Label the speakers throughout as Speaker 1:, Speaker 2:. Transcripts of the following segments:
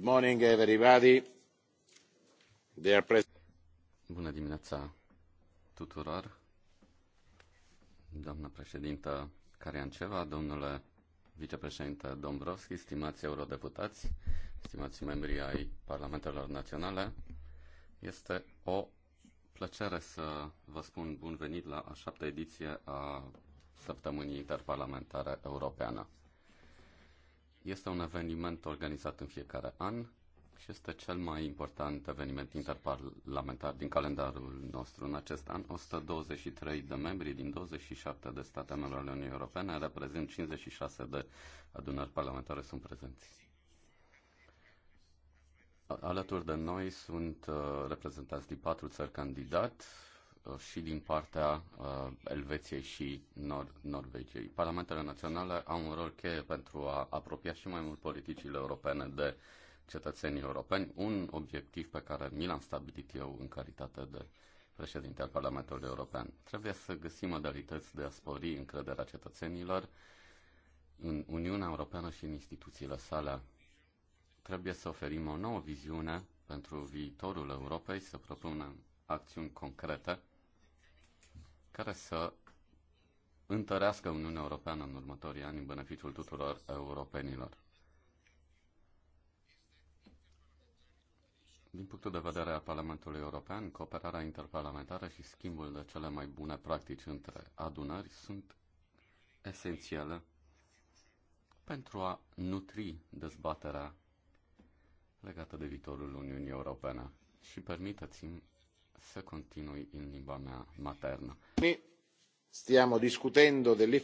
Speaker 1: Bună dimineața tuturor. doamnă președintă Carianceva, domnule vicepreședinte Dombrovski, stimați eurodeputați, stimați membri ai Parlamentelor Naționale, este o plăcere să vă spun bun venit la a șaptea ediție a Săptămânii Interparlamentare Europeană. Este un eveniment organizat în fiecare an și este cel mai important eveniment interparlamentar din calendarul nostru. În acest an, 123 de membri din 27 de state membre ale Uniunii Europene, reprezint 56 de adunări parlamentare, sunt prezenți. Alături de noi sunt uh, reprezentanți din patru țări candidat, Uh, și din partea uh, Elveției și Nor- Norvegiei. Parlamentele naționale au un rol cheie pentru a apropia și mai mult politicile europene de cetățenii europeni, un obiectiv pe care mi l-am stabilit eu în calitate de președinte al Parlamentului European. Trebuie să găsim modalități de a spori încrederea cetățenilor în Uniunea Europeană și în instituțiile sale. Trebuie să oferim o nouă viziune pentru viitorul Europei, să propunem acțiuni concrete care să întărească Uniunea Europeană în următorii ani în beneficiul tuturor europenilor. Din punctul de vedere al Parlamentului European, cooperarea interparlamentară și schimbul de cele mai bune practici între adunări sunt esențiale pentru a nutri dezbaterea legată de viitorul Uniunii Europene. Și permiteți-mi să continui în limba mea maternă. Stiamo discutendo delle...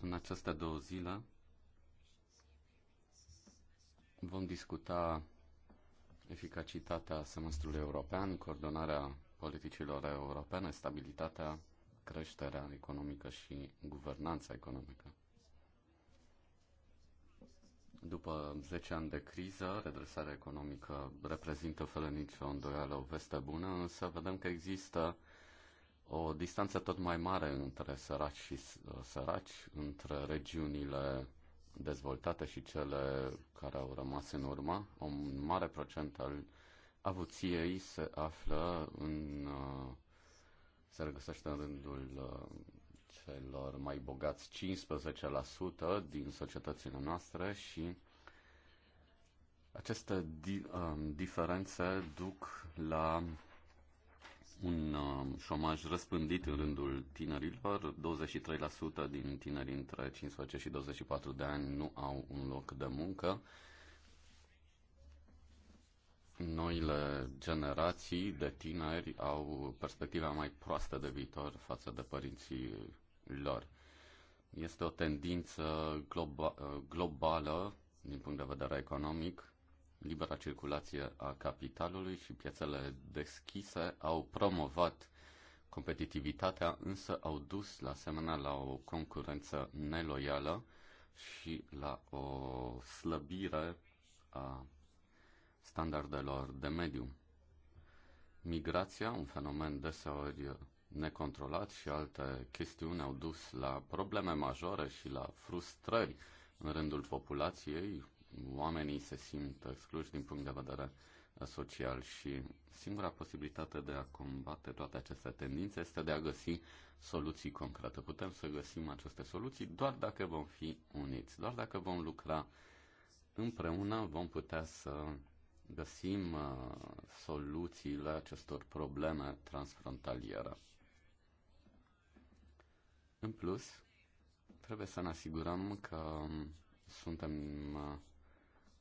Speaker 1: În aceste două zile vom discuta eficacitatea semestrului european, coordonarea politicilor europene, stabilitatea, creșterea economică și guvernanța economică. După 10 ani de criză, redresarea economică reprezintă fără nicio îndoială o veste bună, însă vedem că există o distanță tot mai mare între săraci și uh, săraci, între regiunile dezvoltate și cele care au rămas în urmă. Un mare procent al avuției se află în uh, se regăsește în rândul uh, celor mai bogați 15% din societățile noastre și aceste di- um, diferențe duc la un um, șomaj răspândit în rândul tinerilor. 23% din tinerii între 15 și 24 de ani nu au un loc de muncă. Noile generații de tineri au perspectiva mai proastă de viitor față de părinții lor. Este o tendință globa- globală din punct de vedere economic. Libera circulație a capitalului și piețele deschise au promovat competitivitatea, însă au dus la asemenea la o concurență neloială și la o slăbire a standardelor de mediu. Migrația, un fenomen deseori necontrolat și alte chestiuni au dus la probleme majore și la frustrări în rândul populației. Oamenii se simt excluși din punct de vedere social și singura posibilitate de a combate toate aceste tendințe este de a găsi soluții concrete. Putem să găsim aceste soluții doar dacă vom fi uniți, doar dacă vom lucra împreună vom putea să găsim uh, soluțiile acestor probleme transfrontaliere. În plus, trebuie să ne asigurăm că suntem uh,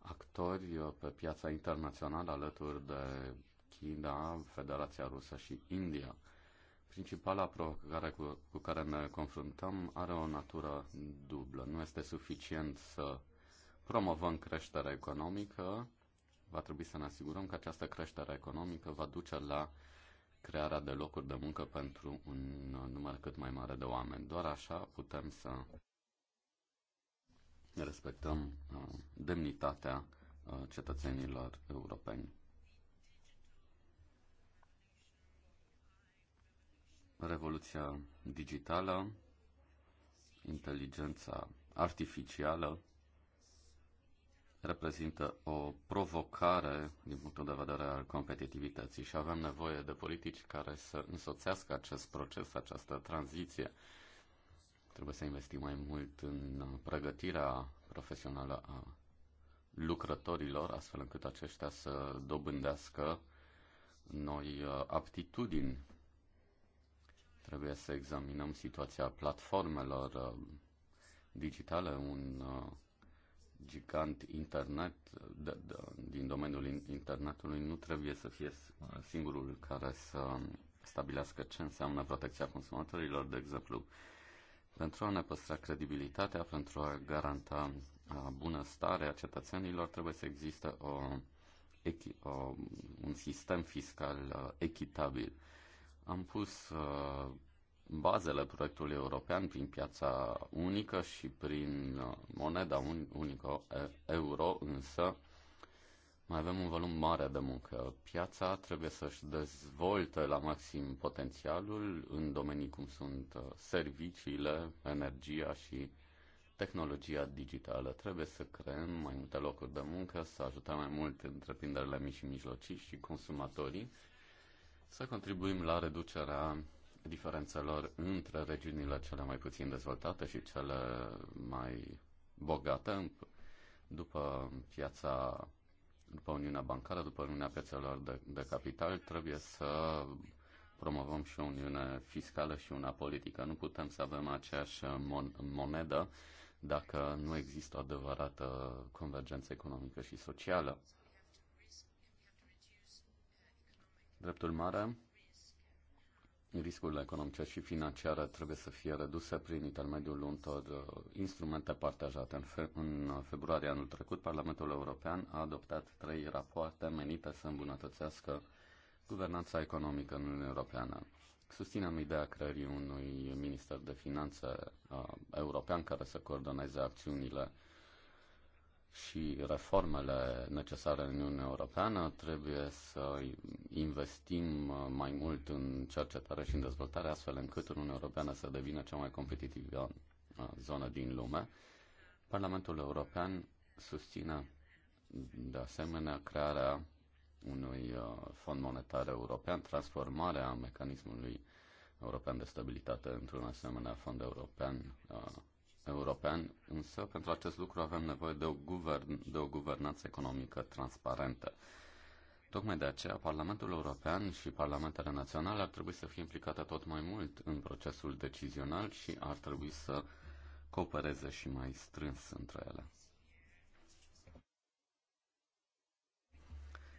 Speaker 1: actori uh, pe piața internațională alături de China, Federația Rusă și India. Principala provocare cu, cu care ne confruntăm are o natură dublă. Nu este suficient să promovăm creșterea economică, va trebui să ne asigurăm că această creștere economică va duce la crearea de locuri de muncă pentru un număr cât mai mare de oameni. Doar așa putem să respectăm uh, demnitatea uh, cetățenilor europeni. Revoluția digitală, inteligența artificială reprezintă o provocare din punctul de vedere al competitivității și avem nevoie de politici care să însoțească acest proces, această tranziție. Trebuie să investim mai mult în pregătirea profesională a lucrătorilor, astfel încât aceștia să dobândească noi uh, aptitudini. Trebuie să examinăm situația platformelor uh, digitale, un uh, gigant internet de, de, din domeniul internetului nu trebuie să fie singurul care să stabilească ce înseamnă protecția consumatorilor, de exemplu, pentru a ne păstra credibilitatea, pentru a garanta bunăstarea cetățenilor, trebuie să existe o, o, un sistem fiscal echitabil. Am pus uh, bazele proiectului european prin piața unică și prin uh, moneda unică euro, însă mai avem un volum mare de muncă. Piața trebuie să-și dezvolte la maxim potențialul în domenii cum sunt uh, serviciile, energia și tehnologia digitală. Trebuie să creăm mai multe locuri de muncă, să ajutăm mai mult întreprinderile mici și mijlocii și consumatorii, să contribuim la reducerea diferențelor între regiunile cele mai puțin dezvoltate și cele mai bogate după piața, după Uniunea Bancară, după Uniunea Piețelor de, de Capital, trebuie să promovăm și o uniune fiscală și una politică. Nu putem să avem aceeași mon- monedă dacă nu există o adevărată convergență economică și socială. Dreptul mare, riscurile economice și financiare trebuie să fie reduse prin intermediul unor uh, instrumente partajate. În, fe- în februarie anul trecut, Parlamentul European a adoptat trei rapoarte menite să îmbunătățească guvernanța economică în Uniunea Europeană. Susținem ideea creării unui minister de finanțe uh, european care să coordoneze acțiunile și reformele necesare în Uniunea Europeană, trebuie să investim uh, mai mult în cercetare și în dezvoltare, astfel încât Uniunea Europeană să devină cea mai competitivă uh, zonă din lume. Parlamentul European susține de asemenea crearea unui uh, fond monetar european, transformarea mecanismului european de stabilitate într-un asemenea fond european european, însă pentru acest lucru avem nevoie de o, guvern, de o guvernanță economică transparentă. Tocmai de aceea, Parlamentul European și Parlamentele Naționale ar trebui să fie implicate tot mai mult în procesul decizional și ar trebui să coopereze și mai strâns între ele.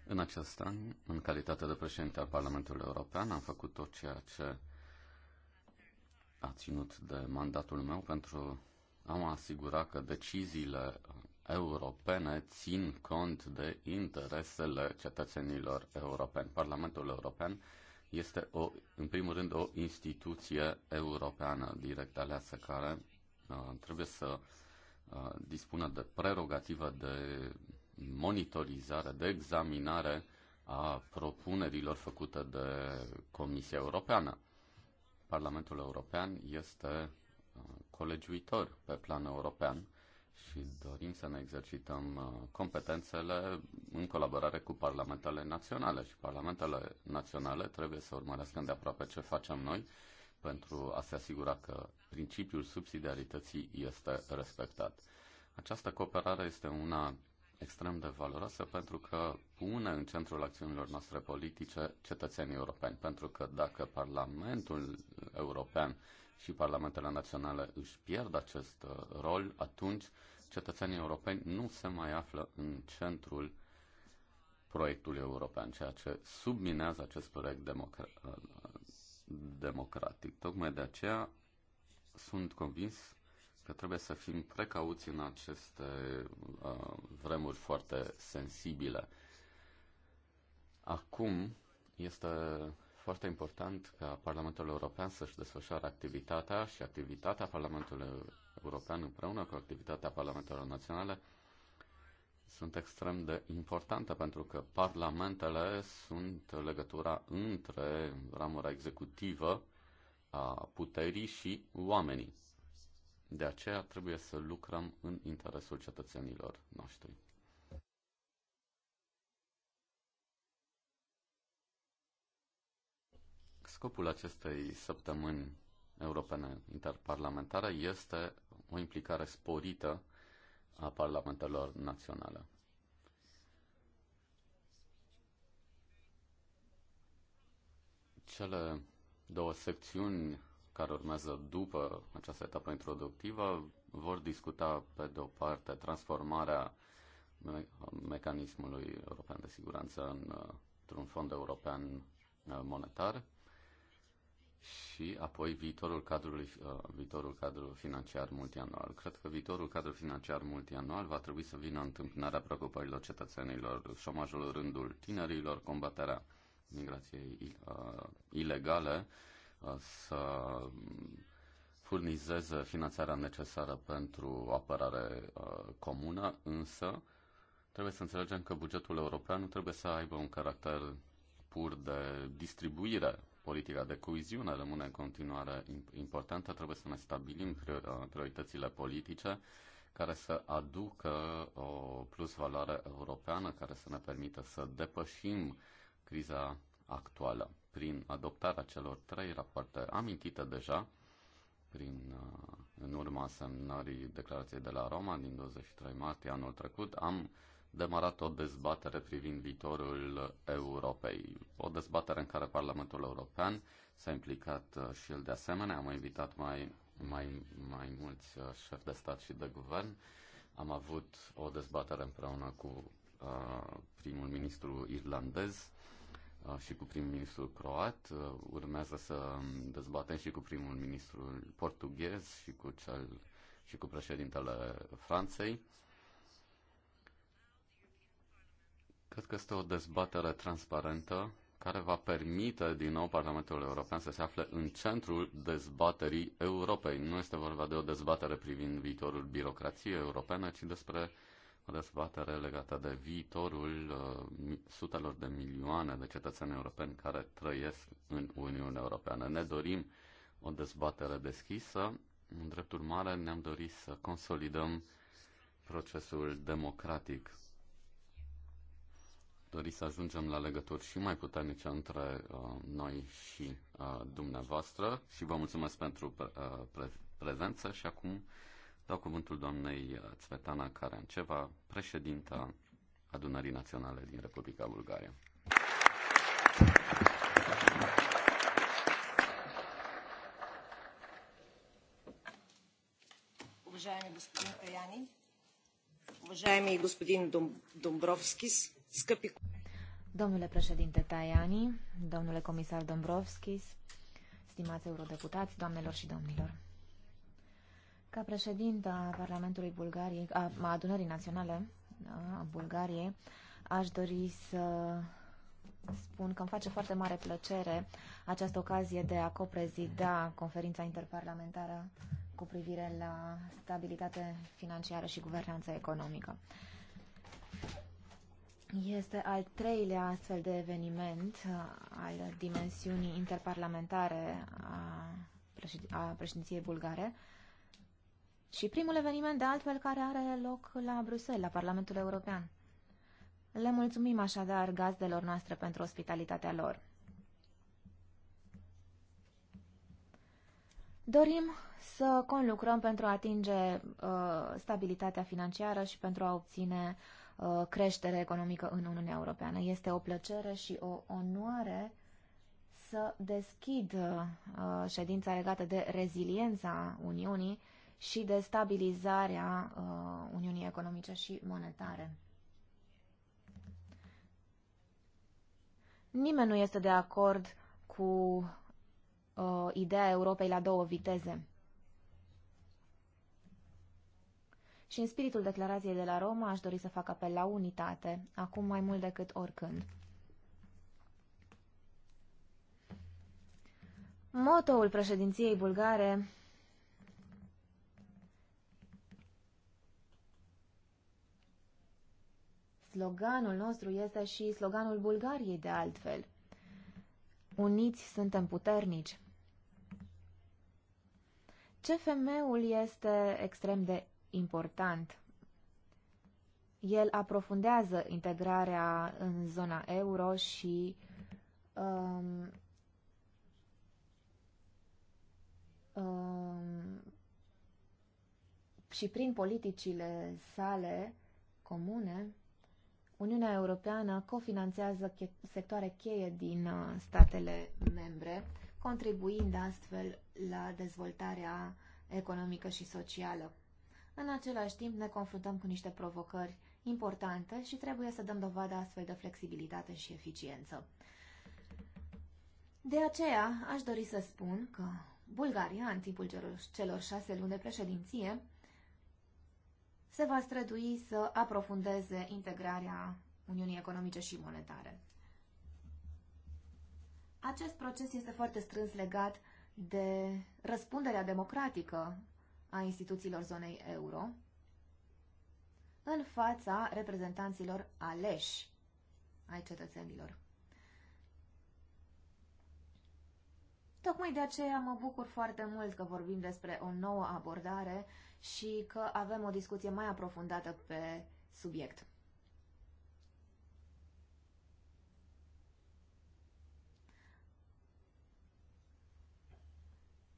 Speaker 1: În acest an, în calitate de președinte al Parlamentului European, am făcut tot ceea ce a ținut de mandatul meu pentru am asigurat că deciziile europene țin cont de interesele cetățenilor europeni. Parlamentul European este, o, în primul rând, o instituție europeană direct aleasă care uh, trebuie să uh, dispună de prerogativă de monitorizare, de examinare a propunerilor făcute de Comisia Europeană. Parlamentul European este colegiuitori pe plan european și dorim să ne exercităm uh, competențele în colaborare cu parlamentele naționale și parlamentele naționale trebuie să urmărească de aproape ce facem noi pentru a se asigura că principiul subsidiarității este respectat. Această cooperare este una extrem de valoroasă pentru că pune în centrul acțiunilor noastre politice cetățenii europeni. Pentru că dacă Parlamentul European și parlamentele naționale își pierd acest uh, rol, atunci cetățenii europeni nu se mai află în centrul proiectului european, ceea ce subminează acest proiect democra- uh, democratic. Tocmai de aceea sunt convins că trebuie să fim precauți în aceste uh, vremuri foarte sensibile. Acum este foarte important ca Parlamentul European să-și desfășoare activitatea și activitatea Parlamentului European împreună cu activitatea Parlamentelor Naționale sunt extrem de importante pentru că parlamentele sunt legătura între ramura executivă a puterii și oamenii. De aceea trebuie să lucrăm în interesul cetățenilor noștri. Scopul acestei săptămâni europene interparlamentare este o implicare sporită a parlamentelor naționale. Cele două secțiuni care urmează după această etapă introductivă vor discuta, pe de o parte, transformarea me- mecanismului european de siguranță în, într-un fond european uh, monetar și apoi viitorul, cadrului, uh, viitorul cadru financiar multianual. Cred că viitorul cadru financiar multianual va trebui să vină întâmpinarea preocupărilor cetățenilor, șomajul rândul tinerilor, combaterea migrației uh, ilegale, uh, să furnizeze finanțarea necesară pentru apărare uh, comună, însă trebuie să înțelegem că bugetul european nu trebuie să aibă un caracter pur de distribuire politica de coeziune rămâne în continuare importantă, trebuie să ne stabilim prioritățile politice care să aducă o plus valoare europeană care să ne permită să depășim criza actuală prin adoptarea celor trei rapoarte amintite deja prin, uh, în urma semnării declarației de la Roma din 23 martie anul trecut am demarat o dezbatere privind viitorul Europei. O dezbatere în care Parlamentul European s-a implicat uh, și el de asemenea. Am invitat mai, mai, mai mulți uh, șefi de stat și de guvern. Am avut o dezbatere împreună cu uh, primul ministru irlandez uh, și cu prim-ministrul croat. urmează să dezbatem și cu primul ministru portughez și cu cel și cu președintele Franței. Cred că este o dezbatere transparentă care va permite din nou Parlamentul European să se afle în centrul dezbaterii Europei. Nu este vorba de o dezbatere privind viitorul birocrației europene, ci despre o dezbatere legată de viitorul uh, sutelor de milioane de cetățeni europeni care trăiesc în Uniunea Europeană. Ne dorim o dezbatere deschisă. În drept urmare, ne-am dorit să consolidăm procesul democratic dori să ajungem la legături și mai puternice între uh, noi și uh, dumneavoastră și vă mulțumesc pentru pre- uh, pre- prezență și acum dau cuvântul doamnei uh, Cvetana Caranceva, președinta Adunării Naționale din Republica Bulgaria.
Speaker 2: Уважаеми господин Каяни, уважаеми господин Домбровскис, Domnule președinte Tajani, domnule comisar Dombrovskis, stimați eurodeputați, doamnelor și domnilor. Ca președinte a Parlamentului Bulgariei, a Adunării Naționale a Bulgariei, aș dori să spun că îmi face foarte mare plăcere această ocazie de a coprezida conferința interparlamentară cu privire la stabilitate financiară și guvernanță economică. Este al treilea astfel de eveniment uh, al dimensiunii interparlamentare a, președinției bulgare și primul eveniment de altfel care are loc la Bruxelles, la Parlamentul European. Le mulțumim așadar gazdelor noastre pentru ospitalitatea lor. Dorim să conlucrăm pentru a atinge uh, stabilitatea financiară și pentru a obține uh, Uh, creștere economică în Uniunea Europeană. Este o plăcere și o onoare să deschid uh, ședința legată de reziliența Uniunii și de stabilizarea uh, Uniunii Economice și Monetare. Nimeni nu este de acord cu uh, ideea Europei la două viteze. Și în spiritul declarației de la Roma aș dori să fac apel la unitate, acum mai mult decât oricând. Motoul președinției bulgare Sloganul nostru este și sloganul Bulgariei de altfel. Uniți suntem puternici. CFM-ul este extrem de important. El aprofundează integrarea în zona euro și um, um, și prin politicile sale comune, Uniunea Europeană cofinanțează sectoare cheie din uh, statele membre, contribuind astfel la dezvoltarea economică și socială. În același timp ne confruntăm cu niște provocări importante și trebuie să dăm dovadă astfel de flexibilitate și eficiență. De aceea, aș dori să spun că Bulgaria, în timpul celor șase luni de președinție, se va strădui să aprofundeze integrarea Uniunii Economice și Monetare. Acest proces este foarte strâns legat de răspunderea democratică a instituțiilor zonei euro în fața reprezentanților aleși ai cetățenilor. Tocmai de aceea mă bucur foarte mult că vorbim despre o nouă abordare și că avem o discuție mai aprofundată pe subiect.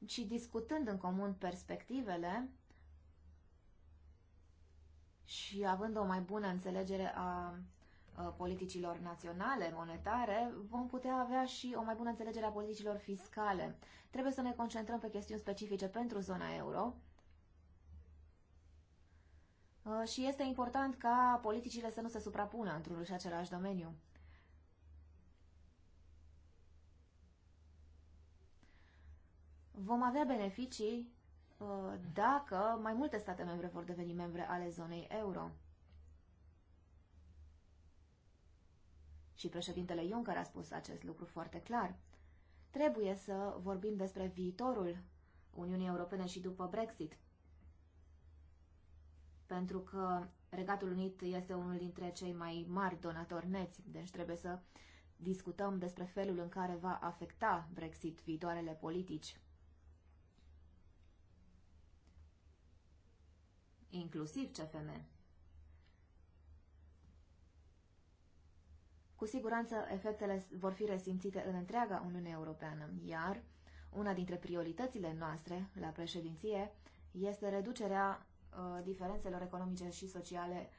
Speaker 2: și discutând în comun perspectivele și având o mai bună înțelegere a politicilor naționale, monetare, vom putea avea și o mai bună înțelegere a politicilor fiscale. Trebuie să ne concentrăm pe chestiuni specifice pentru zona euro și este important ca politicile să nu se suprapună într-unul și același domeniu. vom avea beneficii uh, dacă mai multe state membre vor deveni membre ale zonei euro. Și președintele Juncker a spus acest lucru foarte clar. Trebuie să vorbim despre viitorul Uniunii Europene și după Brexit. Pentru că Regatul Unit este unul dintre cei mai mari donatori neți, deci trebuie să discutăm despre felul în care va afecta Brexit viitoarele politici inclusiv CFM. Cu siguranță, efectele vor fi resimțite în întreaga Uniune Europeană, iar una dintre prioritățile noastre la președinție este reducerea uh, diferențelor economice și sociale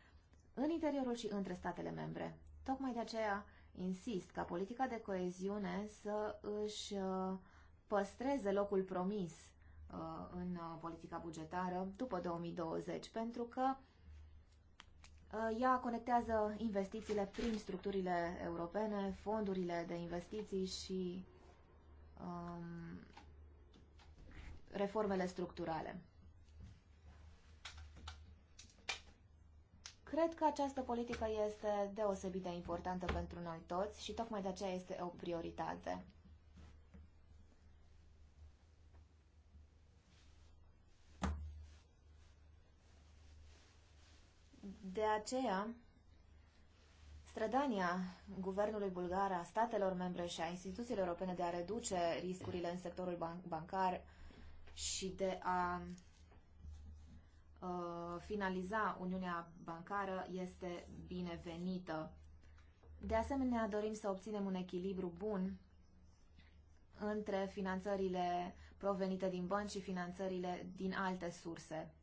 Speaker 2: în interiorul și între statele membre. Tocmai de aceea insist ca politica de coeziune să își uh, păstreze locul promis Uh, în uh, politica bugetară după 2020, pentru că uh, ea conectează investițiile prin structurile europene, fondurile de investiții și um, reformele structurale. Cred că această politică este deosebit de importantă pentru noi toți și tocmai de aceea este o prioritate. De aceea, strădania guvernului bulgar, a statelor membre și a instituțiilor europene de a reduce riscurile în sectorul ban- bancar și de a uh, finaliza Uniunea Bancară este binevenită. De asemenea, dorim să obținem un echilibru bun între finanțările provenite din bănci și finanțările din alte surse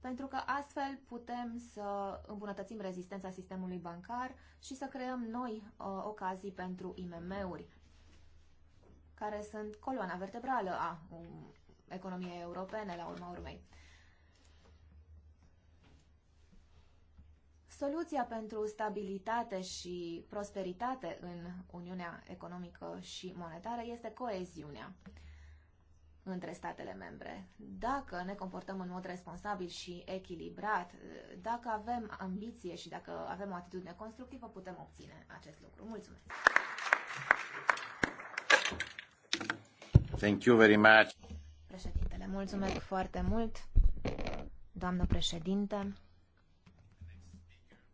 Speaker 2: pentru că astfel putem să îmbunătățim rezistența sistemului bancar și să creăm noi uh, ocazii pentru IMM-uri, care sunt coloana vertebrală a um, economiei europene, la urma urmei. Soluția pentru stabilitate și prosperitate în Uniunea Economică și Monetară este coeziunea între statele membre. Dacă ne comportăm în mod responsabil și echilibrat, dacă avem ambiție și dacă avem o atitudine constructivă, putem obține acest lucru. Mulțumesc!
Speaker 1: Thank you very much.
Speaker 2: Președintele, mulțumesc foarte mult, doamnă președinte.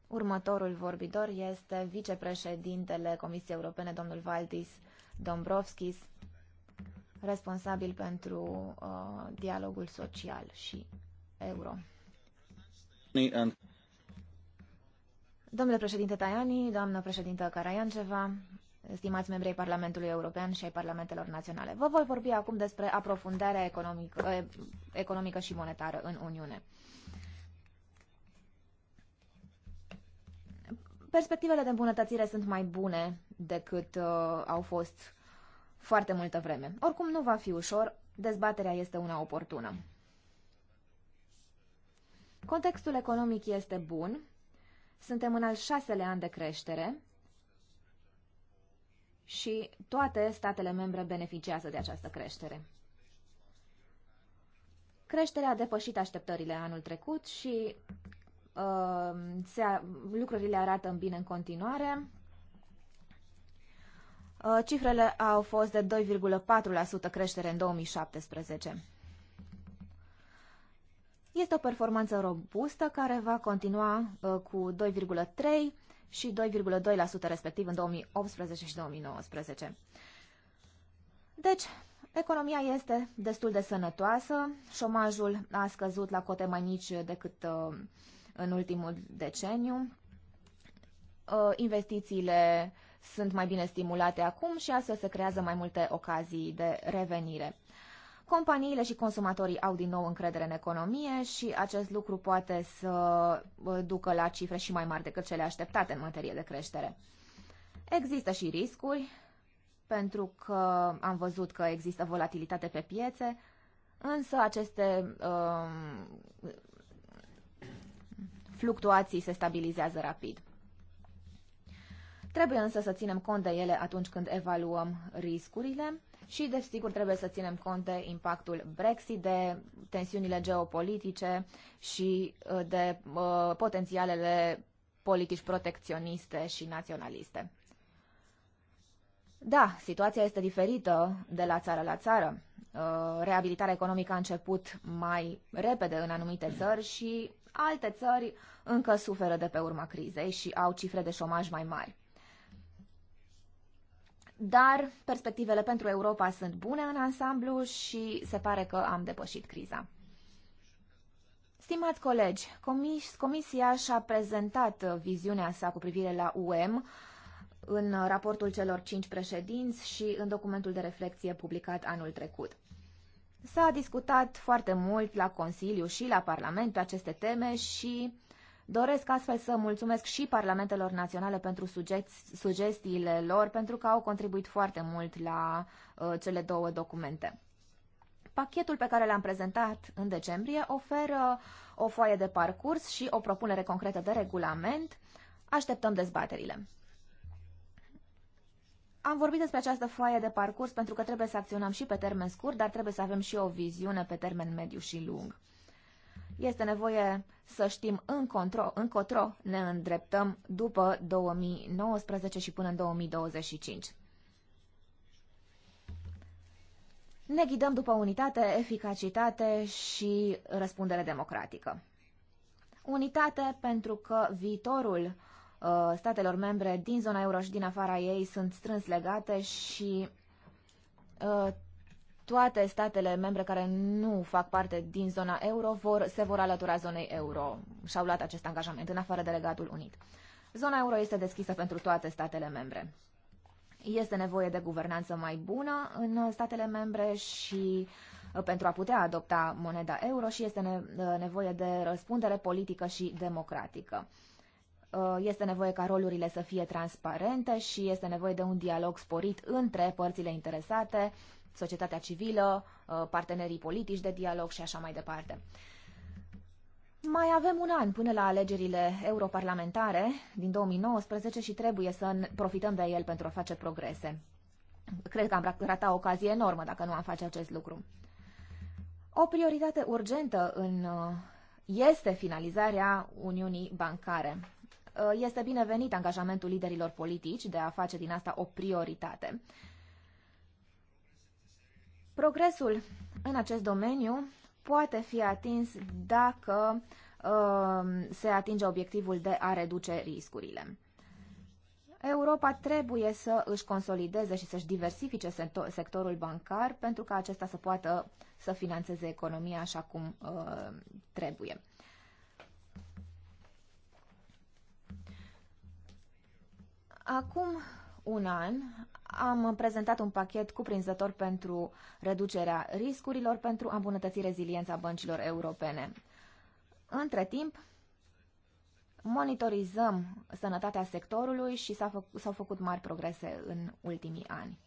Speaker 2: Următorul vorbitor este vicepreședintele Comisiei Europene, domnul Valdis Dombrovskis responsabil pentru uh, dialogul social și euro. Domnule președinte Tajani, doamnă președintă Caraianceva, stimați membrii Parlamentului European și ai Parlamentelor Naționale, vă voi vorbi acum despre aprofundarea economică, economică și monetară în Uniune. Perspectivele de îmbunătățire sunt mai bune decât uh, au fost foarte multă vreme. Oricum nu va fi ușor, dezbaterea este una oportună. Contextul economic este bun, suntem în al șaselea an de creștere și toate statele membre beneficiază de această creștere. Creșterea a depășit așteptările anul trecut și uh, se, lucrurile arată în bine în continuare. Uh, cifrele au fost de 2,4% creștere în 2017. Este o performanță robustă care va continua uh, cu 2,3% și 2,2% respectiv în 2018 și 2019. Deci, economia este destul de sănătoasă, șomajul a scăzut la cote mai mici decât uh, în ultimul deceniu, investițiile sunt mai bine stimulate acum și astfel se creează mai multe ocazii de revenire. Companiile și consumatorii au din nou încredere în economie și acest lucru poate să ducă la cifre și mai mari decât cele așteptate în materie de creștere. Există și riscuri, pentru că am văzut că există volatilitate pe piețe, însă aceste um, fluctuații se stabilizează rapid. Trebuie însă să ținem cont de ele atunci când evaluăm riscurile și, desigur, trebuie să ținem cont de impactul Brexit, de tensiunile geopolitice și uh, de uh, potențialele politici protecționiste și naționaliste. Da, situația este diferită de la țară la țară. Uh, reabilitarea economică a început mai repede în anumite țări și alte țări încă suferă de pe urma crizei și au cifre de șomaj mai mari dar perspectivele pentru Europa sunt bune în ansamblu și se pare că am depășit criza. Stimați colegi, comis Comisia și-a prezentat uh, viziunea sa cu privire la UM în raportul celor cinci președinți și în documentul de reflexie publicat anul trecut. S-a discutat foarte mult la Consiliu și la Parlament pe aceste teme și Doresc astfel să mulțumesc și parlamentelor naționale pentru sugestiile lor, pentru că au contribuit foarte mult la uh, cele două documente. Pachetul pe care l-am prezentat în decembrie oferă o foaie de parcurs și o propunere concretă de regulament. Așteptăm dezbaterile. Am vorbit despre această foaie de parcurs pentru că trebuie să acționăm și pe termen scurt, dar trebuie să avem și o viziune pe termen mediu și lung. Este nevoie să știm încotro, încotro ne îndreptăm după 2019 și până în 2025. Ne ghidăm după unitate, eficacitate și răspundere democratică. Unitate pentru că viitorul uh, statelor membre din zona euro și din afara ei sunt strâns legate și uh, toate statele membre care nu fac parte din zona euro vor, se vor alătura zonei euro. Și-au luat acest angajament, în afară de Unit. Zona euro este deschisă pentru toate statele membre. Este nevoie de guvernanță mai bună în statele membre și uh, pentru a putea adopta moneda euro și este uh, nevoie de răspundere politică și democratică. Uh, este nevoie ca rolurile să fie transparente și este nevoie de un dialog sporit între părțile interesate, societatea civilă, uh, partenerii politici de dialog și așa mai departe. Mai avem un an până la alegerile europarlamentare din 2019 și trebuie să profităm de el pentru a face progrese. Cred că am ratat o ocazie enormă dacă nu am face acest lucru. O prioritate urgentă în, uh, este finalizarea Uniunii Bancare. Uh, este binevenit angajamentul liderilor politici de a face din asta o prioritate. Progresul în acest domeniu poate fi atins dacă uh, se atinge obiectivul de a reduce riscurile. Europa trebuie să își consolideze și să-și diversifice sectorul bancar pentru ca acesta să poată să financeze economia așa cum uh, trebuie. Acum un an am prezentat un pachet cuprinzător pentru reducerea riscurilor pentru a îmbunătăți reziliența băncilor europene. Între timp, monitorizăm sănătatea sectorului și s-au făcut, făcut mari progrese în ultimii ani.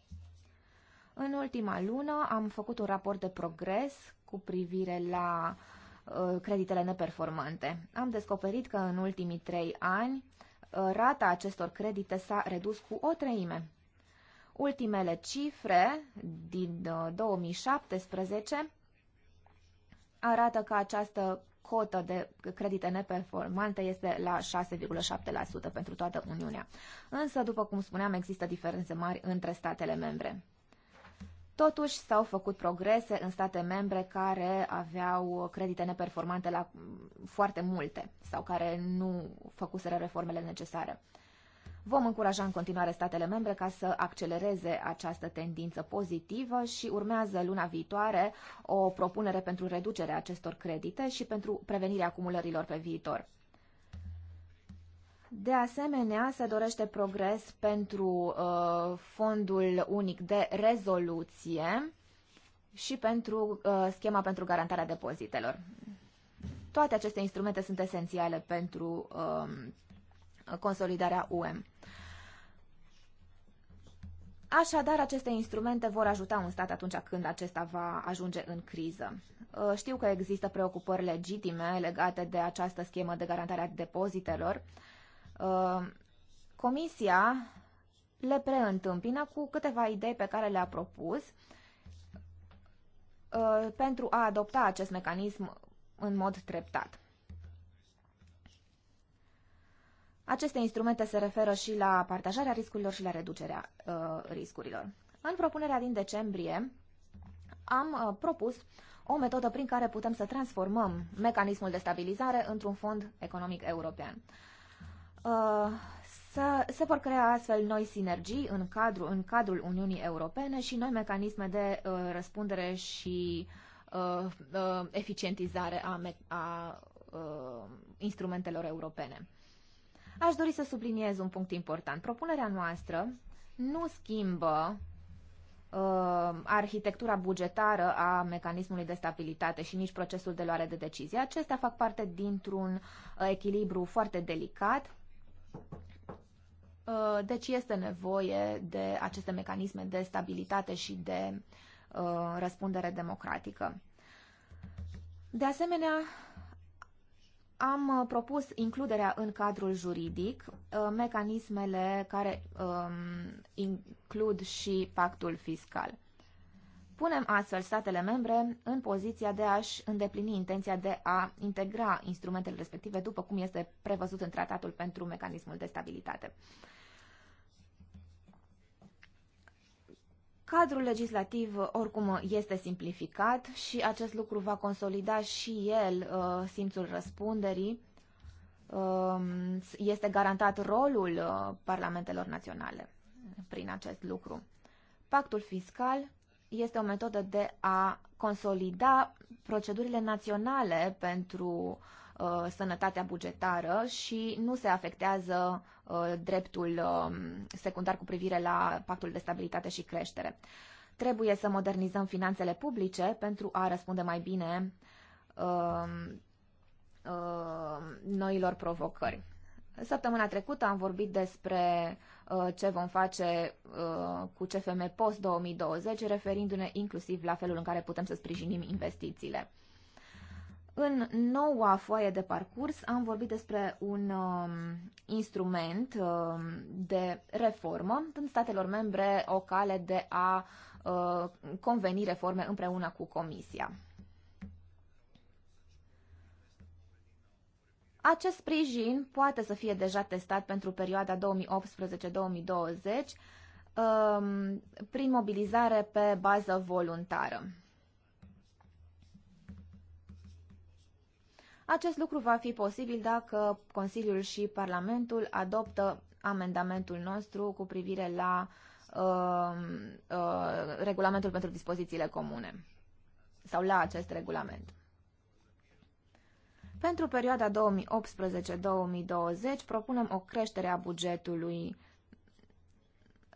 Speaker 2: În ultima lună am făcut un raport de progres cu privire la uh, creditele neperformante. Am descoperit că în ultimii trei ani uh, Uh, rata acestor credite s-a redus cu o treime. Ultimele cifre din 2017 uh, arată că această cotă de credite neperformante este la 6,7% pentru toată Uniunea. Însă, după cum spuneam, există diferențe mari între statele membre. Totuși s-au făcut progrese în state membre care aveau credite neperformante la mm, foarte multe sau care nu făcuseră reformele necesare. Vom încuraja în continuare statele membre ca să accelereze această tendință pozitivă și urmează luna viitoare o propunere pentru reducerea acestor credite și pentru prevenirea acumulărilor pe viitor. De asemenea, se dorește progres pentru uh, fondul unic de rezoluție și pentru uh, schema pentru garantarea depozitelor. Toate aceste instrumente sunt esențiale pentru uh, consolidarea UM. Așadar, aceste instrumente vor ajuta un stat atunci când acesta va ajunge în criză. Uh, știu că există preocupări legitime legate de această schemă de garantare a depozitelor, Uh, comisia le preîntâmpină cu câteva idei pe care le-a propus uh, pentru a adopta acest mecanism în mod treptat. Aceste instrumente se referă și la partajarea riscurilor și la reducerea uh, riscurilor. În propunerea din decembrie am propus o metodă prin care putem să transformăm mecanismul de stabilizare într-un fond economic european. Uh, Uh, să, se vor crea astfel noi sinergii în, cadru, în cadrul Uniunii Europene și noi mecanisme de uh, răspundere și uh, uh, eficientizare a, me- a uh, instrumentelor europene. Aș dori să subliniez un punct important. Propunerea noastră nu schimbă uh, arhitectura bugetară a mecanismului de stabilitate și nici procesul de luare de decizie. Acestea fac parte dintr-un uh, echilibru foarte delicat Uh, deci este nevoie de aceste mecanisme de stabilitate și de uh, răspundere democratică. De asemenea, am uh, propus includerea în cadrul juridic mecanismele care um, includ și pactul fiscal. Punem astfel statele membre în poziția de a-și îndeplini intenția de a integra instrumentele respective, după cum este prevăzut în tratatul pentru mecanismul de stabilitate. Cadrul legislativ uh, oricum este simplificat și acest lucru va consolida și el uh, simțul răspunderii. Um, este garantat rolul uh, parlamentelor naționale prin acest lucru. Pactul fiscal este o metodă de a consolida procedurile naționale pentru uh, sănătatea bugetară și nu se afectează uh, dreptul uh, secundar cu privire la pactul de stabilitate și creștere. Trebuie să modernizăm finanțele publice pentru a răspunde mai bine um, uh, noilor provocări. Săptămâna trecută am vorbit despre Uh, ce vom face uh, cu CFM post-2020, referindu-ne inclusiv la felul în care putem să sprijinim investițiile. În noua foaie de parcurs am vorbit despre un um, instrument um, de reformă, dând statelor membre o cale de a uh, conveni reforme împreună cu Comisia. Acest sprijin poate să fie deja testat pentru perioada 2018-2020 um, prin mobilizare pe bază voluntară. Acest lucru va fi posibil dacă Consiliul și Parlamentul adoptă amendamentul nostru cu privire la uh, uh, regulamentul pentru dispozițiile comune sau la acest regulament. Pentru perioada 2018-2020 propunem o creștere a bugetului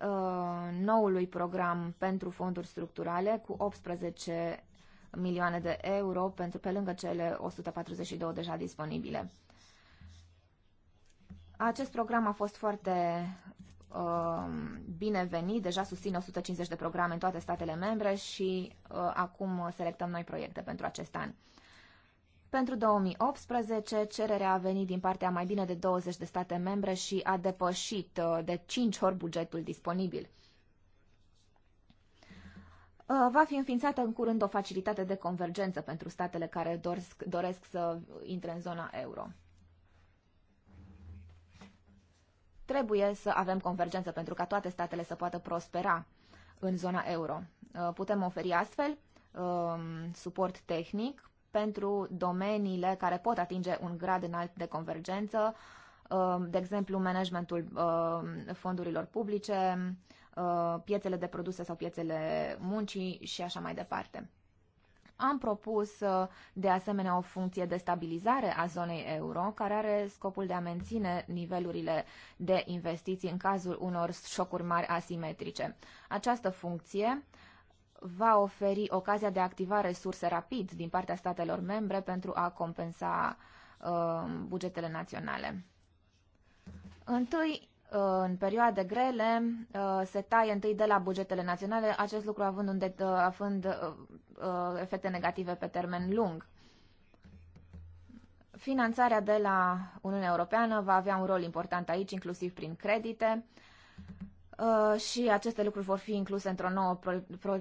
Speaker 2: uh, noului program pentru fonduri structurale cu 18 milioane de euro pentru pe lângă cele 142 deja disponibile. Acest program a fost foarte uh, binevenit, deja susține 150 de programe în toate statele membre și uh, acum selectăm noi proiecte pentru acest an. Pentru 2018, cererea a venit din partea mai bine de 20 de state membre și a depășit uh, de 5 ori bugetul disponibil. Uh, va fi înființată în curând o facilitate de convergență pentru statele care doresc, doresc să intre în zona euro. Trebuie să avem convergență pentru ca toate statele să poată prospera în zona euro. Uh, putem oferi astfel um, suport tehnic pentru domeniile care pot atinge un grad înalt de convergență, um, de exemplu managementul um, fondurilor publice, uh, piețele de produse sau piețele muncii și așa mai departe. Am propus uh, de asemenea o funcție de stabilizare a zonei euro, care are scopul de a menține nivelurile de investiții în cazul unor șocuri mari asimetrice. Această funcție va oferi ocazia de a activa resurse rapid din partea statelor membre pentru a compensa uh, bugetele naționale. Întâi, uh, în perioade grele, uh, se taie întâi de la bugetele naționale, acest lucru având, un det- uh, având efecte negative pe termen lung. Finanțarea de la Uniunea Europeană va avea un rol important aici, inclusiv prin credite. și aceste lucruri vor fi incluse într-o nouă pro,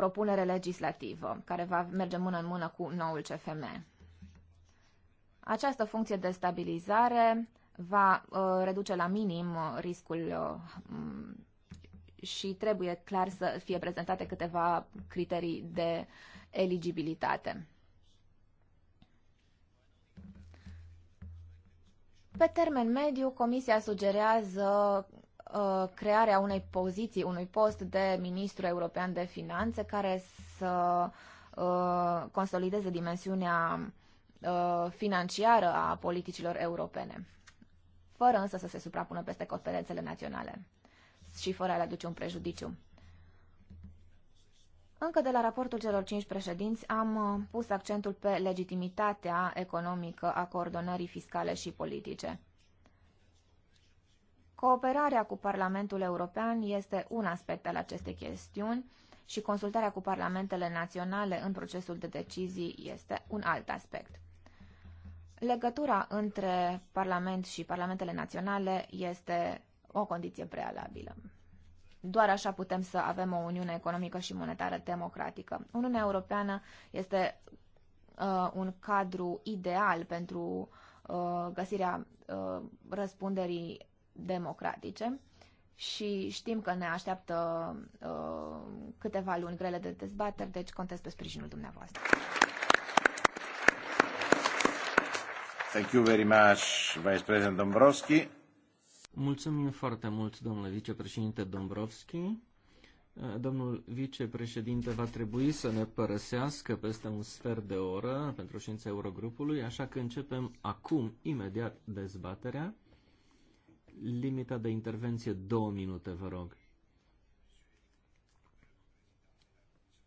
Speaker 2: propunere legislativă care va merge mână în mână cu noul CFM. Această funcție de stabilizare va uh, reduce la minim uh, riscul uh, și trebuie clar să fie prezentate câteva criterii de eligibilitate. Pe termen mediu, Comisia sugerează Uh, crearea unei poziții, unui post de ministru european de finanțe care să uh, consolideze dimensiunea uh, financiară a politicilor europene, fără însă să se suprapună peste competențele naționale și fără a le aduce un prejudiciu. Încă de la raportul celor cinci președinți am pus accentul pe legitimitatea economică a coordonării fiscale și politice. Cooperarea cu Parlamentul European este un aspect al acestei chestiuni și consultarea cu parlamentele naționale în procesul de decizii este un alt aspect. Legătura între Parlament și Parlamentele naționale este o condiție prealabilă. Doar așa putem să avem o uniune economică și monetară democratică. Uniunea Europeană este uh, un cadru ideal pentru uh, găsirea uh, răspunderii democratice și știm că ne așteaptă uh, câteva luni grele de dezbateri, deci contez pe sprijinul dumneavoastră.
Speaker 3: Thank you very much, Vice President Dombrovski. Mulțumim foarte mult, domnule vicepreședinte Dombrovski. Uh, domnul vicepreședinte va trebui să ne părăsească peste un sfert de oră pentru ședința Eurogrupului, așa că începem acum, imediat, dezbaterea. Limita de intervenție, două minute, vă rog.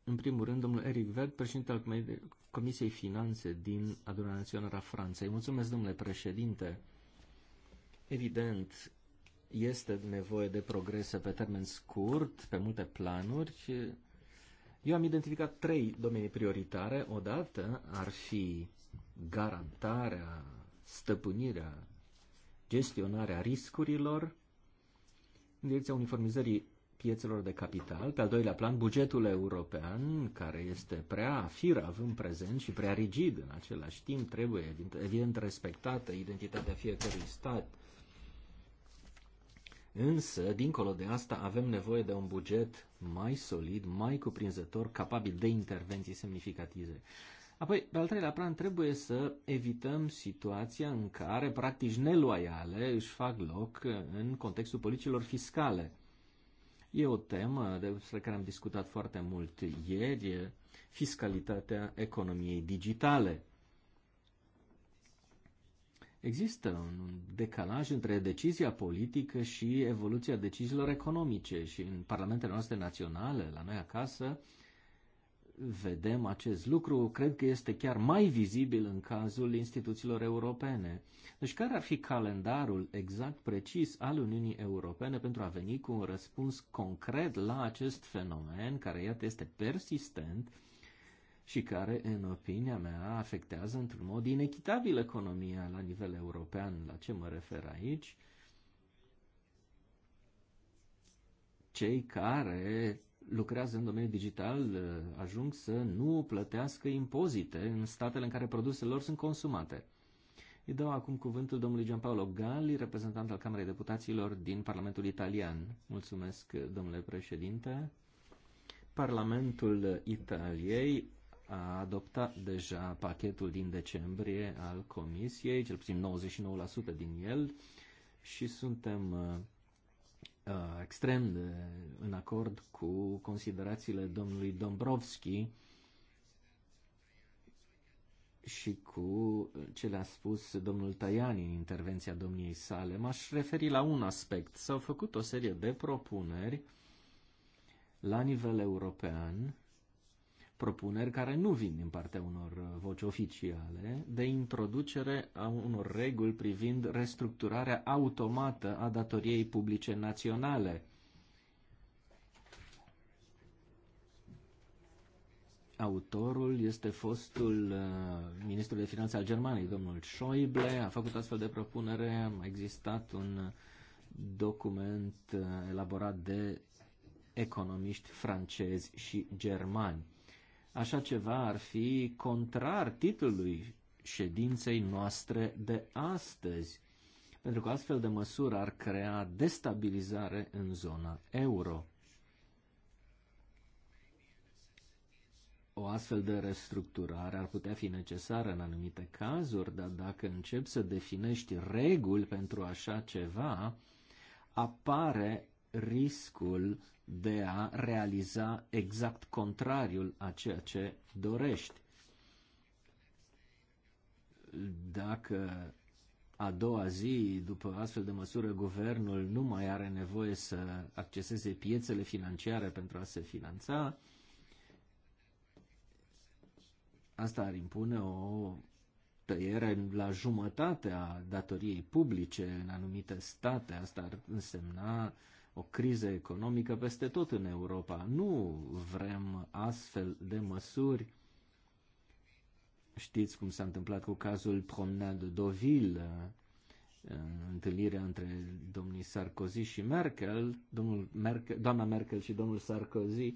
Speaker 3: În primul rând, domnul Eric Verd, președinte al Comisiei Finanțe din Adunarea Națională a Franței. Mulțumesc, domnule președinte. Evident, este nevoie de progrese pe termen scurt, pe multe planuri. Eu am identificat trei domenii prioritare. Odată ar fi garantarea, stăpânirea gestionarea riscurilor în direcția uniformizării piețelor de capital. Pe al doilea plan, bugetul european, care este prea firav în prezent și prea rigid în același timp, trebuie evident respectată identitatea fiecărui stat. Însă, dincolo de asta, avem nevoie de un buget mai solid, mai cuprinzător, capabil de intervenții semnificative. Apoi, pe al treilea plan, trebuie să evităm situația în care practici neloiale își fac loc în contextul politicilor fiscale. E o temă despre care am discutat foarte mult ieri, fiscalitatea economiei digitale. Există un decalaj între decizia politică și evoluția deciziilor economice și în parlamentele noastre naționale, la noi acasă, vedem acest lucru, cred că este chiar mai vizibil în cazul instituțiilor europene. Deci care ar fi calendarul exact precis al Uniunii Europene pentru a veni cu un răspuns concret la acest fenomen care, iată, este persistent și care, în opinia mea, afectează într-un mod inechitabil economia la nivel european, la ce mă refer aici, cei care lucrează în domeniul digital uh, ajung să nu plătească impozite în statele în care produsele lor sunt consumate. Îi dau acum cuvântul domnului Gianpaolo Galli, reprezentant al Camerei Deputaților din Parlamentul Italian. Mulțumesc, domnule președinte. Parlamentul Italiei a adoptat deja pachetul din decembrie al Comisiei, cel puțin 99% din el, și suntem uh, Uh, extrem de în acord cu considerațiile domnului Dombrovski și cu ce le-a spus domnul Tajani în intervenția domniei sale. M-aș referi la un aspect. S-au făcut o serie de propuneri la nivel european propuneri care nu vin din partea unor uh, voci oficiale de introducere a unor reguli privind restructurarea automată a datoriei publice naționale. Autorul este fostul uh, ministrul de finanțe al Germaniei, domnul Schäuble, a făcut astfel de propunere, a existat un document uh, elaborat de economiști francezi și germani. Așa ceva ar fi contrar titlului ședinței noastre de astăzi, pentru că astfel de măsură ar crea destabilizare în zona euro. O astfel de restructurare ar putea fi necesară în anumite cazuri, dar dacă începi să definești reguli pentru așa ceva, apare riscul de a realiza exact contrariul a ceea ce dorești. Dacă a doua zi, după astfel de măsură, guvernul nu mai are nevoie să acceseze piețele financiare pentru a se finanța, asta ar impune o tăiere la jumătate a datoriei publice în anumite state. Asta ar însemna o criză economică peste tot în Europa. Nu vrem astfel de măsuri. Știți cum s-a întâmplat cu cazul Promenade de Deauville, întâlnirea între domnii Sarkozy și Merkel, domnul Merkel, doamna Merkel și domnul Sarkozy, uh,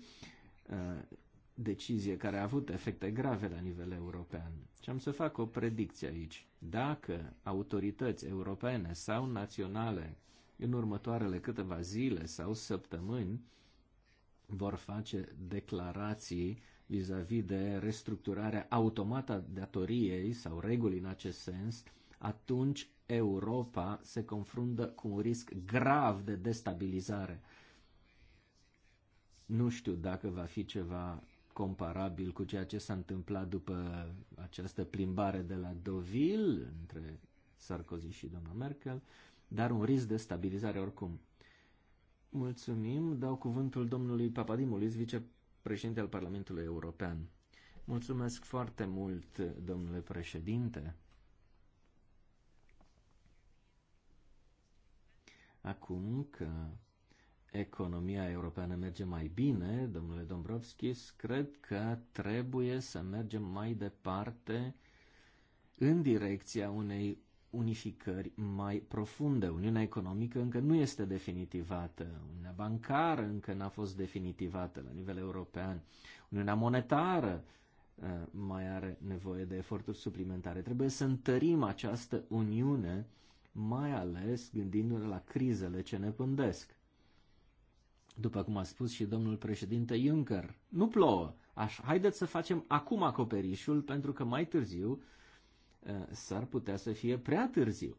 Speaker 3: decizie care a avut efecte grave la nivel european. Și am să fac o predicție aici. Dacă autorități europene sau naționale în următoarele câteva zile sau săptămâni vor face declarații vis-a-vis -vis de restructurarea automată a datoriei sau reguli în acest sens, atunci Europa se confruntă cu un risc grav de destabilizare. Nu știu dacă va fi ceva comparabil cu ceea ce s-a întâmplat după această plimbare de la Deauville între Sarkozy și doamna Merkel, dar un risc de stabilizare oricum. Mulțumim, dau cuvântul domnului Papadimulis, vicepreședinte al Parlamentului European. Mulțumesc foarte mult, domnule președinte. Acum că economia europeană merge mai bine, domnule Dombrovskis, cred că trebuie să mergem mai departe în direcția unei unificări mai profunde. Uniunea economică încă nu este definitivată, Uniunea bancară încă n-a fost definitivată la nivel european, Uniunea monetară uh, mai are nevoie de eforturi suplimentare. Trebuie să întărim această uniune, mai ales gândindu-ne la crizele ce ne pândesc. După cum a spus și domnul președinte Juncker, nu plouă. Aș, haideți să facem acum acoperișul, pentru că mai târziu s-ar putea să fie prea târziu.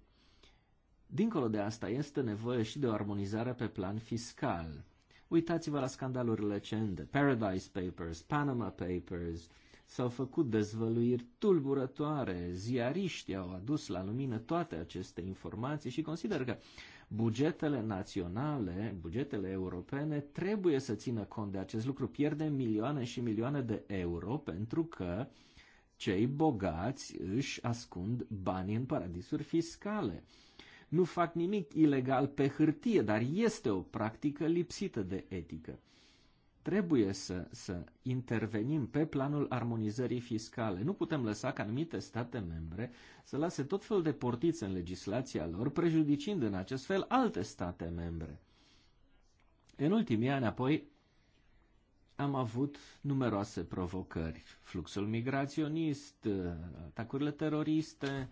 Speaker 3: Dincolo de asta, este nevoie și de o armonizare pe plan fiscal. Uitați-vă la scandalurile recente, Paradise Papers, Panama Papers, s-au făcut dezvăluiri tulburătoare, ziariștii au adus la lumină toate aceste informații și consider că bugetele naționale, bugetele europene trebuie să țină cont de acest lucru. Pierdem milioane și milioane de euro pentru că uh, cei bogați își ascund banii în paradisuri fiscale. Nu fac nimic ilegal pe hârtie, dar este o practică lipsită de etică. Trebuie să, să intervenim pe planul armonizării fiscale. Nu putem lăsa ca anumite state membre să lase tot fel de portițe în legislația lor, prejudicind în acest fel alte state membre. În ultimii ani, apoi, am avut numeroase provocări. Fluxul migraționist, atacurile teroriste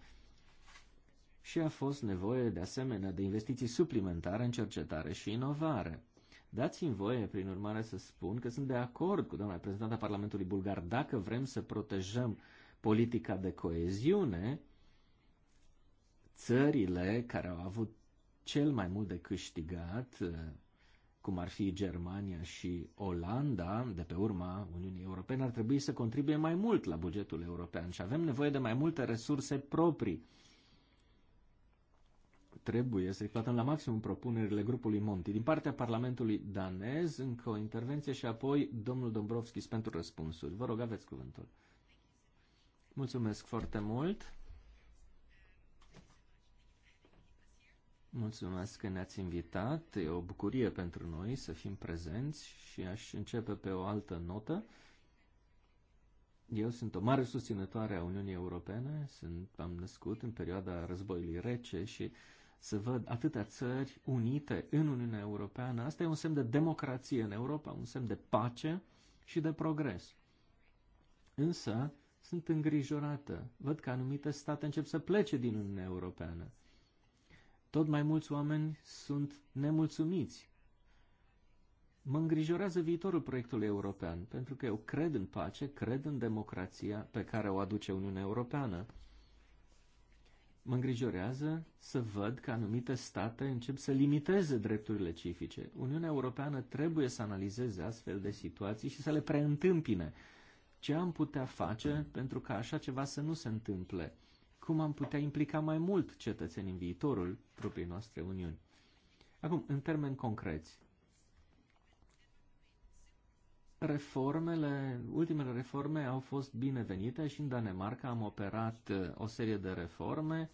Speaker 3: și a fost nevoie de asemenea de investiții suplimentare în cercetare și inovare. Dați-mi voie, prin urmare, să spun că sunt de acord cu doamna reprezentanta Parlamentului Bulgar. Dacă vrem să protejăm politica de coeziune, țările care au avut cel mai mult de câștigat cum ar fi Germania și Olanda, de pe urma Uniunii Europene, ar trebui să contribuie mai mult la bugetul european și avem nevoie de mai multe resurse proprii. Trebuie să exploatăm la maximum propunerile grupului Monti. Din partea Parlamentului danez, încă o intervenție și apoi domnul Dombrovskis pentru răspunsuri. Vă rog, aveți cuvântul. Mulțumesc foarte mult. Mulțumesc că ne-ați invitat. E o bucurie pentru noi să fim prezenți și aș începe pe o altă notă. Eu sunt o mare susținătoare a Uniunii Europene, sunt, am născut în perioada războiului rece și să văd atâtea țări unite în Uniunea Europeană, asta e un semn de democrație în Europa, un semn de pace și de progres. Însă sunt îngrijorată. Văd că anumite state încep să plece din Uniunea Europeană tot mai mulți oameni sunt nemulțumiți. Mă îngrijorează viitorul proiectului european, pentru că eu cred în pace, cred în democrația pe care o aduce Uniunea Europeană. Mă îngrijorează să văd că anumite state încep să limiteze drepturile civice. Uniunea Europeană trebuie să analizeze astfel de situații și să le preîntâmpine. Ce am putea face pentru ca așa ceva să nu se întâmple? cum am putea implica mai mult cetățenii în viitorul propriei noastre Uniuni. Acum, în termeni concreți, reformele, ultimele reforme au fost binevenite și în Danemarca am operat uh, o serie de reforme,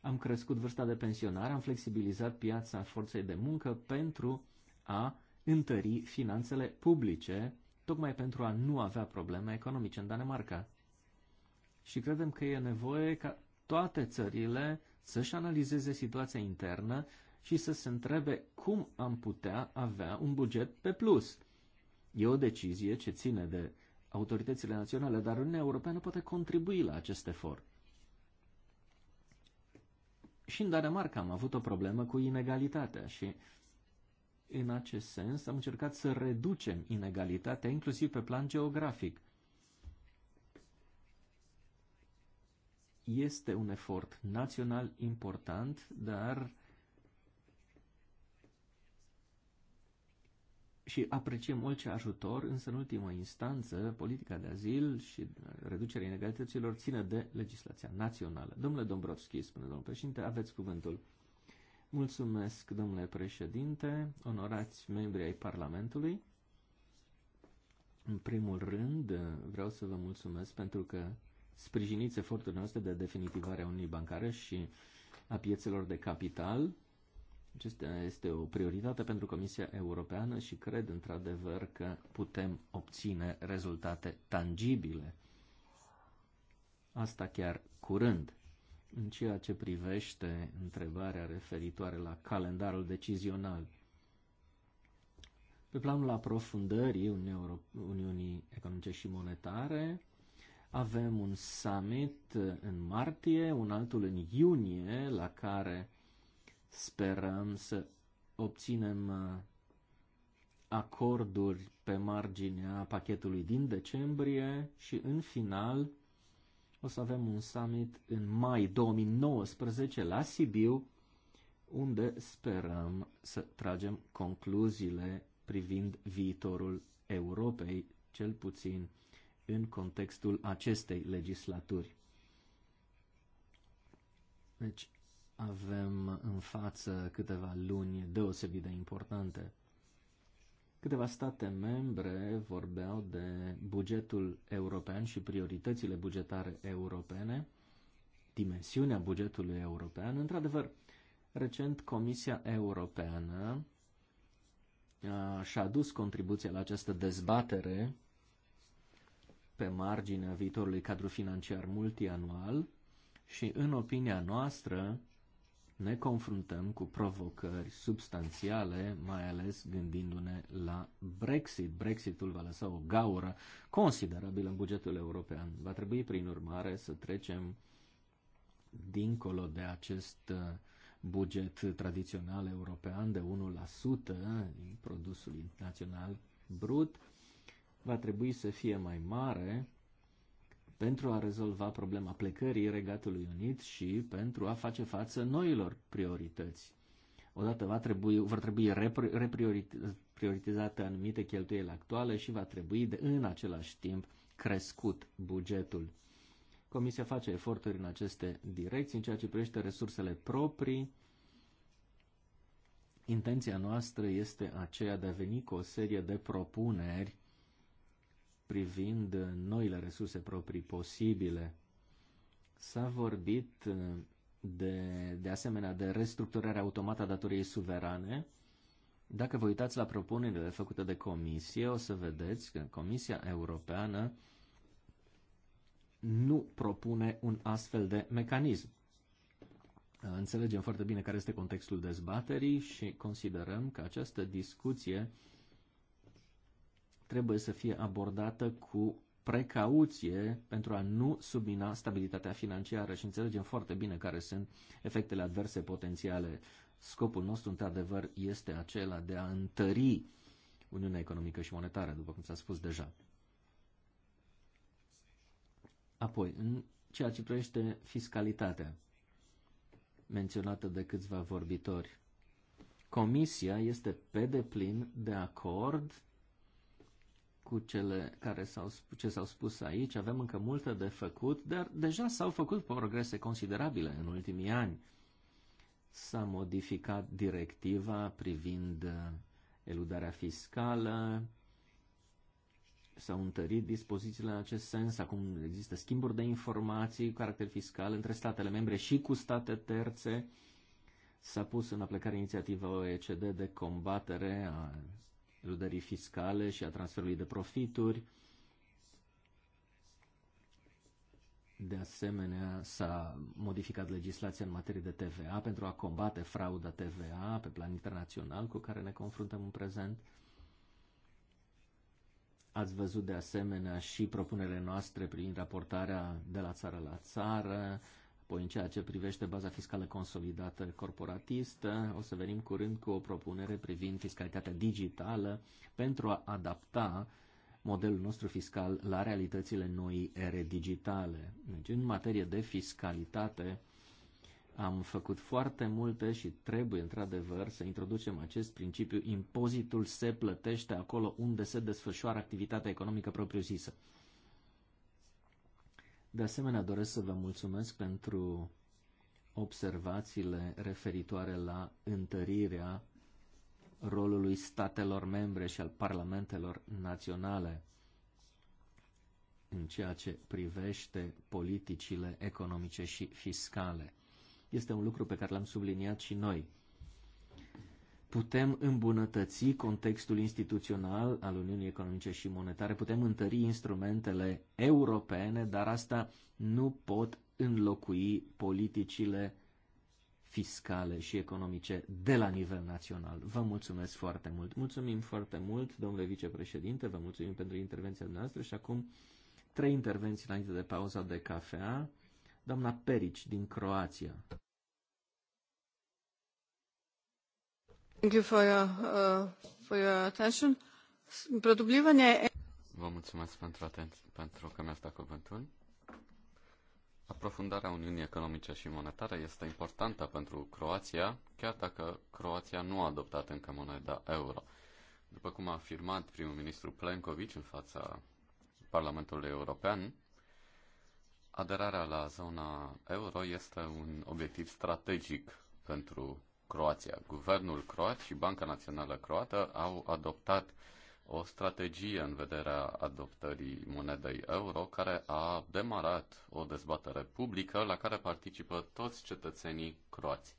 Speaker 3: am crescut vârsta de pensionare, am flexibilizat piața forței de muncă pentru a întări finanțele publice, tocmai pentru a nu avea probleme economice în Danemarca și credem că e nevoie ca toate țările să-și analizeze situația internă și să se întrebe cum am putea avea un buget pe plus. E o decizie ce ține de autoritățile naționale, dar Uniunea Europeană poate contribui la acest efort. Și în Danemarca am avut o problemă cu inegalitatea și în acest sens am încercat să reducem inegalitatea inclusiv pe plan geografic. Este un efort național important, dar și apreciem orice ajutor, însă în ultimă instanță, politica de azil și reducerea inegalităților ține de legislația națională. Domnule Dombrovski, spune domnul președinte, aveți cuvântul. Mulțumesc, domnule președinte, onorați membri ai Parlamentului. În primul rând, vreau să vă mulțumesc pentru că sprijiniți eforturile noastre de definitivare a Uniunii Bancare și a piețelor de capital. Acesta este o prioritate pentru Comisia Europeană și cred într-adevăr că putem obține rezultate tangibile. Asta chiar curând. În ceea ce privește întrebarea referitoare la calendarul decizional, pe planul aprofundării Uniunii Economice și Monetare, avem un summit în martie, un altul în iunie, la care sperăm să obținem uh, acorduri pe marginea pachetului din decembrie și în final o să avem un summit în mai 2019 la Sibiu, unde sperăm să tragem concluziile privind viitorul Europei, cel puțin în contextul acestei legislaturi. Deci avem în față câteva luni deosebit de importante. Câteva state membre vorbeau de bugetul european și prioritățile bugetare europene, dimensiunea bugetului european. Într-adevăr, recent Comisia Europeană uh, și-a adus contribuția la această dezbatere pe marginea viitorului cadru financiar multianual și, în opinia noastră, ne confruntăm cu provocări substanțiale, mai ales gândindu-ne la Brexit. Brexitul va lăsa o gaură considerabilă în bugetul european. Va trebui, prin urmare, să trecem dincolo de acest uh, buget tradițional european de 1% din produsul național brut va trebui să fie mai mare pentru a rezolva problema plecării Regatului Unit și pentru a face față noilor priorități. Odată va trebui, vor trebui reprioritizate anumite cheltuieli actuale și va trebui de, în același timp crescut bugetul. Comisia face eforturi în aceste direcții, în ceea ce privește resursele proprii. Intenția noastră este aceea de a veni cu o serie de propuneri privind noile resurse proprii posibile. S-a vorbit uh, de, de asemenea de restructurarea automată a datoriei suverane. Dacă vă uitați la propunerile făcute de comisie, o să vedeți că Comisia Europeană nu propune un astfel de mecanism. Înțelegem foarte bine care este contextul dezbaterii și considerăm că această discuție uh, trebuie să fie abordată cu precauție pentru a nu submina stabilitatea financiară și înțelegem foarte bine care sunt efectele adverse potențiale. Scopul nostru, într-adevăr, este acela de a întări Uniunea Economică și Monetară, după cum s-a spus deja. Apoi, în ceea ce privește fiscalitatea menționată de câțiva vorbitori, Comisia este pe deplin de acord cu cele care s-au, ce s-au spus aici. Avem încă multe de făcut, dar deja s-au făcut progrese considerabile în ultimii ani. S-a modificat directiva privind uh, eludarea fiscală, s-au întărit dispozițiile în acest sens, acum există schimburi de informații cu caracter fiscal între statele membre și cu state terțe. S-a pus în aplicare inițiativa OECD de combatere a eludării fiscale și a transferului de profituri. De asemenea, s-a modificat legislația în materie de TVA pentru a combate frauda TVA pe plan internațional cu care ne confruntăm în prezent. Ați văzut de asemenea și propunerile noastre privind raportarea de la țară la țară, Apoi, în ceea ce privește baza fiscală consolidată corporatistă, o să venim curând cu o propunere privind fiscalitatea digitală pentru a adapta modelul nostru fiscal la realitățile noi ere digitale. Deci, în materie de fiscalitate, am făcut foarte multe și trebuie, într-adevăr, să introducem acest principiu. Impozitul se plătește acolo unde se desfășoară activitatea economică propriu-zisă. De asemenea, doresc să vă mulțumesc pentru observațiile referitoare la întărirea rolului statelor membre și al parlamentelor naționale în ceea ce privește politicile economice și fiscale. Este un lucru pe care l-am subliniat și noi putem îmbunătăți contextul instituțional al Uniunii Economice și Monetare, putem întări instrumentele europene, dar asta nu pot înlocui politicile fiscale și economice de la nivel național. Vă mulțumesc foarte mult. Mulțumim foarte mult, domnule vicepreședinte, vă mulțumim pentru intervenția noastră și acum trei intervenții înainte de pauza de cafea. Doamna Perici din Croația.
Speaker 4: Uh,
Speaker 1: Vă mulțumesc pentru, atenție, pentru că mi-ați dat cuvântul. Aprofundarea Uniunii Economice și Monetare este importantă pentru Croația, chiar dacă Croația nu a adoptat încă moneda euro. După cum a afirmat primul ministru Plenković în fața Parlamentului European, aderarea la zona euro este un obiectiv strategic pentru Croația. Guvernul croat și Banca Națională Croată au adoptat o strategie în vederea adoptării monedei euro care a demarat o dezbatere publică la care participă toți cetățenii croați.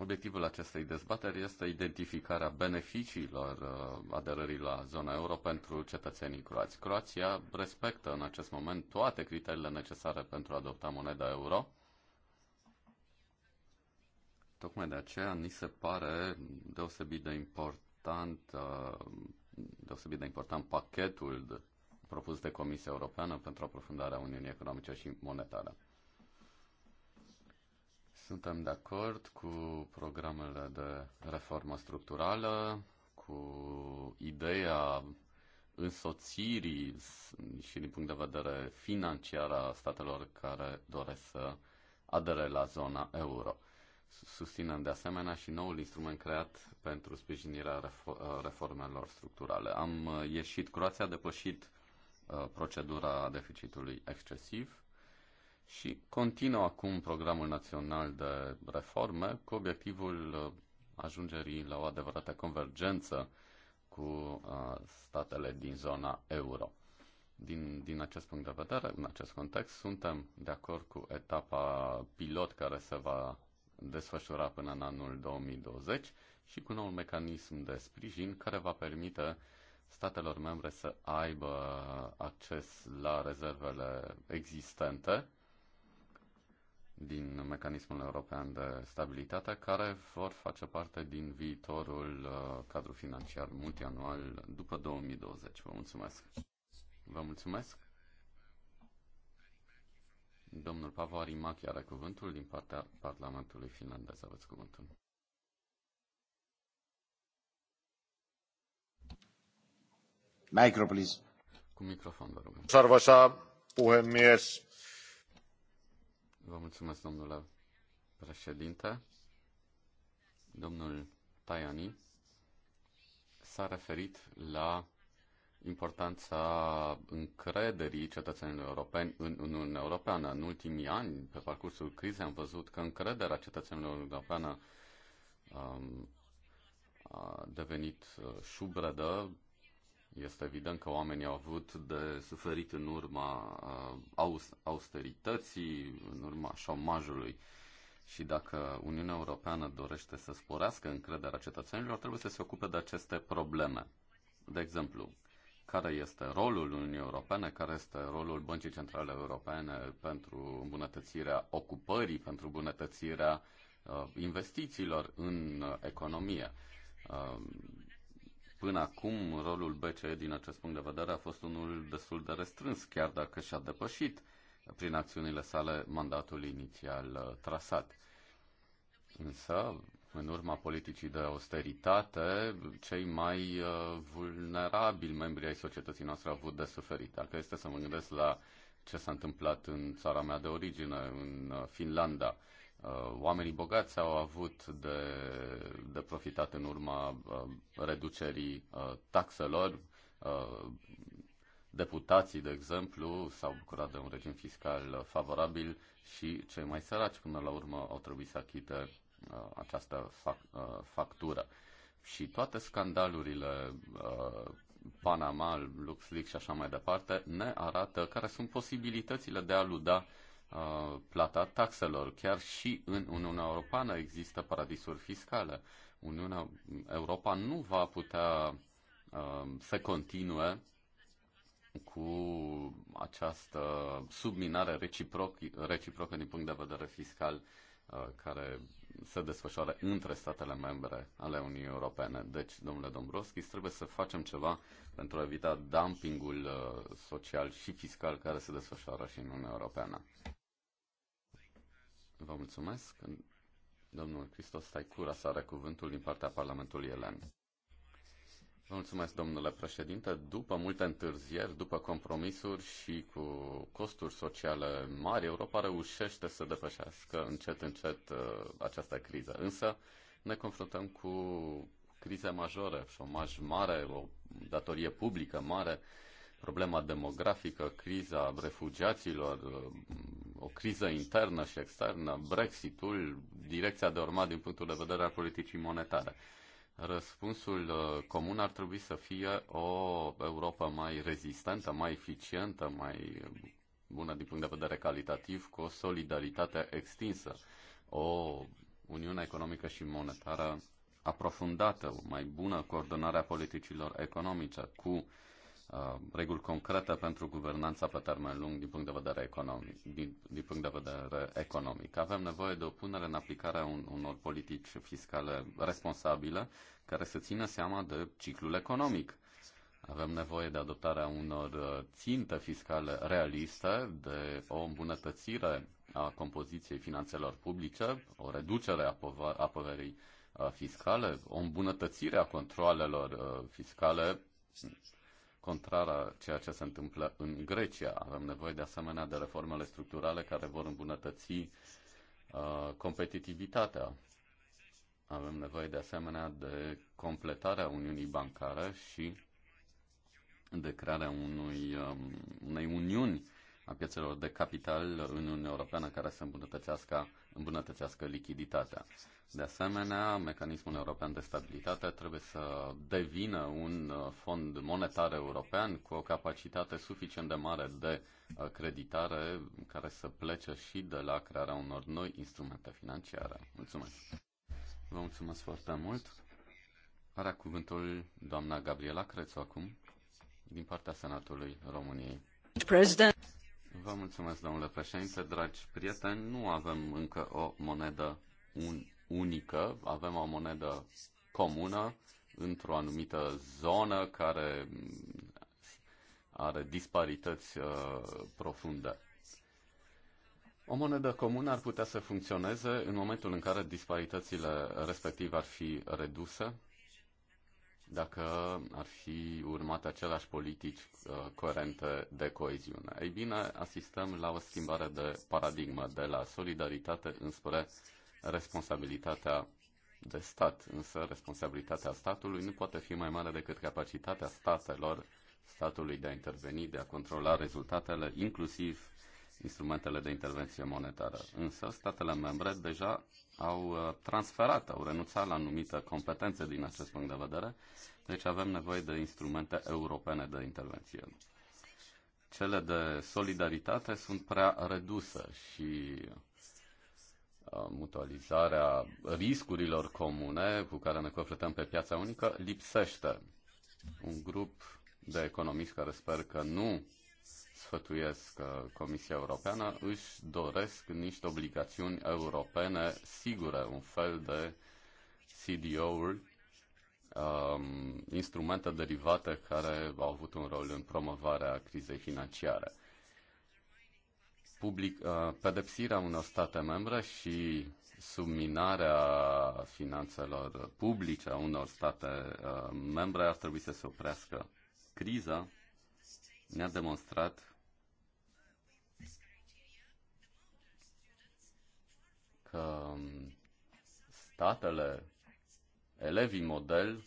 Speaker 1: Obiectivul acestei dezbateri este identificarea beneficiilor uh, aderării la zona euro pentru cetățenii croați. Croația respectă în acest moment toate criteriile necesare pentru a adopta moneda euro Tocmai de aceea ni se pare deosebit de important, uh, deosebit de important pachetul de, propus de Comisia Europeană pentru aprofundarea Uniunii Economice și Monetare. Suntem de acord cu programele de reformă structurală, cu ideea însoțirii și din punct de vedere financiar a statelor care doresc să adere la zona euro. Susținem de asemenea și noul instrument creat pentru sprijinirea uh, reformelor structurale. Am uh, ieșit, Croația a depășit uh, procedura deficitului excesiv și continuă acum programul național de reforme cu obiectivul ajungerii la o adevărată convergență cu statele din zona euro. Din, din acest punct de vedere, în acest context, suntem de acord cu etapa pilot care se va desfășura până în anul 2020 și cu noul mecanism de sprijin care va permite statelor membre să aibă acces la rezervele existente din mecanismul european de stabilitate care vor face parte din viitorul uh, cadru financiar multianual după 2020. Vă mulțumesc! Vă mulțumesc! Domnul Pavo Arimachi are cuvântul din partea Parlamentului finlandez. Aveți cuvântul. Micro, please. Cu microfon, vă rog. Sarvașa, puhemies. Vă mulțumesc, domnule președinte. Domnul Tajani s-a referit la importanța încrederii cetățenilor europeni în Uniunea Europeană. În ultimii ani, pe parcursul crizei, am văzut că încrederea cetățenilor europeană um, a devenit uh, șubredă. Este evident că oamenii au avut de suferit în urma uh, austerității, în urma șomajului. Și dacă Uniunea Europeană dorește să sporească încrederea cetățenilor, trebuie să se ocupe de aceste probleme. De exemplu, care este rolul Uniunii Europene, care este rolul Băncii Centrale Europene pentru îmbunătățirea ocupării, pentru îmbunătățirea uh, investițiilor în uh, economie. Uh, până acum, rolul BCE din acest punct de vedere a fost unul destul de restrâns, chiar dacă și-a depășit prin acțiunile sale mandatul inițial trasat. Însă, în urma politicii de austeritate, cei mai uh, vulnerabili membri ai societății noastre au avut de suferit. Dacă este să mă gândesc la ce s-a întâmplat în țara mea de origine, în uh, Finlanda, uh, oamenii bogați au avut de, de profitat în urma reducerii taxelor. Deputații, de exemplu, s-au bucurat de un regim fiscal favorabil și cei mai săraci, până la urmă, au trebuit să achite Uh, această fac- uh, factură. Și toate scandalurile uh, Panama, LuxLeaks și așa mai departe ne arată care sunt posibilitățile de a luda plata taxelor. Chiar și în Uniunea Europeană există paradisuri fiscale. Uniunea Europa nu va putea uh, să continue cu această subminare reciproc, reciprocă din punct de vedere fiscal uh, care se desfășoare între statele membre ale Uniunii Europene. Deci, domnule Dombrovski, trebuie să facem ceva pentru a evita dumpingul uh, social și fiscal care se desfășoară și în Uniunea Europeană. Vă mulțumesc. Domnul Cristos Taicura să are cuvântul din partea Parlamentului Elen mulțumesc, domnule președinte. După multe întârzieri, după compromisuri și cu costuri sociale mari, Europa reușește să depășească încet, încet uh, această criză. Însă ne confruntăm cu crize majore, șomaj mare, o datorie publică mare, problema demografică, criza refugiaților, uh, o criză internă și externă, Brexitul, direcția de urmat din punctul de vedere al politicii monetare. Răspunsul uh, comun ar trebui să fie o Europa mai rezistentă, mai eficientă, mai bună din punct de vedere calitativ, cu o solidaritate extinsă, o uniune economică și monetară aprofundată, o mai bună coordonare a politicilor economice cu Uh, reguli concrete pentru guvernanța pe termen lung din punct de vedere economic. Din, din punct de vedere economic. Avem nevoie de o punere în aplicare a un, unor politici fiscale responsabile care să țină seama de ciclul economic. Avem nevoie de adoptarea unor uh, ținte fiscale realiste, de o îmbunătățire a compoziției finanțelor publice, o reducere a, pover- a poverii uh, fiscale, o îmbunătățire a controalelor fiscale a ceea ce se întâmplă în Grecia. Avem nevoie de asemenea de reformele structurale care vor îmbunătăți uh, competitivitatea. Avem nevoie de asemenea de completarea Uniunii Bancare și de crearea unui, um, unei uniuni a piețelor de capital în Uniunea Europeană care să îmbunătățească, îmbunătățească lichiditatea. De asemenea, mecanismul european de stabilitate trebuie să devină un uh, fond monetar european cu o capacitate suficient de mare de uh, creditare care să plece și de la crearea unor noi instrumente financiare. Mulțumesc! Vă mulțumesc foarte mult! Are cuvântul doamna Gabriela Crețu acum, din partea Senatului României. President. Vă mulțumesc, domnule președinte, dragi prieteni. Nu avem încă o monedă un unică, avem o monedă comună într-o anumită zonă care are disparități uh, profunde. O monedă comună ar putea să funcționeze în momentul în care disparitățile respective ar fi reduse, dacă ar fi urmate aceleași politici uh, coerente de coeziune. Ei bine, asistăm la o schimbare de paradigmă de la solidaritate înspre uh, responsabilitatea de stat, însă responsabilitatea statului nu poate fi mai mare decât capacitatea statelor, statului de a interveni, de a controla rezultatele, inclusiv instrumentele de intervenție monetară. Însă statele membre deja au uh, transferat, au renunțat la anumite competențe din acest punct de vedere, deci avem nevoie de instrumente europene de intervenție. Cele de solidaritate sunt prea reduse și Uh, mutualizarea riscurilor comune cu care ne confruntăm pe piața unică lipsește. Un grup de economiști care sper că nu sfătuiesc uh, Comisia Europeană își doresc niște obligațiuni europene sigure, un fel de CDO-uri, um, instrumente derivate care au avut un rol în promovarea crizei financiare public, uh, pedepsirea unor state membre și subminarea finanțelor publice a unor state uh, membre ar trebui să se oprească. Criza ne-a demonstrat că statele, elevii model,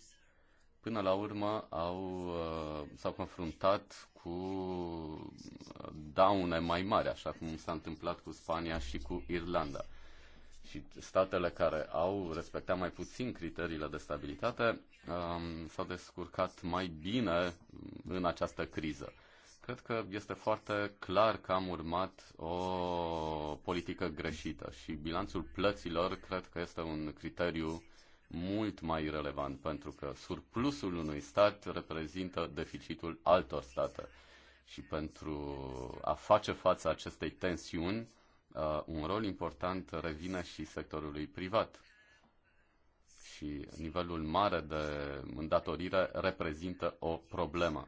Speaker 1: până la urmă au, uh, s-au confruntat cu uh, daune mai mari, așa cum s-a întâmplat cu Spania și cu Irlanda. Și statele care au respectat mai puțin criteriile de stabilitate um, s-au descurcat mai bine în această criză. Cred că este foarte clar că am urmat o politică greșită și bilanțul plăților cred că este un criteriu mult mai relevant, pentru că surplusul unui stat reprezintă deficitul altor state. Și pentru a face față acestei tensiuni, uh, un rol important revine și sectorului privat. Și nivelul mare de îndatorire reprezintă o problemă.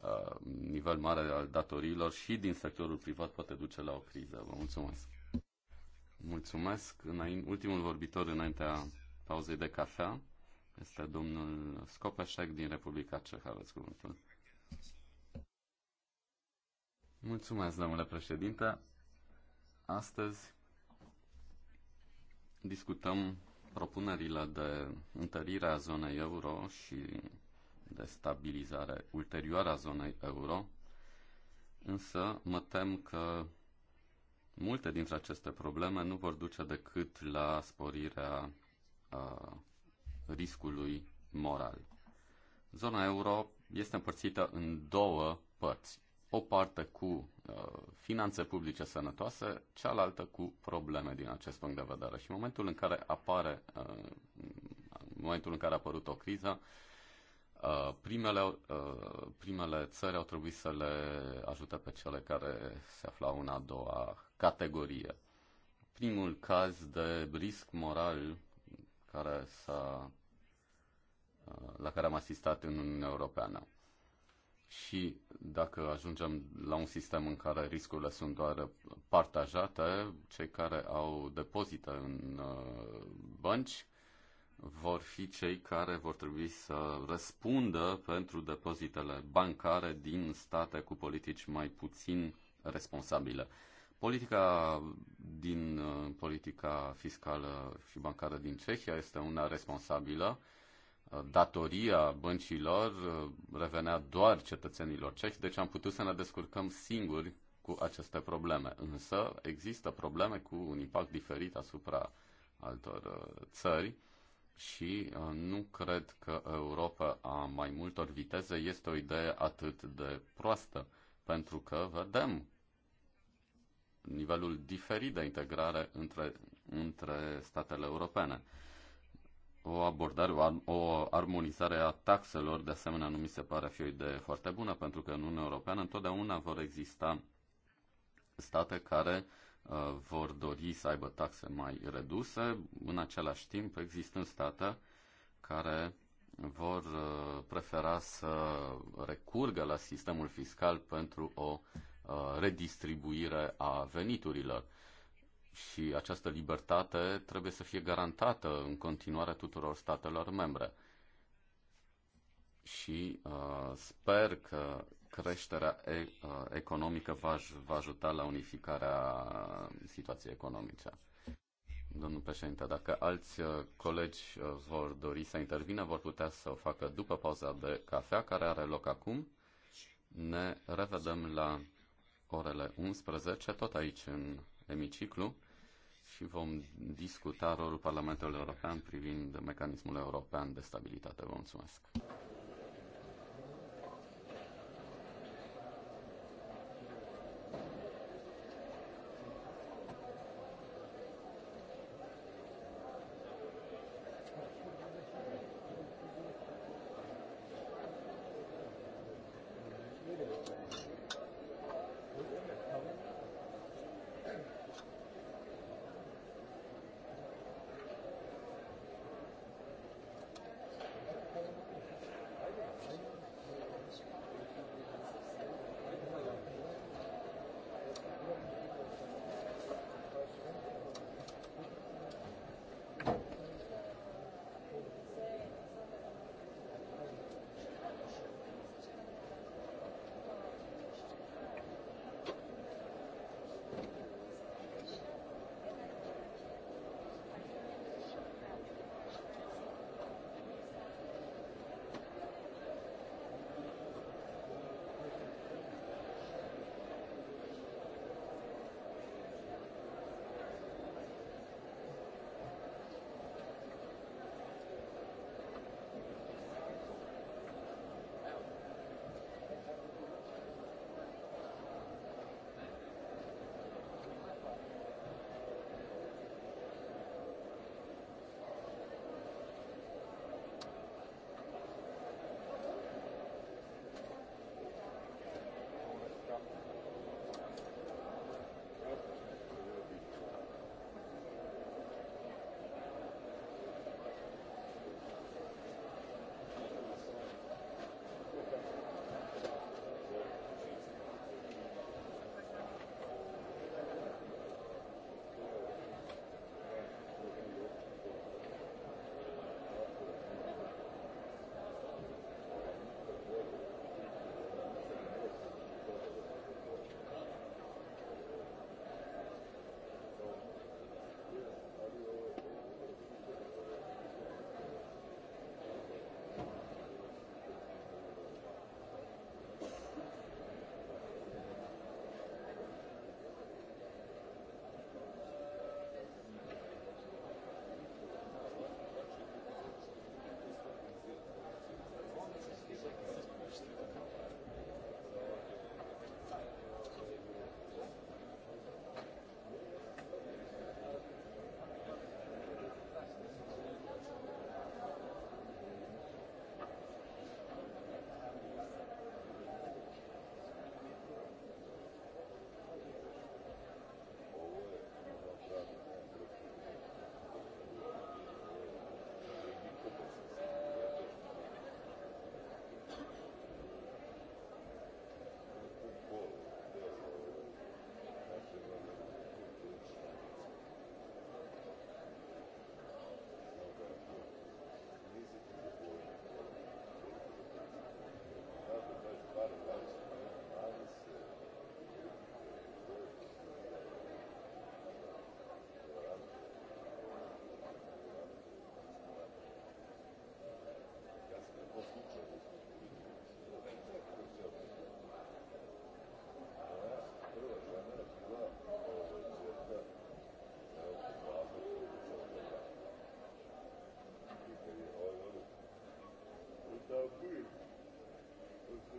Speaker 1: Uh, nivel mare al datoriilor și din sectorul privat poate duce la o criză. Vă mulțumesc! Mulțumesc. Înainte, ultimul vorbitor înaintea pauzei de cafea este domnul Scopeșec din Republica Cehă. Aveți cuvântul. Mulțumesc, domnule președinte. Astăzi discutăm propunerile de întărire a zonei euro și de stabilizare ulterioară a zonei euro, însă mă tem că multe dintre aceste probleme nu vor duce decât la sporirea riscului moral. Zona euro este împărțită în două părți. O parte cu uh, finanțe publice sănătoase, cealaltă cu probleme din acest punct de vedere. Și în momentul în care apare, uh, în momentul în care a apărut o criză, uh, primele, uh, primele țări au trebuit să le ajute pe cele care se aflau în a doua categorie. Primul caz de risc moral care s-a, la care am asistat în Uniunea Europeană. Și dacă ajungem la un sistem în care riscurile sunt doar partajate, cei care au depozite în uh, bănci vor fi cei care vor trebui să răspundă pentru depozitele bancare din state cu politici mai puțin responsabile. Politica din uh, politica fiscală și bancară din Cehia este una responsabilă. Uh, datoria băncilor uh, revenea doar cetățenilor cehi, deci am putut să ne descurcăm singuri cu aceste probleme. Însă există probleme cu un impact diferit asupra altor țări și nu cred că Europa a mai multor viteze este o idee atât de proastă, pentru că vedem nivelul diferit de integrare între, între statele europene. O abordare, o armonizare a taxelor, de asemenea, nu mi se pare fi o idee foarte bună, pentru că în Uniunea Europeană întotdeauna vor exista state care uh, vor dori să aibă taxe mai reduse, în același timp există state care vor uh, prefera să recurgă la sistemul fiscal pentru o uh, Uh, redistribuire a veniturilor. Și această libertate trebuie să fie garantată în continuare tuturor statelor membre. Și uh, sper că creșterea e, uh, economică va, va ajuta la unificarea situației economice. Domnul președinte, dacă alți uh, colegi vor dori să intervină, vor putea să o facă după pauza de cafea care are loc acum. Ne revedem la orele 11, tot aici în emiciclu, și vom discuta rolul Parlamentului European privind mecanismul european de stabilitate. Vă mulțumesc!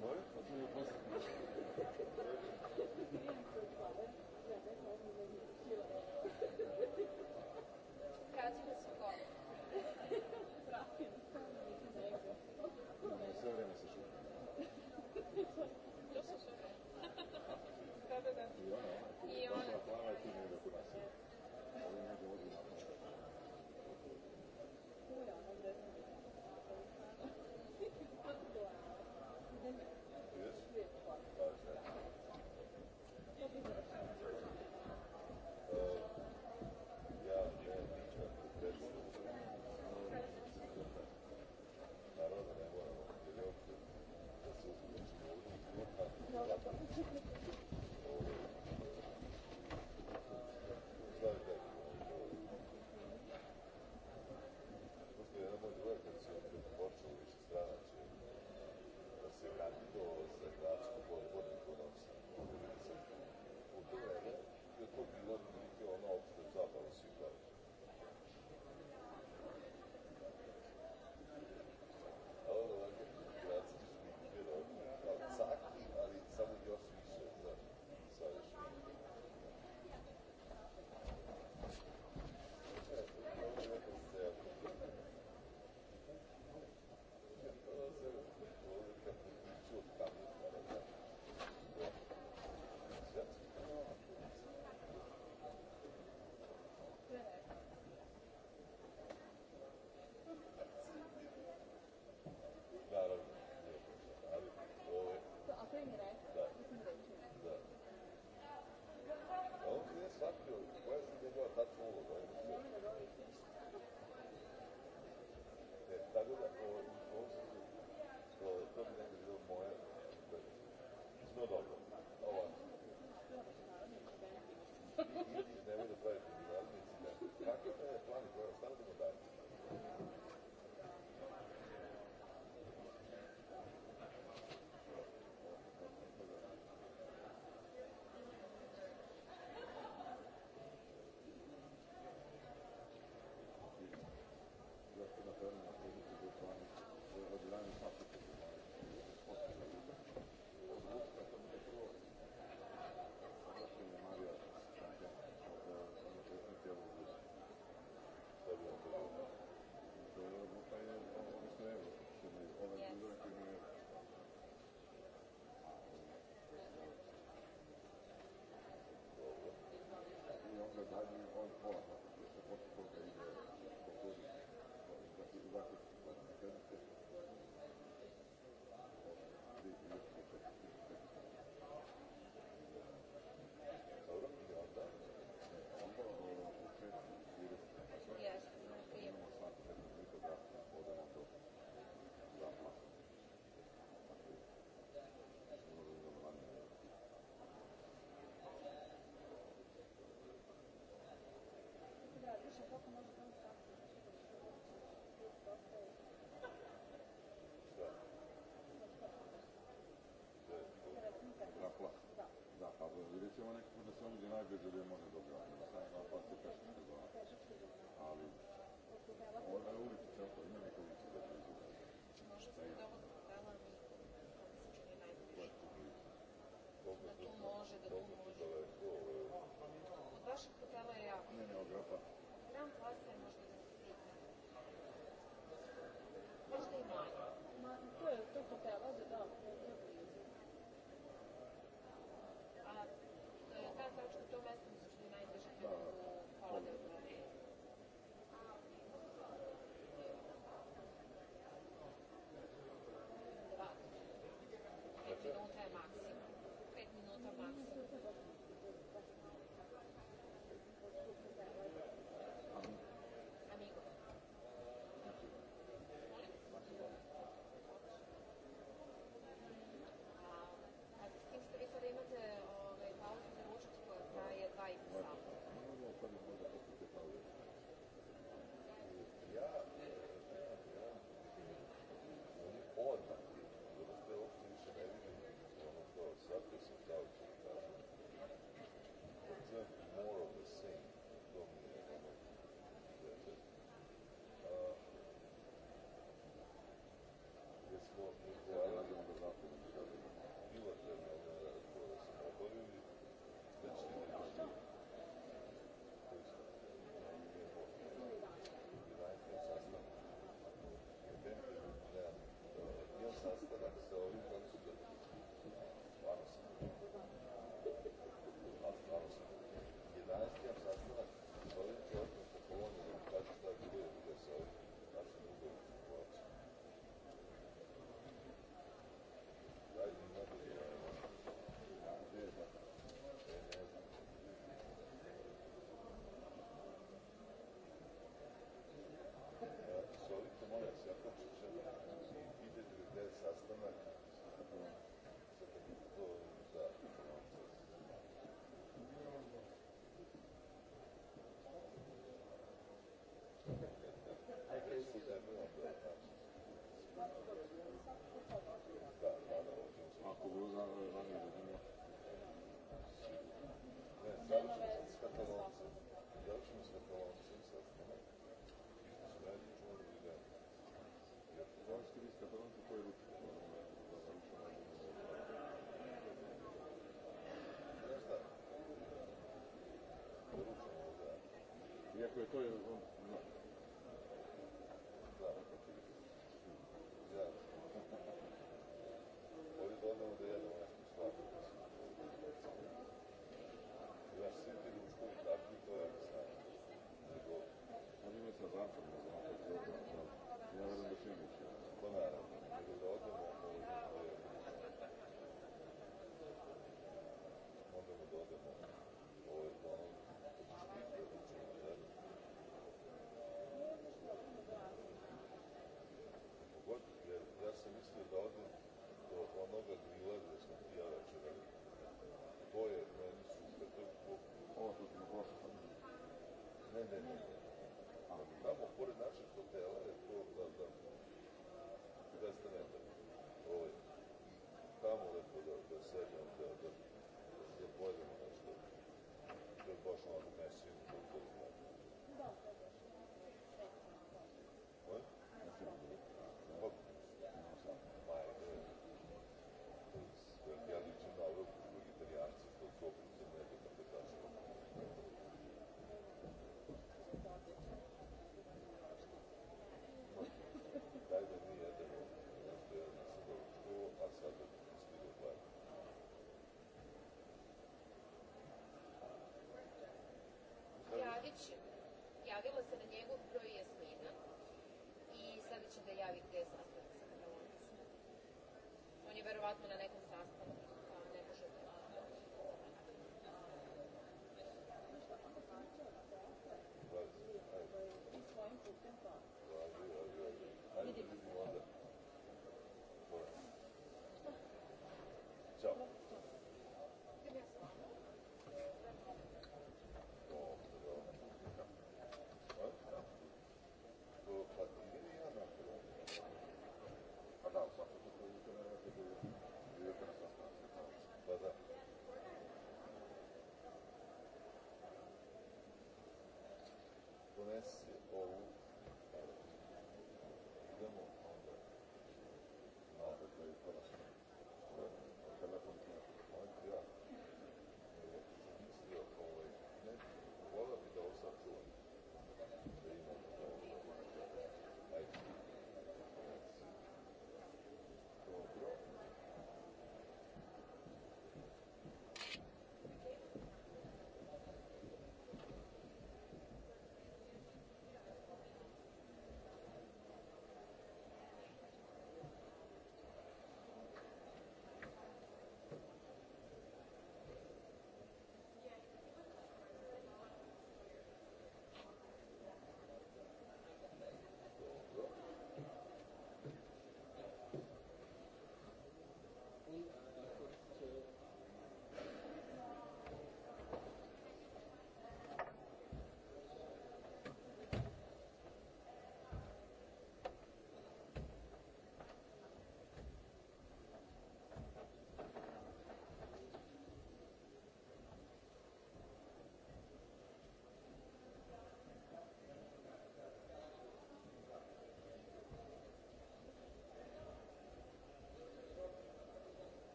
Speaker 5: Moi, je pense que... bit ljudi može dograditi, na taj napad se teško se dograditi.
Speaker 4: Ali, ona je ulica tako, ima neka ulica da je Možda zbog ovog programa
Speaker 5: mi se čini najbliže. Da tu može, da tu može. Od
Speaker 4: vašeg programa je jako. Ne, ne, od grapa. Gram klasa je možda Možda i manje. Ma, to je to hotela, da da. luat până ne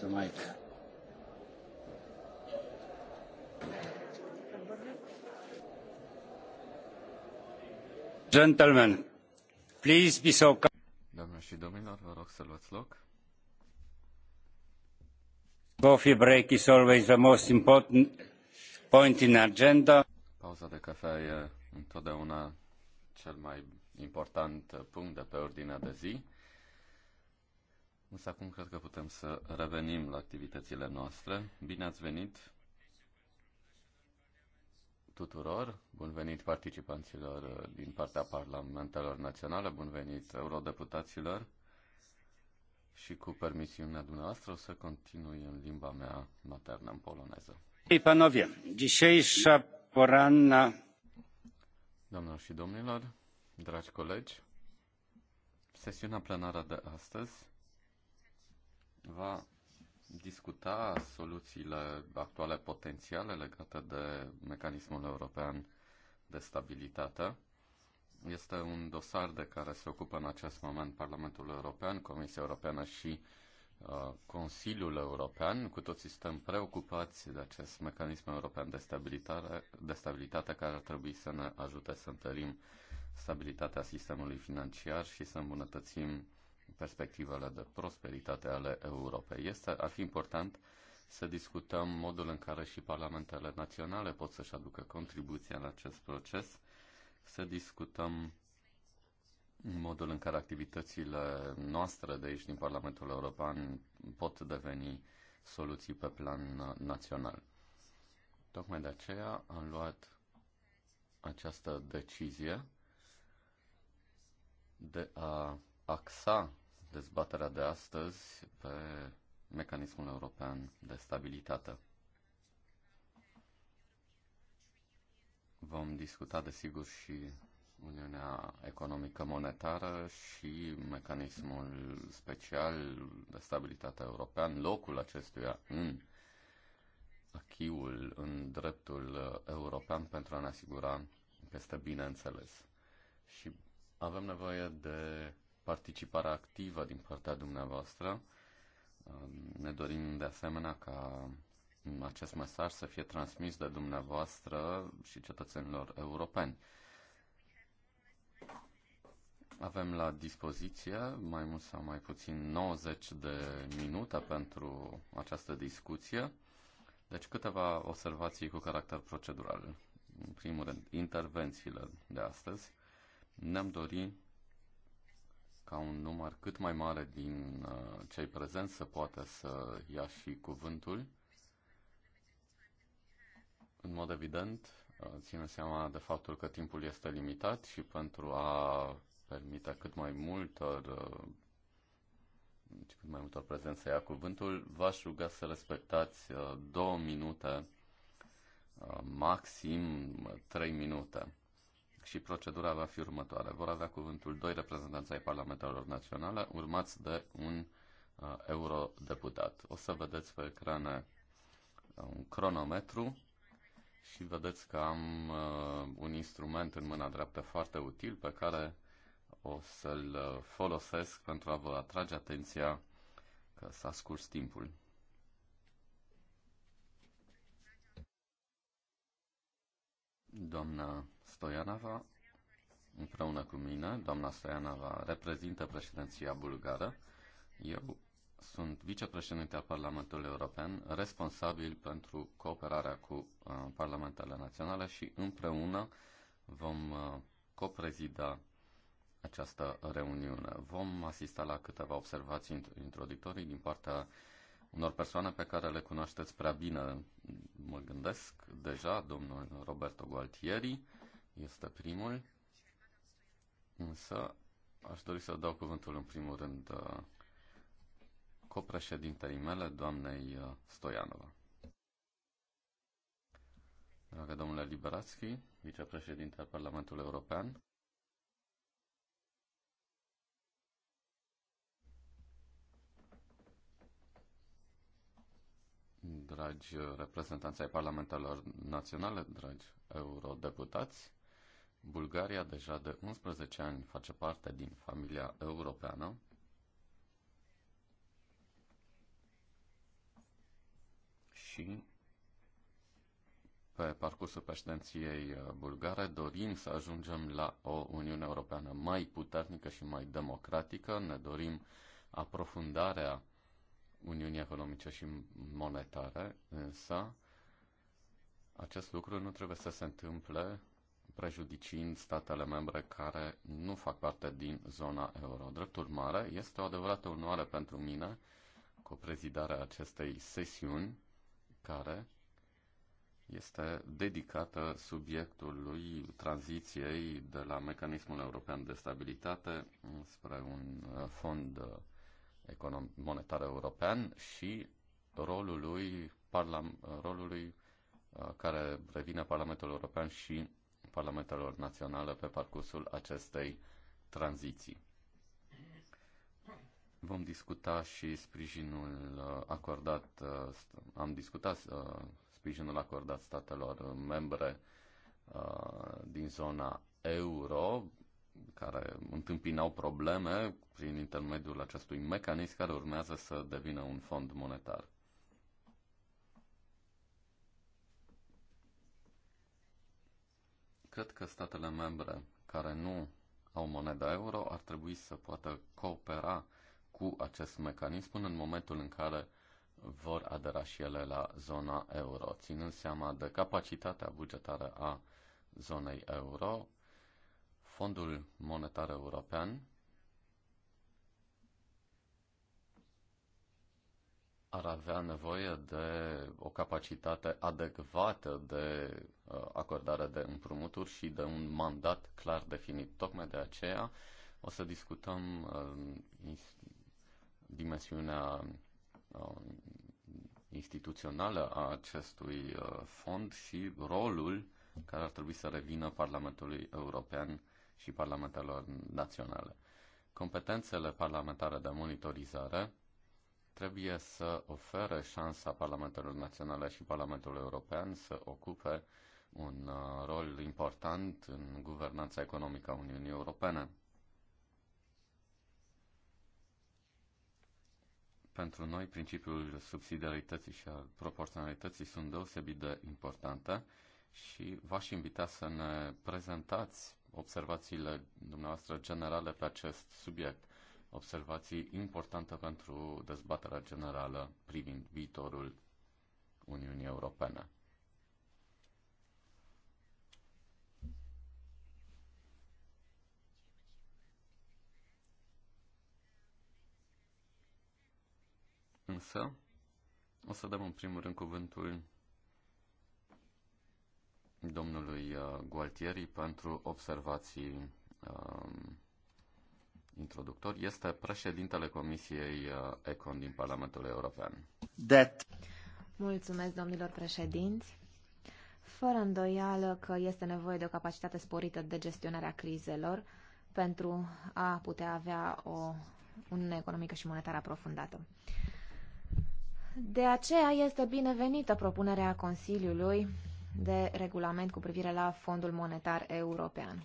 Speaker 4: the maică.
Speaker 1: Gentlemen, please be so calm. Doamne și domnilor, vă rog să luați loc.
Speaker 3: Coffee break is always the most important point in agenda.
Speaker 1: noastre, bine ați venit tuturor, bun venit participanților uh, din partea parlamentelor naționale, bun venit eurodeputaților și cu permisiunea dumneavoastră o să continui în limba mea maternă, în poloneză.
Speaker 3: Ei, panovie, dzisiejsza poranna...
Speaker 1: Domnilor și domnilor, dragi colegi, sesiunea plenară de astăzi va discuta soluțiile actuale potențiale legate de mecanismul european de stabilitate. Este un dosar de care se ocupă în acest moment Parlamentul European, Comisia Europeană și uh, Consiliul European. Cu toții suntem preocupați de acest mecanism european de stabilitate, de stabilitate care ar trebui să ne ajute să întărim stabilitatea sistemului financiar și să îmbunătățim perspectivele de prosperitate ale Europei. Este, ar fi important să discutăm modul în care și parlamentele naționale pot să-și aducă contribuția la acest proces, să discutăm modul în care activitățile noastre de aici din Parlamentul European pot deveni soluții pe plan uh, național. Tocmai de aceea am luat această decizie de a axa dezbaterea de astăzi pe mecanismul european de stabilitate. Vom discuta, desigur, și Uniunea Economică Monetară și mecanismul special de stabilitate european, locul acestuia în achiul, în dreptul european pentru a ne asigura că este bine înțeles. Și avem nevoie de participare activă din partea dumneavoastră. Um, ne dorim de asemenea ca acest mesaj să fie transmis de dumneavoastră și cetățenilor europeni. Avem la dispoziție mai mult sau mai puțin 90 de minute pentru această discuție. Deci câteva observații cu caracter procedural. În primul rând, intervențiile de astăzi. Ne-am dorit ca un număr cât mai mare din uh, cei prezenți să poată să ia și cuvântul. În mod evident, uh, ținem seama de faptul că timpul este limitat și pentru a permite cât mai multor uh, deci cât mai multor prezenți să ia cuvântul, v-aș ruga să respectați două minute maxim trei minute și procedura va fi următoare. Vor avea cuvântul doi reprezentanți ai parlamentarilor naționale, urmați de un uh, eurodeputat. O să vedeți pe ecrane uh, un cronometru și vedeți că am uh, un instrument în mâna dreaptă foarte util pe care o să-l uh, folosesc pentru a vă atrage atenția că s-a scurs timpul. Doamna Stoianova, împreună cu mine, doamna Stoianova reprezintă președinția bulgară. Eu sunt vicepreședinte al Parlamentului European, responsabil pentru cooperarea cu uh, parlamentele naționale și împreună vom uh, coprezida această reuniune. Vom asista la câteva observații introductorii din partea uh, unor persoane pe care le cunoașteți prea bine, mă gândesc deja, domnul Roberto Gualtieri este primul, însă aș dori să dau cuvântul în primul rând uh, copreședintei mele, doamnei uh, Stoianova. Dragă domnule Liberațchi, vicepreședinte al Parlamentului European, dragi reprezentanți ai parlamentelor naționale, dragi eurodeputați, Bulgaria deja de 11 ani face parte din familia europeană. Și pe parcursul președinției bulgare dorim să ajungem la o Uniune Europeană mai puternică și mai democratică. Ne dorim aprofundarea Uniunii Economice și Monetare, însă acest lucru nu trebuie să se întâmple prejudicind statele membre care nu fac parte din zona euro. Drept urmare, este o adevărată onoare pentru mine cu prezidarea acestei sesiuni care este dedicată subiectului tranziției de la mecanismul european de stabilitate spre un uh, fond uh, econom- monetar european și rolul lui, parlam- rolul lui uh, care revine Parlamentul European și Parlamentelor Naționale pe parcursul acestei tranziții. Vom discuta și sprijinul uh, acordat, uh, am discutat sprijinul acordat statelor membre din zona euro care întâmpinau probleme prin intermediul acestui mecanism care urmează să devină un fond monetar. Cred că statele membre care nu au moneda euro ar trebui să poată coopera cu acest mecanism până în momentul în care vor adera și ele la zona euro, ținând seama de capacitatea bugetară a zonei euro, Fondul Monetar European ar avea nevoie de o capacitate adecvată de uh, acordare de împrumuturi și de un mandat clar definit. Tocmai de aceea o să discutăm uh, dimensiunea uh, instituțională a acestui fond și rolul care ar trebui să revină Parlamentului European și parlamentelor naționale. Competențele parlamentare de monitorizare trebuie să ofere șansa parlamentelor naționale și Parlamentului European să ocupe un uh, rol important în guvernanța economică a Uniunii Europene. Pentru noi, principiul subsidiarității și al proporționalității sunt deosebit de importante și v-aș invita să ne prezentați observațiile dumneavoastră generale pe acest subiect, observații importante pentru dezbaterea generală privind viitorul Uniunii Europene. Însă, o să dăm în primul rând cuvântul domnului uh, Gualtieri pentru observații um, introductor. Este președintele Comisiei uh, Econ din Parlamentul European.
Speaker 3: That.
Speaker 2: Mulțumesc, domnilor președinți. Fără îndoială că este nevoie de o capacitate sporită de gestionare a crizelor pentru a putea avea o uniune economică și monetară aprofundată. De aceea este binevenită propunerea Consiliului de regulament cu privire la Fondul Monetar European.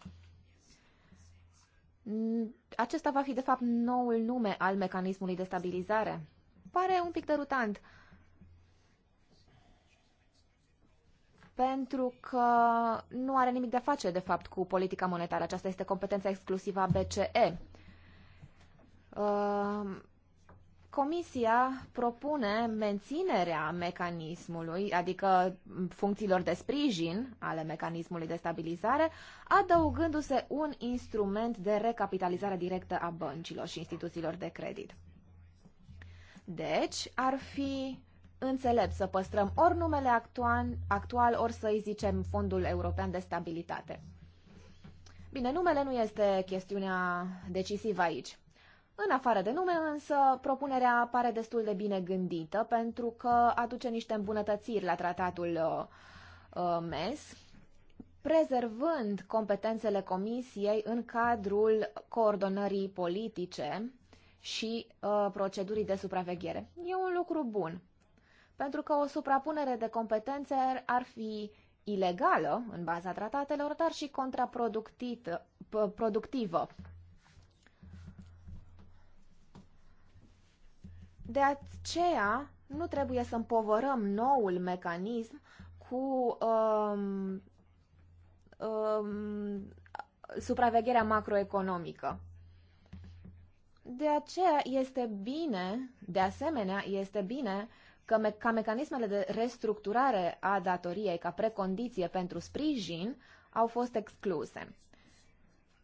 Speaker 2: Acesta va fi, de fapt, noul nume al mecanismului de stabilizare. Pare un pic derutant. Pentru că nu are nimic de a face, de fapt, cu politica monetară. Aceasta este competența exclusivă a BCE. Uh, Comisia propune menținerea mecanismului, adică funcțiilor de sprijin ale mecanismului de stabilizare, adăugându-se un instrument de recapitalizare directă a băncilor și instituțiilor de credit. Deci, ar fi înțelept să păstrăm ori numele actual, actual ori să-i zicem Fondul European de Stabilitate. Bine, numele nu este chestiunea decisivă aici. În afară de nume, însă, propunerea pare destul de bine gândită pentru că aduce niște îmbunătățiri la tratatul uh, uh, MES, prezervând competențele Comisiei în cadrul coordonării politice și uh, procedurii de supraveghere. E un lucru bun, pentru că o suprapunere de competențe ar fi ilegală în baza tratatelor, dar și contraproductivă De aceea, nu trebuie să împovărăm noul mecanism cu um, um, supravegherea macroeconomică. De aceea este bine, de asemenea, este bine că me- ca mecanismele de restructurare a datoriei ca precondiție pentru sprijin au fost excluse.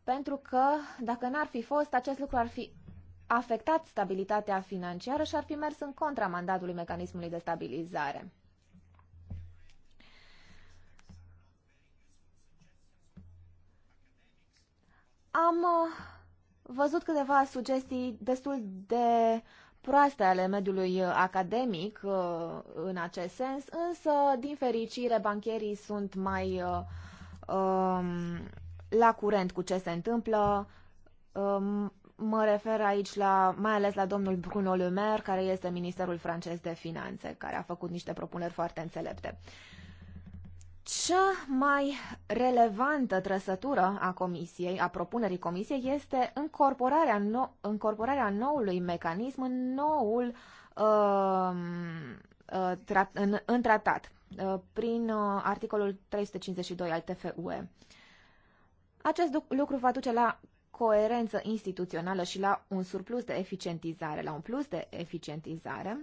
Speaker 2: Pentru că, dacă n-ar fi fost, acest lucru ar fi afectat stabilitatea financiară și ar fi mers în contra mandatului mecanismului de stabilizare. Am uh, văzut câteva sugestii destul de proaste ale mediului uh, academic uh, în acest sens, însă, din fericire, bancherii sunt mai um, la curent cu ce se întâmplă, um, Mă refer aici la, mai ales la domnul Bruno Le Maire, care este ministerul francez de finanțe, care a făcut niște propuneri foarte înțelepte. Cea mai relevantă trăsătură a comisiei, a propunerii comisiei, este încorporarea, no- încorporarea noului mecanism în noul um, uh, uh, tra, în, în tratat, uh, prin uh, articolul 352 al TFUE. Acest lucru va duce la coerență instituțională și la un surplus de eficientizare, la un plus de eficientizare,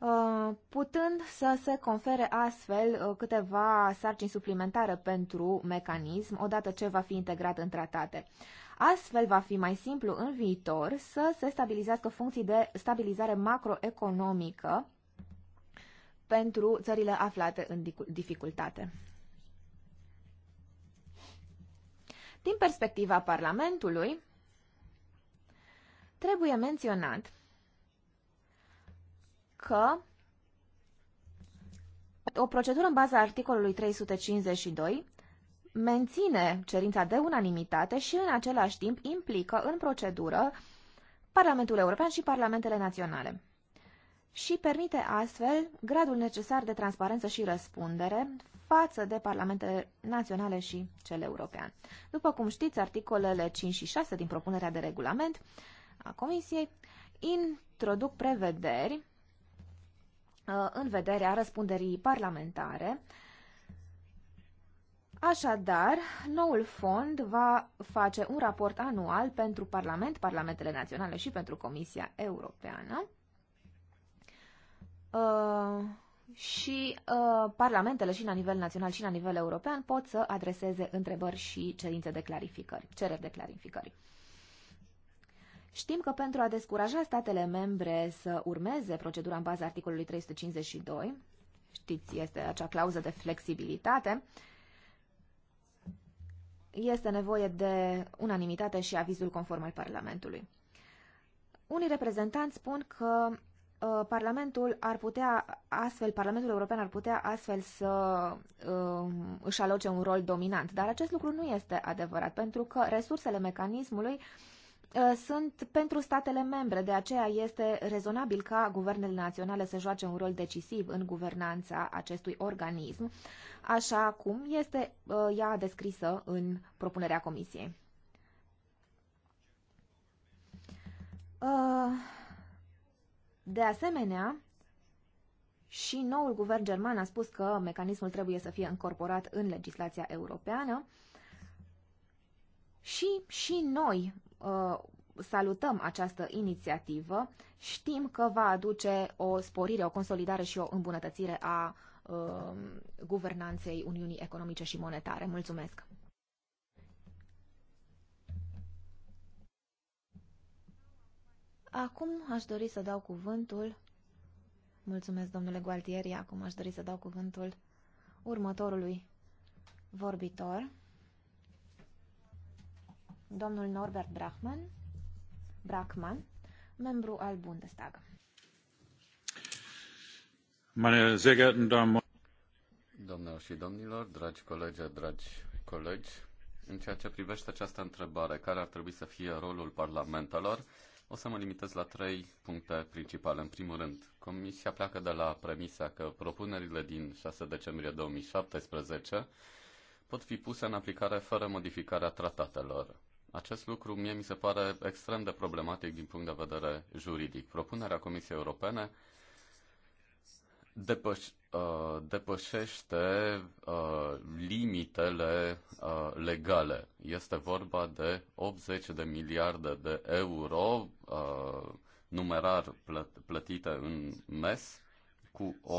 Speaker 2: uh, putând să se confere astfel uh, câteva sarcini suplimentare pentru mecanism, odată ce va fi integrat în tratate. Astfel va fi mai simplu în viitor să se stabilizească funcții de stabilizare macroeconomică pentru țările aflate în dificultate. Din perspectiva Parlamentului, trebuie menționat că o procedură în baza articolului 352 menține cerința de unanimitate și în același timp implică în procedură Parlamentul European și Parlamentele Naționale și permite astfel gradul necesar de transparență și răspundere față de parlamentele naționale și cel european. După cum știți, articolele 5 și 6 din propunerea de regulament a Comisiei introduc prevederi uh, în vederea răspunderii parlamentare. Așadar, noul fond va face un raport anual pentru Parlament, Parlamentele Naționale și pentru Comisia Europeană Uh, și uh, parlamentele și la nivel național și la nivel european pot să adreseze întrebări și cerințe de clarificări, cereri de clarificări. Știm că pentru a descuraja statele membre să urmeze procedura în baza articolului 352, știți, este acea clauză de flexibilitate, este nevoie de unanimitate și avizul conform al Parlamentului. Unii reprezentanți spun că Uh, Parlamentul ar putea astfel, Parlamentul European ar putea astfel să uh, își aloce un rol dominant, dar acest lucru nu este adevărat, pentru că resursele mecanismului uh, sunt pentru statele membre, de aceea este rezonabil ca guvernele naționale să joace un rol decisiv în guvernanța acestui organism, așa cum este uh, ea descrisă în propunerea Comisiei. Uh, de asemenea, și noul guvern german a spus că mecanismul trebuie să fie încorporat în legislația europeană și, și noi uh, salutăm această inițiativă. Știm că va aduce o sporire, o consolidare și o îmbunătățire a uh, guvernanței Uniunii Economice și Monetare. Mulțumesc! Acum aș dori să dau cuvântul. Mulțumesc, domnule Gualtieri. Acum aș dori să dau cuvântul următorului vorbitor, domnul Norbert Brachman, Brachman membru al Bundestag.
Speaker 1: Domnilor și domnilor, dragi colegi, dragi colegi, în ceea ce privește această întrebare, care ar trebui să fie rolul parlamentelor, o să mă limitez la trei puncte principale. În primul rând, Comisia pleacă de la premisa că propunerile din 6 decembrie 2017 pot fi puse în aplicare fără modificarea tratatelor. Acest lucru mie mi se pare extrem de problematic din punct de vedere juridic. Propunerea Comisiei Europene depăș, uh, depășește uh, limitele uh, legale. Este vorba de 80 de miliarde de euro uh, numerar plătite în mes cu o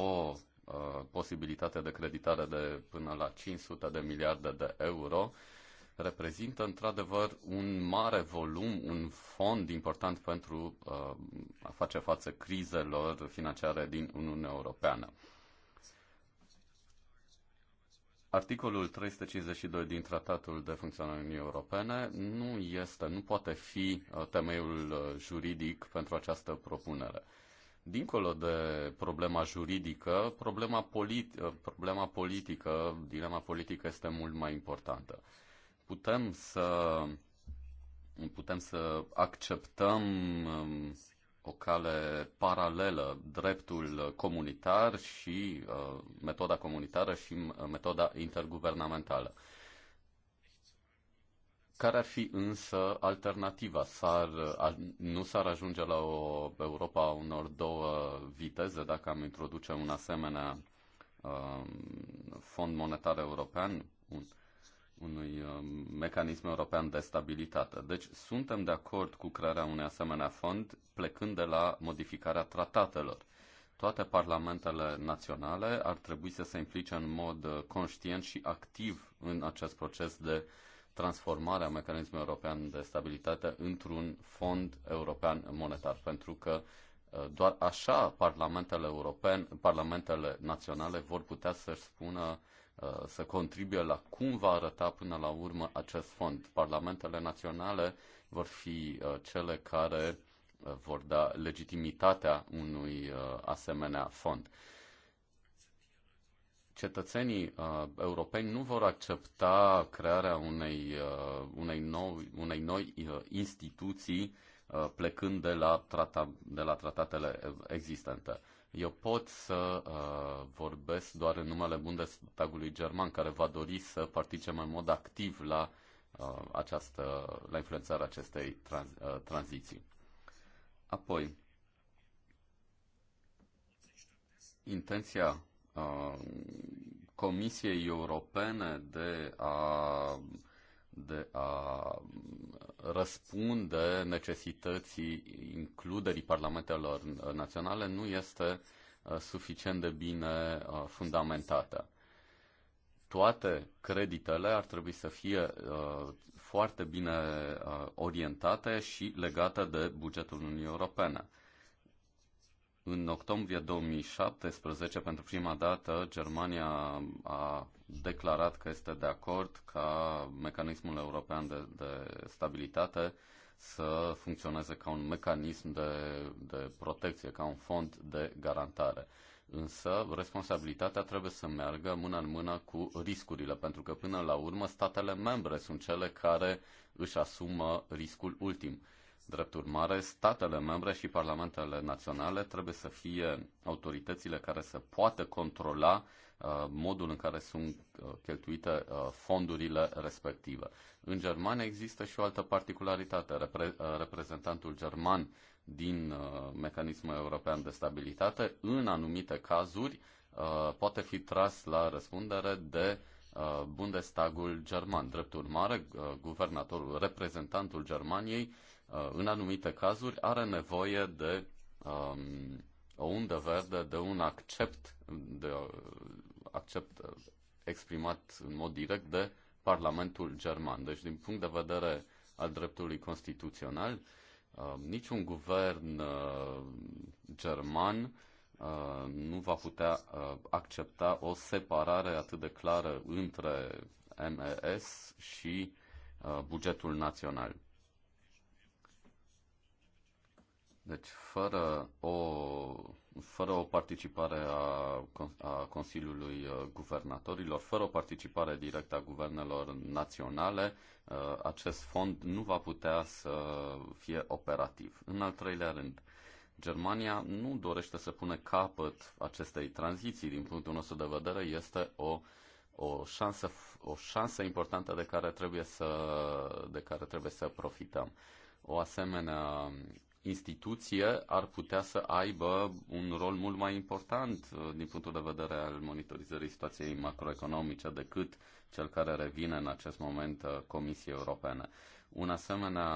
Speaker 1: uh, posibilitate de creditare de până la 500 de miliarde de euro uh, reprezintă într-adevăr un mare volum, un fond important pentru uh, a face față crizelor financiare din Uniunea Europeană. Articolul 352 din Tratatul de Funcționare Uniunii Europene nu este, nu poate fi uh, temeiul uh, juridic pentru această propunere. Dincolo de problema juridică, problema, politi- problema politică, dilema politică este mult mai importantă putem să putem să acceptăm um, o cale paralelă, dreptul comunitar și uh, metoda comunitară și uh, metoda interguvernamentală. Care ar fi însă alternativa? S-ar, nu s-ar ajunge la o Europa a unor două viteze dacă am introduce un asemenea uh, fond monetar european? Un, uh, unui uh, mecanism european de stabilitate. Deci suntem de acord cu crearea unui asemenea fond plecând de la modificarea tratatelor. Toate parlamentele naționale ar trebui să se implice în mod uh, conștient și activ în acest proces de transformare a mecanismului european de stabilitate într-un fond european monetar, pentru că uh, doar așa parlamentele europene, parlamentele naționale vor putea să-și spună uh, Uh, să contribuie la cum va arăta până la urmă acest fond. Parlamentele naționale vor fi uh, cele care uh, vor da legitimitatea unui asemenea fond. Cetățenii uh, europeni nu vor accepta crearea unei, uh, unei, nou, unei noi uh, instituții uh, plecând de la, trata, de la tratatele existente. Uh, eu pot să uh, vorbesc doar în numele Bundestagului german, care va dori să participe în mod activ la, uh, această, la influențarea acestei trans, uh, tranziții. Apoi, intenția uh, Comisiei Europene de a uh, de a răspunde necesității includerii parlamentelor naționale nu este uh, suficient de bine uh, fundamentată. Toate creditele ar trebui să fie uh, foarte bine orientate și legate de bugetul Uniunii Europene. În octombrie 2017, pentru prima dată, Germania a declarat că este de acord ca mecanismul european de, de stabilitate să funcționeze ca un mecanism de, de protecție, ca un fond de garantare. Însă, responsabilitatea trebuie să meargă mână în mână cu riscurile, pentru că, până la urmă, statele membre sunt cele care își asumă riscul ultim. Drept urmare, statele membre și parlamentele naționale trebuie să fie autoritățile care să poată controla uh, modul în care sunt uh, cheltuite uh, fondurile respective. În Germania există și o altă particularitate. Repre- uh, reprezentantul german din uh, mecanismul european de stabilitate, în anumite cazuri, uh, poate fi tras la răspundere de Bundestagul german. Drept urmare, guvernatorul, reprezentantul Germaniei, Uh, în anumite cazuri, are nevoie de um, o undă verde, de un accept, de uh, accept uh, exprimat în mod direct de Parlamentul German. Deci, din punct de vedere al dreptului constituțional, niciun guvern german nu va putea accepta o separare atât de clară între MES și bugetul național. Deci, fără o, fără o participare a, a Consiliului uh, Guvernatorilor, fără o participare directă a guvernelor naționale, uh, acest fond nu va putea să fie operativ. În al treilea rând, Germania nu dorește să pune capăt acestei tranziții. Din punctul nostru de vedere, este o, o, șansă, o șansă importantă de care trebuie să, de care trebuie să profităm. O asemenea instituție ar putea să aibă un rol mult mai important uh, din punctul de vedere al monitorizării situației macroeconomice decât cel care revine în acest moment uh, Comisiei Europene. Un asemenea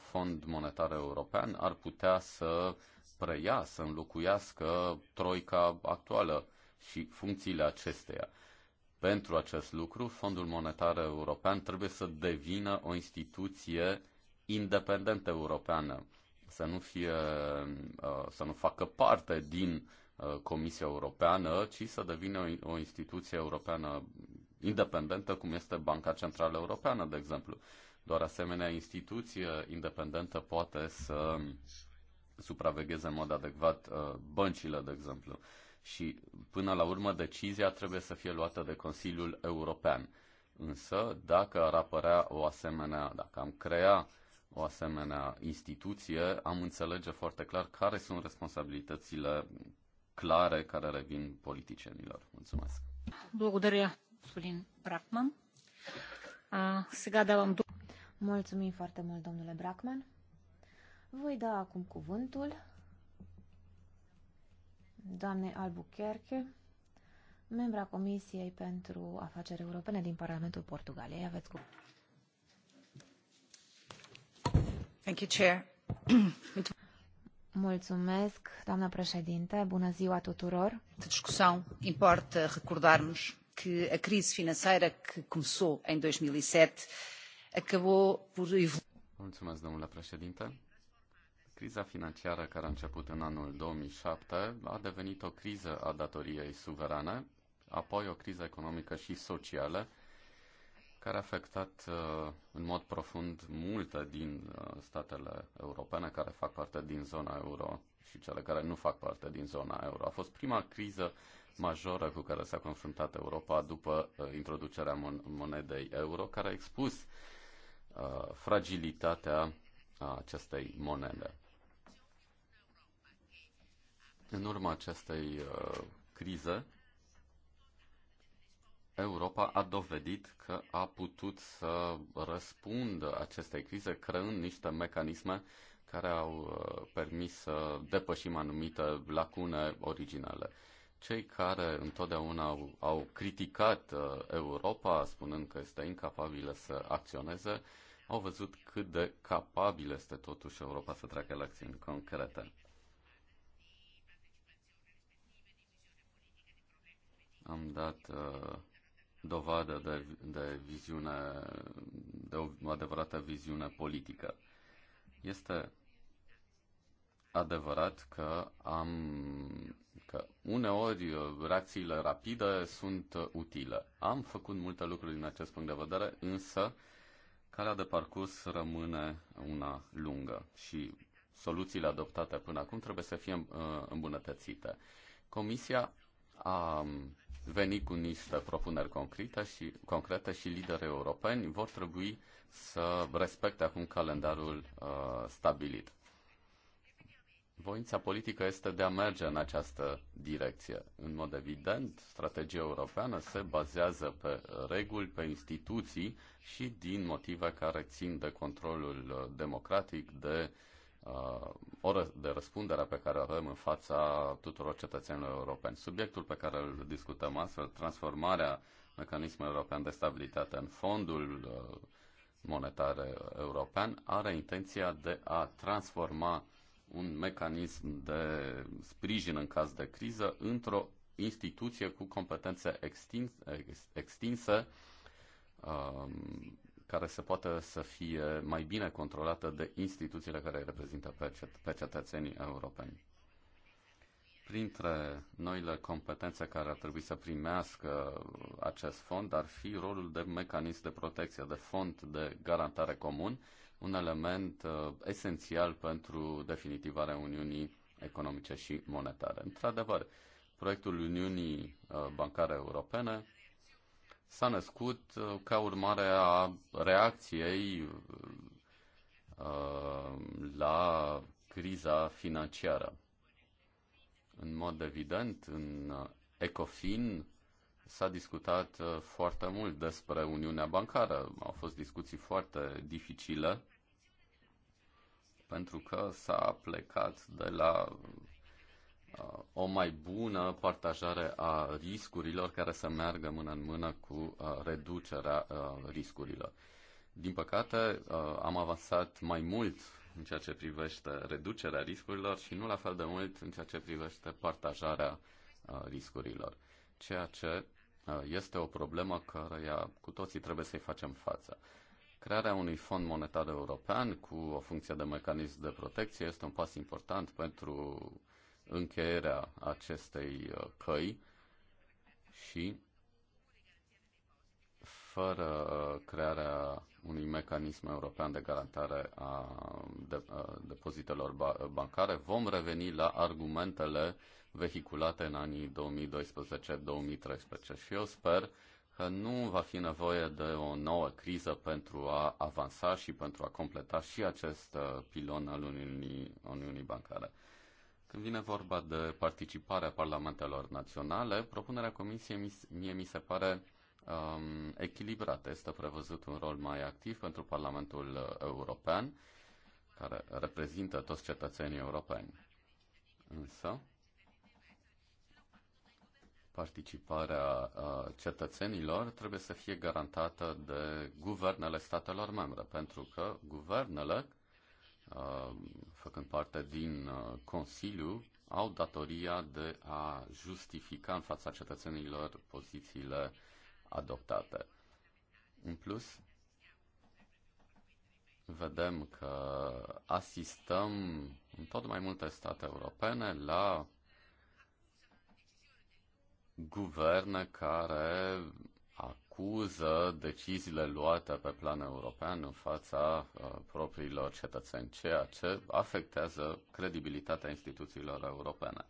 Speaker 1: fond monetar european ar putea să preia, să înlocuiască troica actuală și funcțiile acesteia. Pentru acest lucru, Fondul Monetar European trebuie să devină o instituție independentă europeană să nu, fie, uh, să nu facă parte din uh, Comisia Europeană, ci să devină o instituție europeană independentă, cum este Banca Centrală Europeană, de exemplu. Doar asemenea instituție independentă poate să supravegheze în mod adecvat uh, băncile, de exemplu. Și până la urmă decizia trebuie să fie luată de Consiliul European. Însă, dacă ar apărea o asemenea, dacă am crea uh, o asemenea instituție, am înțelege foarte clar care sunt responsabilitățile clare care revin
Speaker 2: politicienilor. Mulțumesc. Благодаря, Бракман. А, сега давам Mulțumim foarte mult, domnule Bracman. Voi da acum cuvântul doamnei Albuquerque, membra Comisiei pentru Afaceri Europene din Parlamentul Portugaliei. Aveți cuvântul. doamnă președintă Bună ziua tuturor. În discussão, importa recordarmos que a crise financeira que começou em 2007 acabou por
Speaker 1: domnule președinte. Criza financiară care a început în anul 2007 a devenit o criză a datoriei suverane, apoi o criză economică și socială, care a afectat uh, în mod profund multe din uh, statele europene care fac parte din zona euro și cele care nu fac parte din zona euro. A fost prima criză majoră cu care s-a confruntat Europa după uh, introducerea monedei euro, care a expus fragilitatea acestei monede. În urma acestei crize, Europa a dovedit că a putut să răspundă acestei crize creând niște mecanisme care au uh, permis să depășim anumite lacune originale. Cei care întotdeauna au, au criticat uh, Europa, spunând că este incapabilă să acționeze, au văzut cât de capabil este totuși Europa să treacă la acțiuni concrete. Am dat uh, dovadă de, de viziune, de o adevărată viziune politică. Este adevărat că am că uneori reacțiile rapide sunt utile. Am făcut multe lucruri din acest punct de vedere, însă calea de parcurs rămâne una lungă și soluțiile adoptate până acum trebuie să fie uh, îmbunătățite. Comisia a veni cu niște propuneri concrete și, concrete și liderii europeni vor trebui să respecte acum calendarul uh, stabilit. Voința politică este de a merge în această direcție. În mod evident, strategia europeană se bazează pe reguli, pe instituții și din motive care țin de controlul uh, democratic, de uh, uh, de răspundere pe care o avem în fața tuturor cetățenilor europeni. Subiectul pe care îl discutăm astfel, transformarea mecanismului european de stabilitate în fondul uh, monetar european, are intenția de a transforma un mecanism de sprijin în caz de criză într-o instituție cu competențe extinse, extinse um, care se poate să fie mai bine controlată de instituțiile care îi reprezintă pe, cet- pe cetățenii europeni. Printre noile competențe care ar trebui să primească acest fond ar fi rolul de mecanism de protecție, de fond de garantare comun, un element uh, esențial pentru definitivarea Uniunii economice și monetare. Într-adevăr, proiectul Uniunii uh, Bancare Europene s-a născut uh, ca urmare a reacției uh, la criza financiară. În mod evident, în uh, ECOFIN s-a discutat foarte mult despre Uniunea Bancară. Au fost discuții foarte dificile pentru că s-a plecat de la Uh, o mai bună partajare a riscurilor care să meargă mână în mână cu uh, reducerea uh, riscurilor. Din păcate, am avansat mai mult în ceea ce privește reducerea riscurilor și nu la fel de mult în ceea ce privește partajarea riscurilor, ceea ce este o problemă care cu toții trebuie să-i facem față. Crearea unui fond monetar european cu o funcție de mecanism de protecție este un pas important pentru încheierea acestei uh, căi și fără uh, crearea unui mecanism european de garantare a uh, depozitelor bancare, vom reveni la argumentele vehiculate în anii 2012-2013 și eu sper că nu va fi nevoie de o nouă criză pentru a avansa și pentru a completa și acest pilon al Uniunii, Uniunii Bancare. Când vine vorba de participarea parlamentelor naționale, propunerea Comisiei mie mi se pare um, echilibrată. Este prevăzut un rol mai activ pentru Parlamentul uh, European, care reprezintă toți cetățenii europeni. Însă, participarea uh, cetățenilor trebuie să fie garantată de guvernele statelor membre, pentru că guvernele Uh, făcând parte din uh, Consiliu, au datoria de a justifica în fața cetățenilor pozițiile adoptate. În plus, vedem că asistăm în tot mai multe state europene la guverne care acuză deciziile luate pe plan european în fața uh, propriilor cetățeni, ceea ce afectează credibilitatea instituțiilor europene.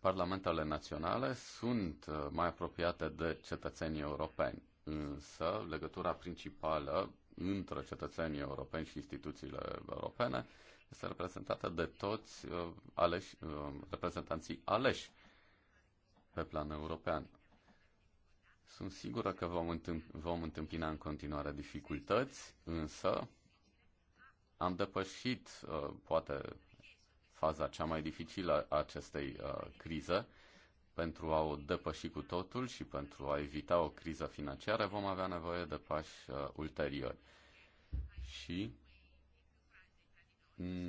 Speaker 1: Parlamentele naționale sunt uh, mai apropiate de cetățenii europeni, însă legătura principală între cetățenii europeni și instituțiile europene este reprezentată de toți uh, aleși, uh, reprezentanții aleși pe plan european. Sunt sigură că vom, întâmp- vom întâmpina în continuare dificultăți, însă am depășit, uh, poate, faza cea mai dificilă a acestei uh, crize. Pentru a o depăși cu totul și pentru a evita o criză financiară, vom avea nevoie de pași uh, ulteriori. Și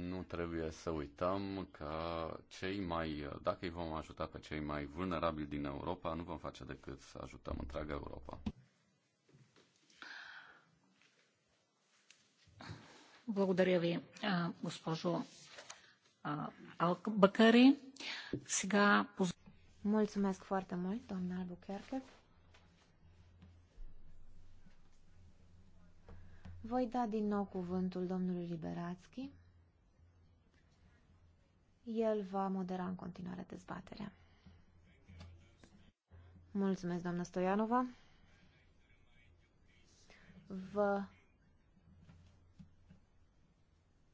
Speaker 1: nu trebuie să uităm că cei mai, dacă îi vom ajuta pe cei mai vulnerabili din Europa, nu vom face decât să ajutăm întreaga Europa.
Speaker 2: Благодаря ви, госпожо Албакари. Сега... Mulțumesc foarte mult, doamna Albuquerque. Voi da din nou cuvântul domnului Liberațchi. El va modera în continuare dezbaterea. Mulțumesc, doamnă Stoianova. Vă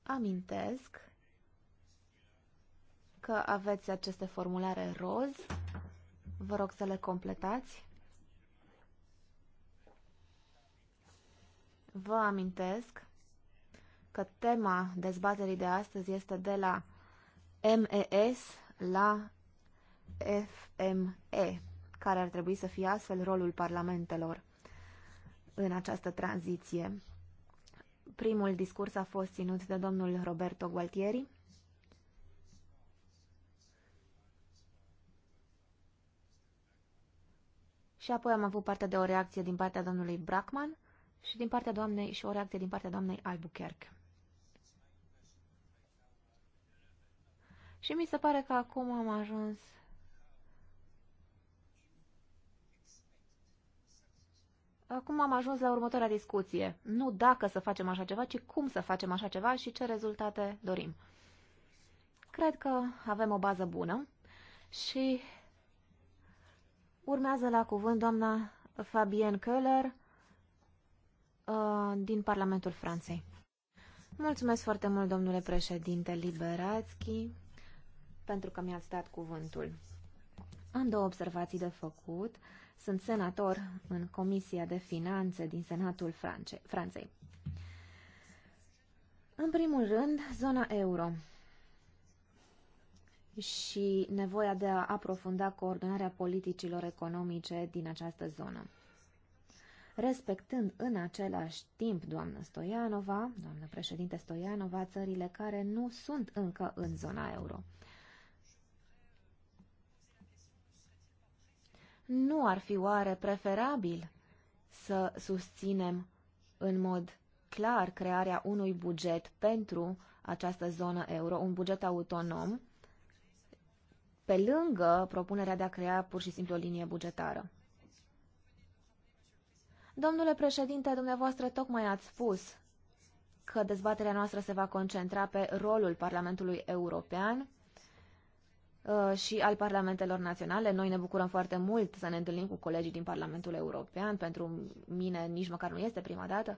Speaker 2: amintesc că aveți aceste formulare roz. Vă rog să le completați. Vă amintesc că tema dezbaterii de astăzi este de la MES la FME, care ar trebui să fie astfel rolul parlamentelor în această tranziție. Primul discurs a fost ținut de domnul Roberto Gualtieri. Și apoi am avut parte de o reacție din partea domnului Brackman și din partea doamnei și o reacție din partea doamnei Albuquerque. Și mi se pare că acum am ajuns Acum am ajuns la următoarea discuție. Nu dacă să facem așa ceva, ci cum să facem așa ceva și ce rezultate dorim. Cred că avem o bază bună și urmează la cuvânt doamna Fabienne Köhler uh, din Parlamentul Franței. Mulțumesc foarte mult, domnule președinte Liberațchi pentru că mi-ați dat cuvântul. Am două observații de făcut. Sunt senator în Comisia de Finanțe din Senatul France, Franței. În primul rând, zona euro și nevoia de a aprofunda coordonarea politicilor economice din această zonă. Respectând în același timp, doamnă Stoianova, doamnă președinte Stoianova, țările care nu sunt încă în zona euro. Nu ar fi oare preferabil să susținem în mod clar crearea unui buget pentru această zonă euro, un buget autonom, pe lângă propunerea de a crea pur și simplu o linie bugetară. Domnule președinte, dumneavoastră tocmai ați spus că dezbaterea noastră se va concentra pe rolul Parlamentului European Uh, și al parlamentelor naționale. Noi ne bucurăm foarte mult să ne întâlnim cu colegii din Parlamentul European. Pentru mine nici măcar nu este prima dată.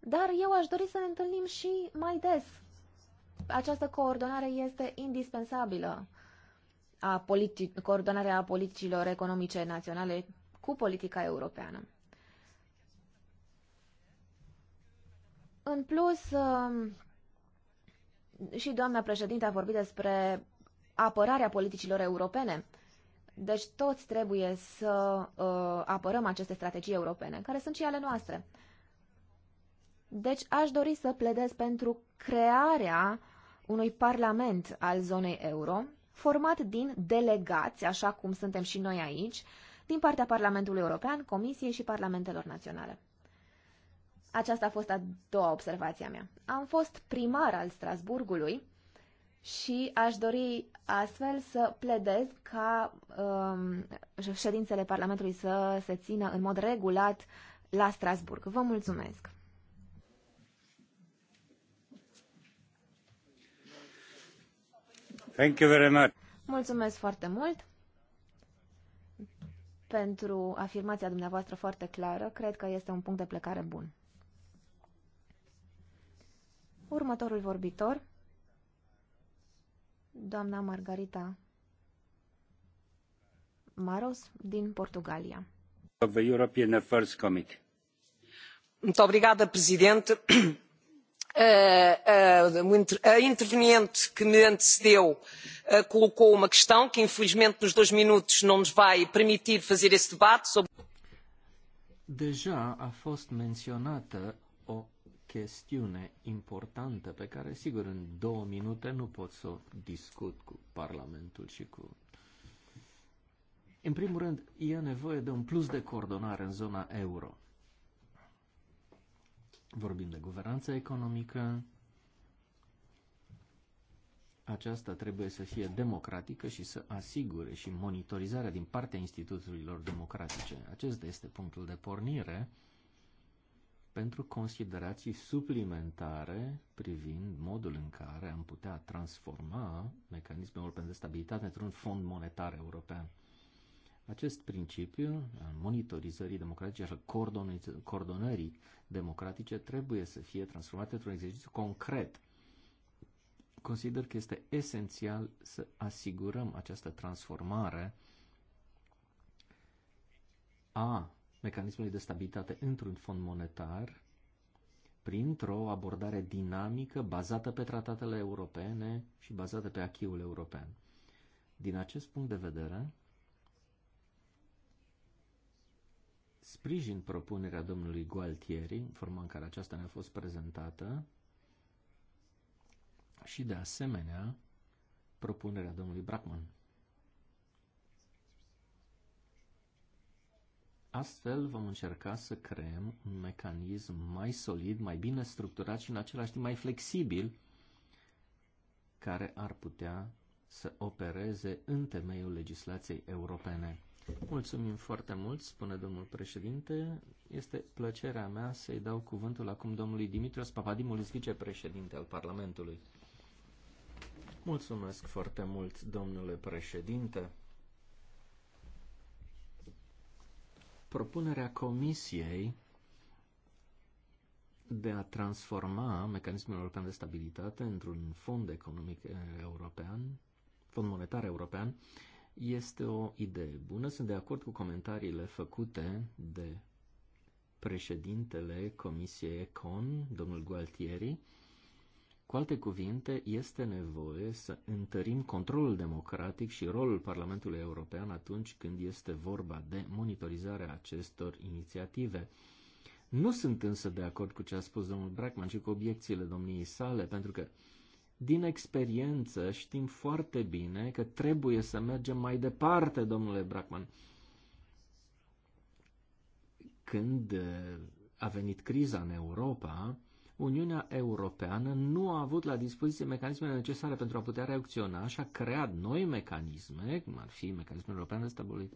Speaker 2: Dar eu aș dori să ne întâlnim și mai des. Această coordonare este indispensabilă a politi- coordonarea politicilor economice naționale cu politica europeană. În plus, um, și doamna președinte a vorbit despre apărarea politicilor europene. Deci toți trebuie să uh, apărăm aceste strategii europene, care sunt și ale noastre. Deci aș dori să pledez pentru crearea unui parlament al zonei euro, format din delegați, așa cum suntem și noi aici, din partea Parlamentului European, Comisiei și Parlamentelor Naționale. Aceasta a fost a doua observație a mea. Am fost primar al Strasburgului și aș dori astfel să pledez ca um, ședințele Parlamentului să se țină în mod regulat la Strasburg. Vă mulțumesc!
Speaker 3: Thank you very much.
Speaker 2: Mulțumesc foarte mult pentru afirmația dumneavoastră foarte clară. Cred că este un punct de plecare bun. Următorul vorbitor doamna Margarita Maros din Portugalia.
Speaker 3: the European Affairs Committee.
Speaker 2: Muito obrigada, Presidente. Um a interveniente
Speaker 3: que me antecedeu colocou uma questão que, infelizmente, nos dois minutos não nos vai permitir fazer esse debate sobre. Deja a fost menționată o chestiune importantă pe care, sigur, în două minute nu pot să o discut cu Parlamentul și cu. În primul rând, e nevoie de un plus de coordonare în zona euro. Vorbim de guvernanță economică. Aceasta trebuie să fie democratică și să asigure și monitorizarea din partea instituțiilor democratice. Acesta este punctul de pornire pentru considerații suplimentare privind modul în care am putea transforma mecanismul pentru stabilitate într-un fond monetar european. Acest principiu al monitorizării democratice și al coordonării democratice trebuie să fie transformat într-un exercițiu concret. Consider că este esențial să asigurăm această transformare a mecanismului de stabilitate într-un fond monetar printr-o abordare dinamică bazată pe tratatele europene și bazată pe achiul european. Din acest punct de vedere, sprijin propunerea domnului Gualtieri, în forma în care aceasta ne-a fost prezentată, și de asemenea propunerea domnului Brackmann. Astfel vom încerca să creăm un mecanism mai solid, mai bine structurat și în același timp mai flexibil, care ar putea să opereze în temeiul legislației europene. Mulțumim foarte mult, spune domnul președinte. Este plăcerea mea să-i dau cuvântul acum domnului Dimitrios Papadimulis, vicepreședinte al Parlamentului. Mulțumesc foarte mult, domnule președinte. propunerea Comisiei de a transforma mecanismul european de stabilitate într-un fond economic european, fond monetar european, este o idee bună. Sunt de acord cu comentariile făcute de președintele Comisiei Econ, domnul Gualtieri, cu alte cuvinte, este nevoie să întărim controlul democratic și rolul Parlamentului European atunci când este vorba de monitorizarea acestor inițiative. Nu sunt însă de acord cu ce a spus domnul Brackman și cu obiecțiile domniei sale, pentru că din experiență știm foarte bine că trebuie să mergem mai departe, domnule Brackman. Când eh, a venit criza în Europa, Uniunea Europeană nu a avut la dispoziție mecanismele necesare pentru a putea reacționa și a creat noi mecanisme, cum ar fi mecanismul european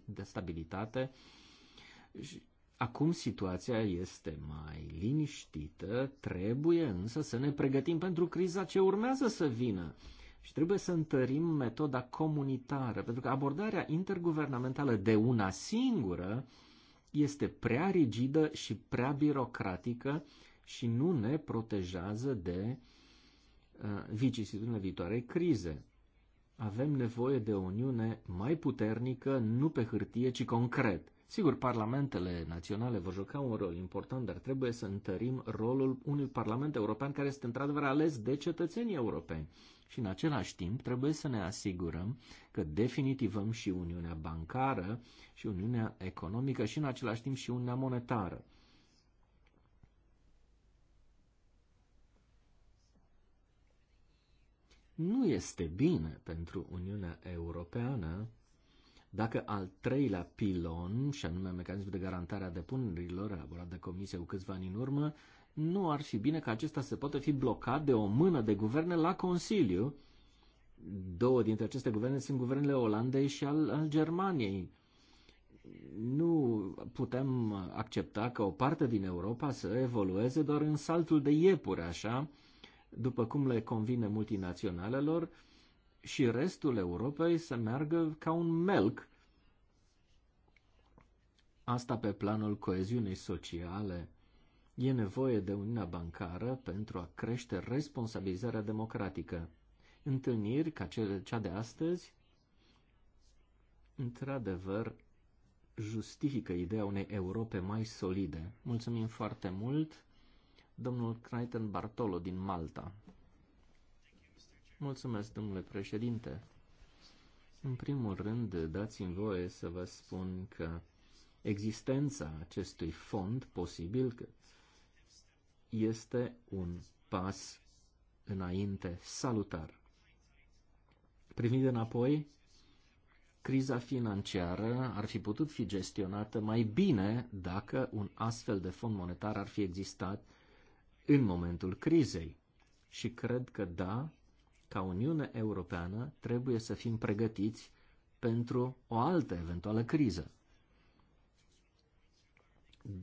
Speaker 3: de stabilitate. Și acum situația este mai liniștită, trebuie însă să ne pregătim pentru criza ce urmează să vină. Și trebuie să întărim metoda comunitară, pentru că abordarea interguvernamentală de una singură este prea rigidă și prea birocratică și nu ne protejează de uh, vicisitudinile viitoare, crize. Avem nevoie de o Uniune mai puternică, nu pe hârtie, ci concret. Sigur, parlamentele naționale vor juca un rol important, dar trebuie să întărim rolul unui parlament european care este într-adevăr ales de cetățenii europeni. Și în același timp trebuie să ne asigurăm că definitivăm și Uniunea Bancară și Uniunea Economică și în același timp și Uniunea Monetară. Nu este bine pentru Uniunea Europeană dacă al treilea pilon, și anume mecanismul de garantare a depunerilor elaborat de Comisie cu câțiva ani în urmă, nu ar fi bine ca acesta să poată fi blocat de o mână de guverne la Consiliu. Două dintre aceste guverne sunt guvernele Olandei și al, al Germaniei. Nu putem accepta că o parte din Europa să evolueze doar în saltul de iepuri, așa, după cum le convine multinaționalelor, și restul Europei să meargă ca un melc. Asta pe planul coeziunii sociale. E nevoie de Uniunea Bancară pentru a crește responsabilizarea democratică. Întâlniri ca cea de astăzi, într-adevăr, justifică ideea unei Europe mai solide. Mulțumim foarte mult! domnul Crichton Bartolo din Malta. Mulțumesc, domnule președinte. În primul rând, dați-mi voie să vă spun că existența acestui fond posibil că este un pas înainte salutar. Privind înapoi, criza financiară ar fi putut fi gestionată mai bine dacă un astfel de fond monetar ar fi existat în momentul crizei. Și cred că da, ca Uniune Europeană trebuie să fim pregătiți pentru o altă eventuală criză.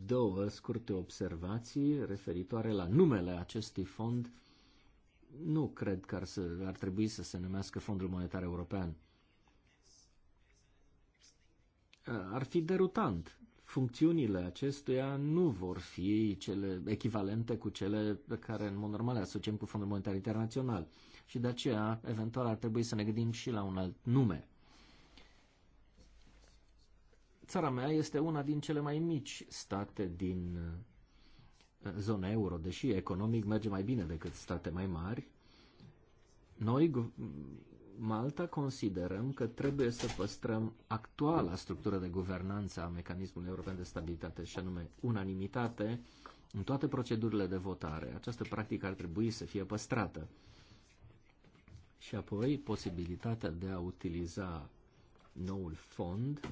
Speaker 3: Două scurte observații referitoare la numele acestui fond. Nu cred că ar, să, ar trebui să se numească Fondul Monetar European. Ar fi derutant funcțiunile acestuia nu vor fi cele echivalente cu cele pe care în mod normal le asociem cu Fondul Monetar Internațional. Și de aceea, eventual, ar trebui să ne gândim și la un alt nume. Țara mea este una din cele mai mici state din uh, zona euro, deși economic merge mai bine decât state mai mari. Noi, Malta considerăm că trebuie să păstrăm actuala structură de guvernanță a mecanismului european de stabilitate, și anume unanimitate în toate procedurile de votare. Această practică ar trebui să fie păstrată. Și apoi posibilitatea de a utiliza noul fond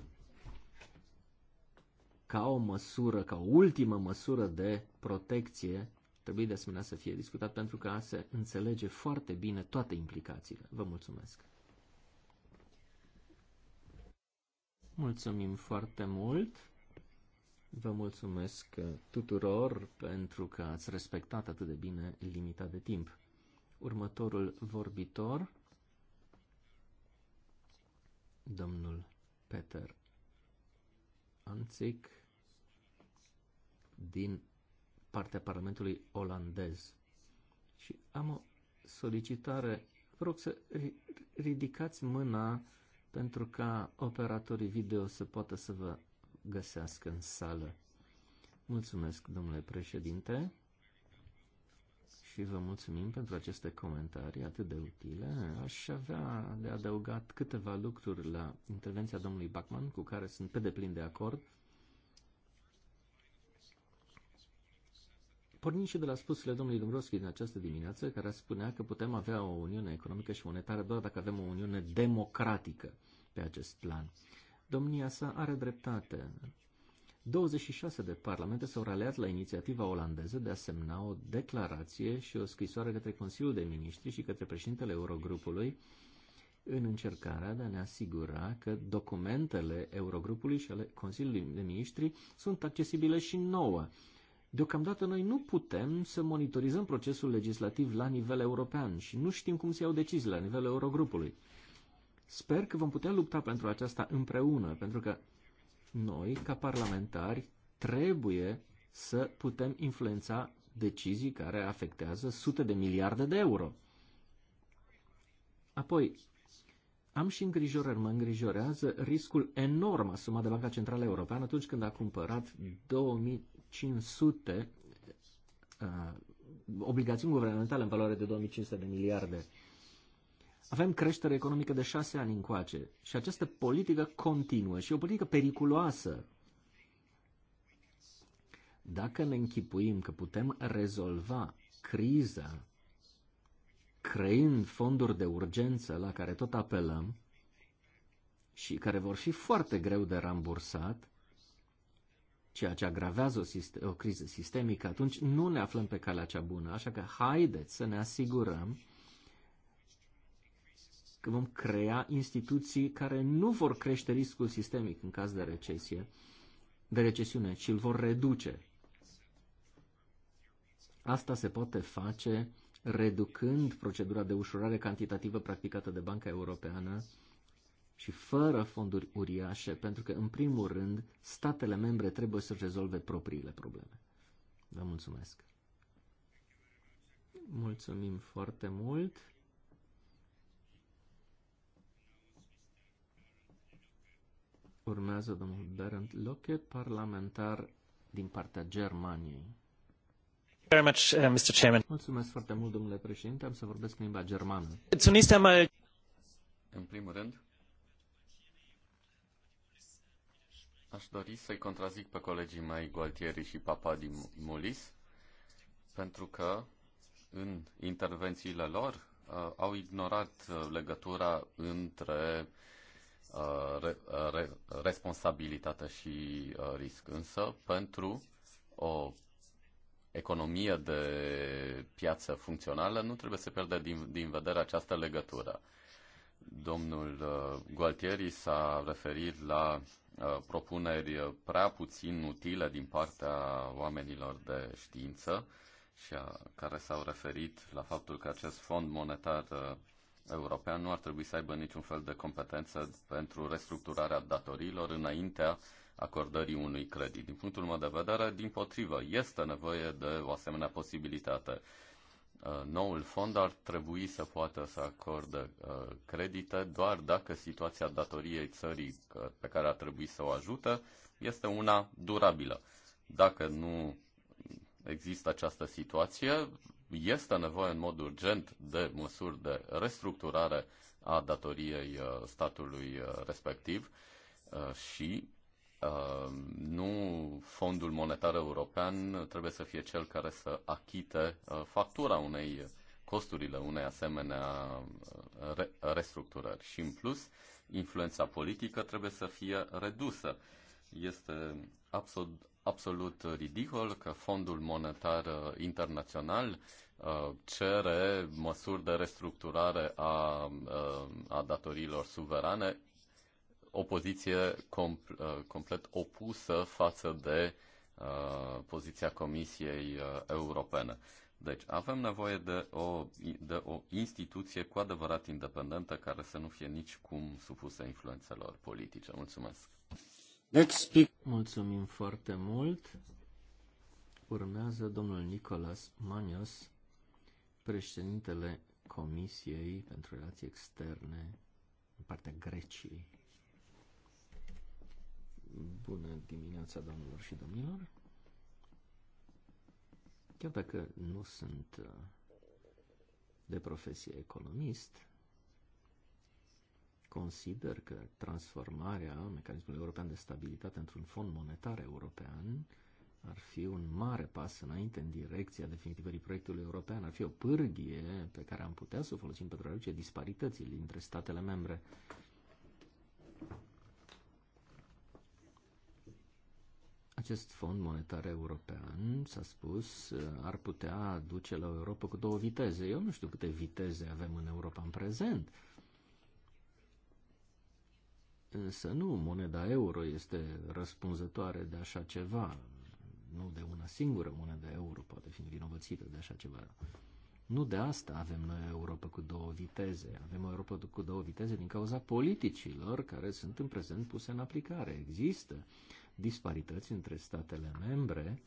Speaker 3: ca o măsură, ca o ultimă măsură de protecție trebuie de asemenea să fie discutat pentru că se înțelege foarte bine toate implicațiile. Vă mulțumesc! Mulțumim foarte mult! Vă mulțumesc tuturor pentru că ați respectat atât de bine limita de timp. Următorul vorbitor, domnul Peter Anțic din partea Parlamentului olandez. Și am o solicitare. Vă rog să ridicați mâna pentru ca operatorii video să poată să vă găsească în sală. Mulțumesc, domnule președinte, și vă mulțumim pentru aceste comentarii atât de utile. Aș avea de adăugat câteva lucruri la intervenția domnului Bachmann cu care sunt pe deplin de acord. pornind și de la spusele domnului Dombrovski din această dimineață, care spunea că putem avea o uniune economică și monetară doar dacă avem o uniune democratică pe acest plan. Domnia sa are dreptate. 26 de parlamente s-au raleat la inițiativa olandeză de a semna o declarație și o scrisoare către Consiliul de Ministri și către președintele Eurogrupului în încercarea de a ne asigura că documentele Eurogrupului și ale Consiliului de Ministri sunt accesibile și nouă Deocamdată noi nu putem să monitorizăm procesul legislativ la nivel european și nu știm cum se iau decizii la nivelul Eurogrupului. Sper că vom putea lupta pentru aceasta împreună, pentru că noi, ca parlamentari, trebuie să putem influența decizii care afectează sute de miliarde de euro. Apoi, am și îngrijorări, mă îngrijorează riscul enorm asumat de Banca Centrală Europeană atunci când a cumpărat 2000 500 uh, obligațiuni guvernamentale în valoare de 2500 de miliarde. Avem creștere economică de șase ani încoace și această politică continuă și o politică periculoasă. Dacă ne închipuim că putem rezolva criza creând fonduri de urgență la care tot apelăm și care vor fi foarte greu de rambursat, ceea ce agravează o, sistem, o criză sistemică, atunci nu ne aflăm pe calea cea bună. Așa că haideți să ne asigurăm că vom crea instituții care nu vor crește riscul sistemic în caz de recesie, de recesiune, ci îl vor reduce. Asta se poate face reducând procedura de ușurare cantitativă practicată de Banca Europeană și fără fonduri uriașe, pentru că, în primul rând, statele membre trebuie să rezolve propriile probleme. Vă mulțumesc! Mulțumim foarte mult! Urmează domnul Berend Locke, parlamentar din partea Germaniei. Uh, mulțumesc foarte mult, domnule președinte. Am să vorbesc în limba germană.
Speaker 1: În primul rând, Aș dori să-i contrazic pe colegii mei Gualtieri și Mulis, pentru că în intervențiile lor uh, au ignorat uh, legătura între uh, re, uh, re, responsabilitate și uh, risc. Însă, pentru o economie de piață funcțională, nu trebuie să pierde din, din vedere această legătură. Domnul uh, Gualtieri s-a referit la Uh, propuneri prea puțin utile din partea oamenilor de știință și a, care s-au referit la faptul că acest fond monetar uh, european nu ar trebui să aibă niciun fel de competență pentru restructurarea datoriilor înaintea acordării unui credit. Din punctul meu de vedere, din potrivă, este nevoie de o asemenea posibilitate. Uh, noul fond ar trebui să poată să acorde uh, credite doar dacă situația datoriei țării uh, pe care ar trebui să o ajută este una durabilă. Dacă nu există această situație, este nevoie în mod urgent de măsuri de restructurare a datoriei statului respectiv și Ehm, nu Fondul Monetar European trebuie să fie cel care să achite eh, factura unei costurile unei asemenea eh, restructurări. Și în plus, influența politică trebuie să fie redusă. Este absolut, absolut ridicol că Fondul Monetar eh, Internațional cere măsuri de restructurare a, a datoriilor suverane o poziție compl- uh, complet opusă față de uh, poziția Comisiei uh, Europene. Deci avem nevoie de o, de o instituție cu adevărat independentă care să nu fie nici cum supusă influențelor politice. Mulțumesc!
Speaker 3: speak. Mulțumim foarte mult! Urmează domnul Nicolas Manios, președintele Comisiei pentru Relații Externe în partea Greciei. Bună dimineața, domnilor și domnilor. Chiar dacă nu sunt uh, de profesie economist, consider că transformarea mecanismului european de stabilitate într-un fond monetar european ar fi un mare pas înainte în direcția definitivării proiectului european, ar fi o pârghie pe care am putea să o folosim pentru a reduce disparitățile dintre statele membre. Acest fond monetar european, s-a spus, uh, ar putea duce la Europa cu două viteze. Eu nu știu câte viteze avem în Europa în prezent. Însă nu, moneda euro este răspunzătoare de așa ceva. Nu de una singură moneda euro poate fi învinovățită de așa ceva. Nu de asta avem noi Europa cu două viteze. Avem Europa cu două viteze din cauza politicilor care sunt în prezent puse în aplicare. Există uh, disparități între statele membre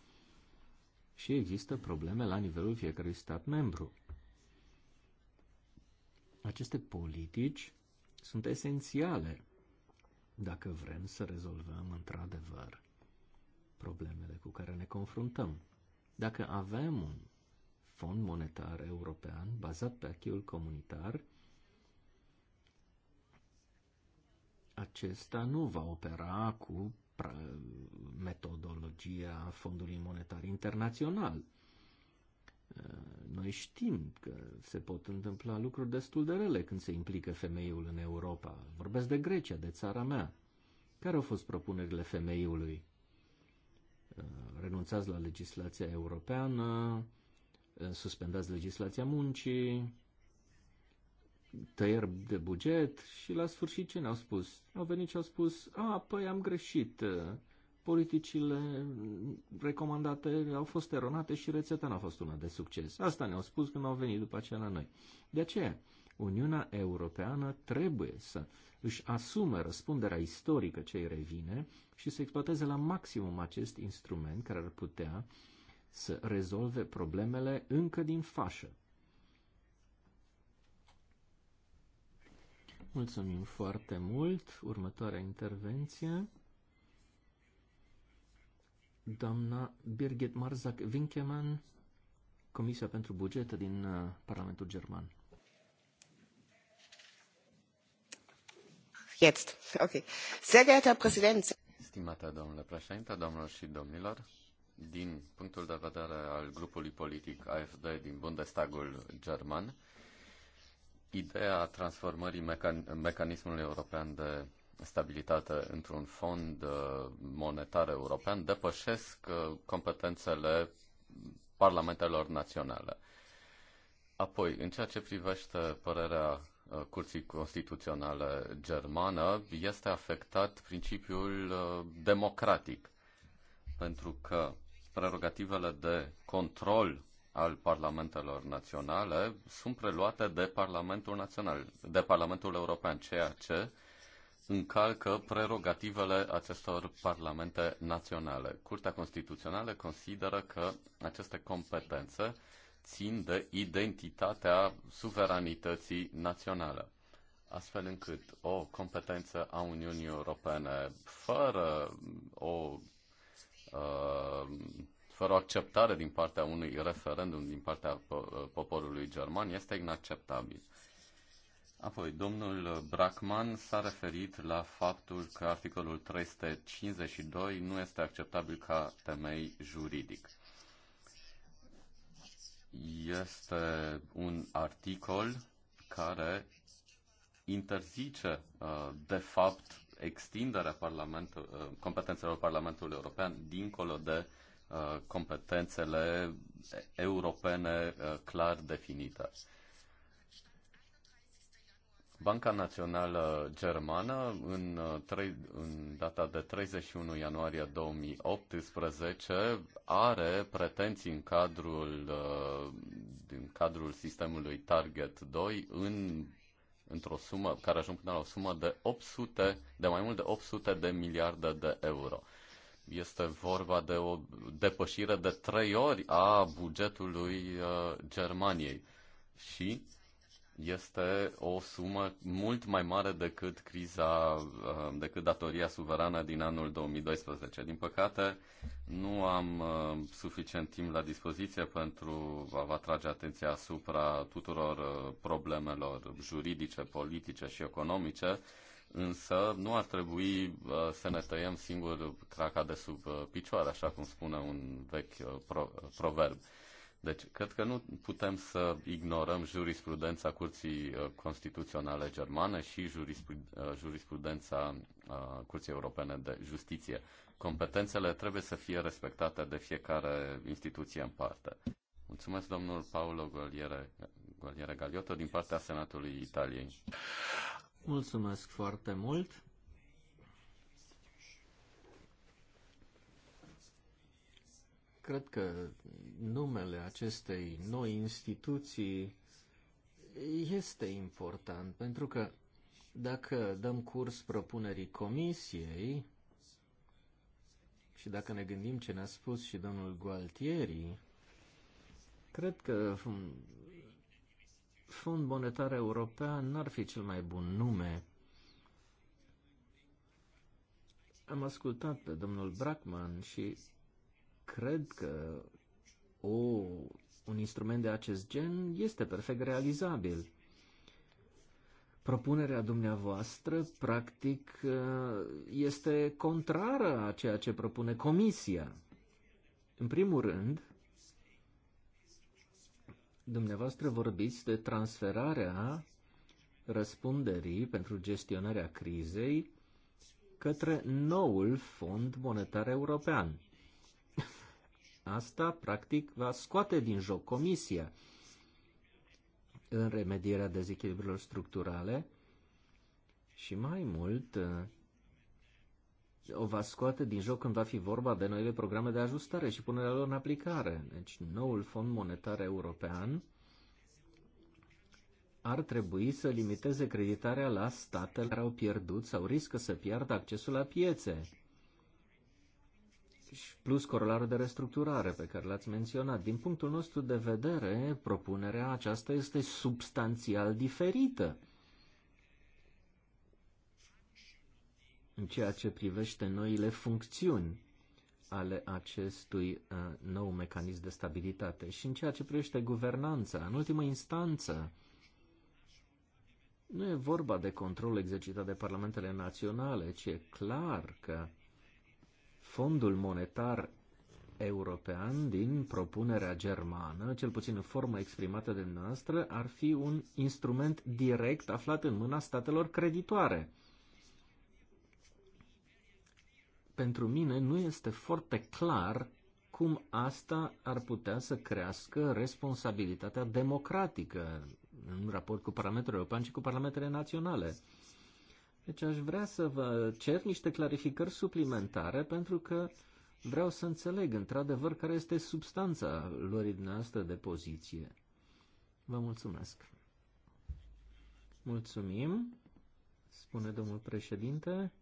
Speaker 3: și există probleme la nivelul fiecărui stat membru. Aceste politici sunt esențiale dacă vrem să rezolvăm într-adevăr problemele cu care ne confruntăm. Dacă avem un fond monetar european bazat pe achiul comunitar, acesta nu va opera cu metodologia Fondului Monetar Internațional. Eh, noi știm că se pot întâmpla lucruri destul de rele când se implică femeiul în Europa. Vorbesc de Grecia, de țara mea. Care au fost propunerile femeiului? Eh, renunțați la legislația europeană, eh, suspendați legislația muncii, tăieri de buget și la sfârșit ce ne-au spus? Au venit și au spus, a, păi am greșit, uh, politicile recomandate au fost eronate și rețeta n-a fost una de succes. Asta ne-au spus când au venit după aceea la noi. De aceea, Uniunea Europeană trebuie să își asume răspunderea istorică ce îi revine și să exploateze la maximum acest instrument care ar putea să rezolve problemele încă din fașă. Mulțumim foarte mult. Următoarea intervenție. Doamna Birgit Marzak-Winkemann, Comisia pentru buget din uh, Parlamentul German.
Speaker 2: Jetzt. ok. Sehr geehrter Präsident.
Speaker 1: Stimata domnule președinte, domnilor și domnilor, din punctul de vedere al grupului politic AFD din Bundestagul german, ideea transformării mecan- mecanismului european de stabilitate într-un fond uh, monetar european depășesc uh, competențele parlamentelor naționale. Apoi, în ceea ce privește părerea uh, Curții Constituționale Germană, este afectat principiul democratic, pentru că prerogativele de control al parlamentelor naționale sunt preluate de Parlamentul Național, de Parlamentul European, ceea ce încalcă prerogativele acestor parlamente naționale. Curtea Constituțională consideră că aceste competențe țin de identitatea suveranității naționale, astfel încât o competență a Uniunii Europene fără o uh, fără o acceptare din partea unui referendum din partea poporului german este inacceptabil. Apoi, domnul Brackman s-a referit la faptul că articolul 352 nu este acceptabil ca temei juridic. Este un articol care interzice, uh, de fapt, extinderea uh, competențelor Parlamentului European dincolo de Uh, competențele europene uh, clar definite. Banca Națională Germană, în, uh, în data de 31 ianuarie 2018, are pretenții în cadrul, în cadrul sistemului Target 2 în, într-o sumă care ajung până la o sumă de 800, de mai mult de 800 de miliarde de euro. Este vorba de o depășire de trei ori a bugetului uh, Germaniei și este o sumă mult mai mare decât criza, uh, decât datoria suverană din anul 2012. Din păcate, nu am uh, suficient timp la dispoziție pentru a vă atrage atenția asupra tuturor problemelor juridice, politice și economice însă nu ar trebui uh, să ne tăiem singur craca de sub uh, picioare, așa cum spune un vechi uh, pro- proverb. Deci, cred că nu putem să ignorăm jurisprudența Curții Constituționale Germane și jurisprudența Curții Europene de Justiție. Competențele trebuie să fie respectate de fiecare instituție în parte. Mulțumesc, domnul Paolo Goliere, Goliere Galiotto, din partea Senatului Italiei.
Speaker 3: Mulțumesc foarte mult. Cred că numele acestei noi instituții este important, pentru că dacă dăm curs propunerii comisiei și dacă ne gândim ce ne-a spus și domnul Gualtieri, cred că Fond Monetar European n-ar fi cel mai bun nume. Am ascultat pe domnul Brackman și cred că o, un instrument de acest gen este perfect realizabil. Propunerea dumneavoastră, practic, este contrară a ceea ce propune Comisia. În primul rând, Dumneavoastră vorbiți de transferarea răspunderii pentru gestionarea crizei către noul Fond Monetar European. Asta, practic, va scoate din joc Comisia în remedierea dezechilibrelor structurale și mai mult o va scoate din joc când va fi vorba de noile programe de ajustare și punerea lor în aplicare. Deci noul Fond Monetar European ar trebui să limiteze creditarea la statele care au pierdut sau riscă să piardă accesul la piețe. Și plus corolarul de restructurare pe care l-ați menționat. Din punctul nostru de vedere, propunerea aceasta este substanțial diferită în ceea ce privește noile funcțiuni ale acestui uh, nou mecanism de stabilitate și în ceea ce privește guvernanța. În ultimă instanță, nu e vorba de control exercitat de parlamentele naționale, ci e clar că fondul monetar european din propunerea germană, cel puțin în formă exprimată de noastră, ar fi un instrument direct aflat în mâna statelor creditoare. pentru mine nu este foarte clar cum asta ar putea să crească responsabilitatea democratică în raport cu Parlamentul European și cu Parlamentele Naționale. Deci aș vrea să vă cer niște clarificări suplimentare pentru că vreau să înțeleg într-adevăr care este substanța din dumneavoastră de poziție. Vă mulțumesc. Mulțumim, spune domnul președinte.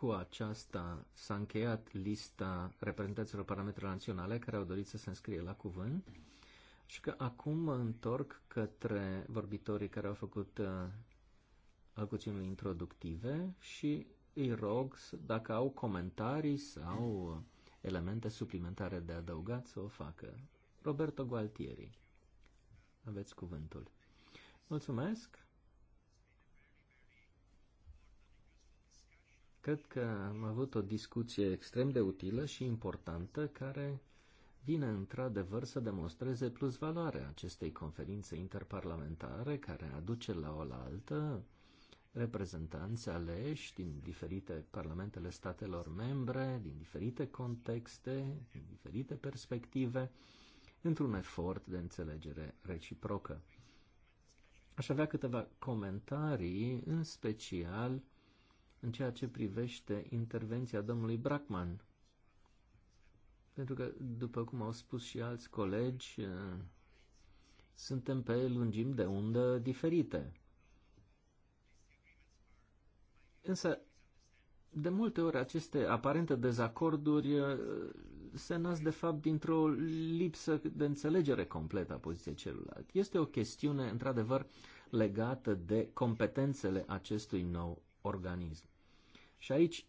Speaker 3: Cu aceasta s-a încheiat lista reprezentanților parametrilor naționale care au dorit să se înscrie la cuvânt. Și că acum mă întorc către vorbitorii care au făcut uh, alcuțiunile introductive și îi rog dacă au comentarii sau elemente suplimentare de adăugat să o facă. Roberto Gualtieri, aveți cuvântul. Mulțumesc! Cred că am avut o discuție extrem de utilă și importantă care vine într-adevăr să demonstreze plus valoarea acestei conferințe interparlamentare care aduce la oaltă reprezentanți aleși din diferite parlamentele statelor membre, din diferite contexte, din diferite perspective, într-un efort de înțelegere reciprocă. Aș avea câteva comentarii, în special în ceea ce privește intervenția domnului Brackman. Pentru că, după cum au spus și alți colegi, eh, suntem pe lungimi de undă diferite. Însă, de multe ori aceste aparente dezacorduri eh, se nasc de fapt dintr-o lipsă de înțelegere completă a poziției celuilalt. Este o chestiune, într-adevăr, legată de competențele acestui nou organism. Și aici,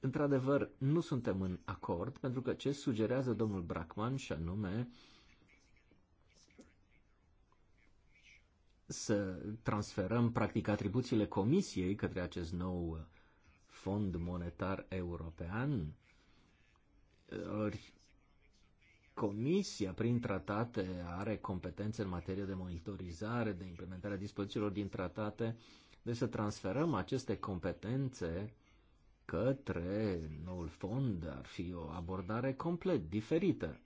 Speaker 3: într-adevăr, nu suntem în acord, pentru că ce sugerează domnul Brackman, și anume să transferăm, practic, atribuțiile comisiei către acest nou fond monetar european, ori Comisia, prin tratate, are competențe în materie de monitorizare, de implementare a dispozițiilor din tratate deci să transferăm aceste competențe către noul fond ar fi o abordare complet diferită.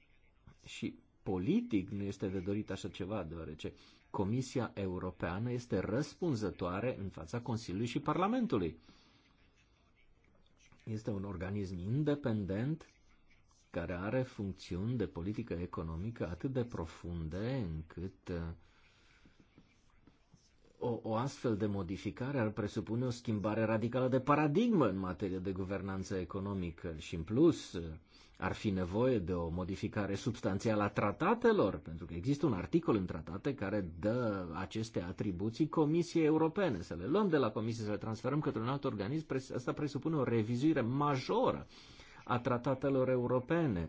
Speaker 3: Și politic nu este de dorit așa ceva, deoarece Comisia Europeană este răspunzătoare în fața Consiliului și Parlamentului. Este un organism independent care are funcțiuni de politică economică atât de profunde încât uh, o, o astfel de modificare ar presupune o schimbare radicală de paradigmă în materie de guvernanță economică și, în plus, ar fi nevoie de o modificare substanțială a tratatelor, pentru că există un articol în tratate care dă aceste atribuții Comisiei Europene. Să le luăm de la Comisie, să le transferăm către un alt organism, asta presupune o revizuire majoră a tratatelor europene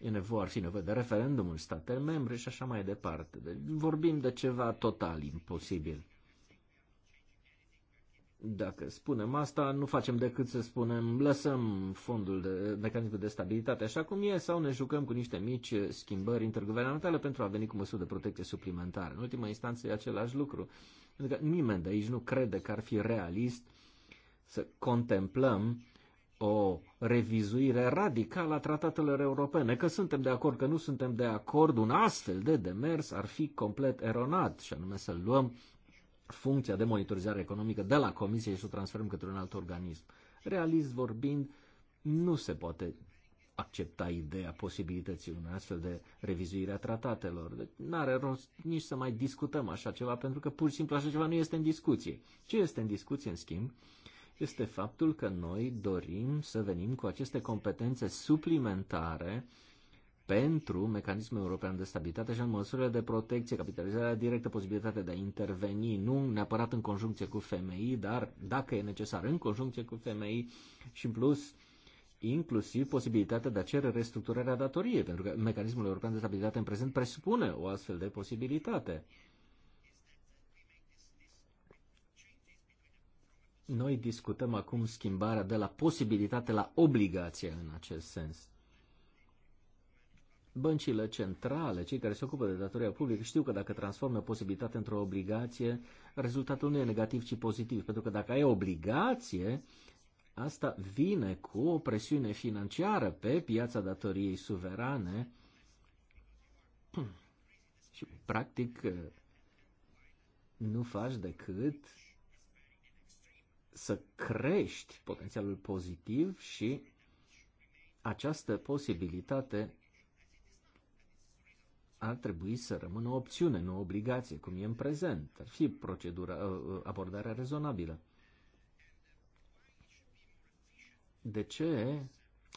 Speaker 3: E nevoie, ar fi nevoie de referendum în statele membre și așa mai departe. Deci vorbim de ceva total imposibil. Dacă spunem asta, nu facem decât să spunem lăsăm fondul de mecanismul de stabilitate așa cum e sau ne jucăm cu niște mici schimbări interguvernamentale pentru a veni cu măsuri de protecție suplimentară. În ultima instanță e același lucru. Pentru că adică nimeni de aici nu crede că ar fi realist să contemplăm o revizuire radicală a tratatelor europene. Că suntem de acord, că nu suntem de acord, un astfel de demers ar fi complet eronat, și anume să luăm funcția de monitorizare economică de la Comisie și să o transferăm către un alt organism. Realist vorbind, nu se poate accepta ideea posibilității unei astfel de revizuire a tratatelor. Deci nu are rost nici să mai discutăm așa ceva, pentru că pur și simplu așa ceva nu este în discuție. Ce este în discuție, în schimb, este faptul că noi dorim să venim cu aceste competențe suplimentare pentru mecanismul european de stabilitate și în măsurile de protecție, capitalizarea directă, posibilitatea de a interveni, nu neapărat în conjuncție cu femei, dar dacă e necesar în conjuncție cu femei și în plus inclusiv posibilitatea de a cere restructurarea datoriei, pentru că mecanismul european de stabilitate în prezent presupune o astfel de posibilitate. Noi discutăm acum schimbarea de la posibilitate la obligație în acest sens. Băncile centrale, cei care se ocupă de datoria publică, știu că dacă transformă posibilitatea posibilitate într-o obligație, rezultatul nu e negativ, ci pozitiv. Pentru că dacă ai obligație, asta vine cu o presiune financiară pe piața datoriei suverane și, practic, nu faci decât să crești potențialul pozitiv și această posibilitate ar trebui să rămână o opțiune, nu o obligație, cum e în prezent. Ar fi procedura, uh, uh, abordarea rezonabilă. De ce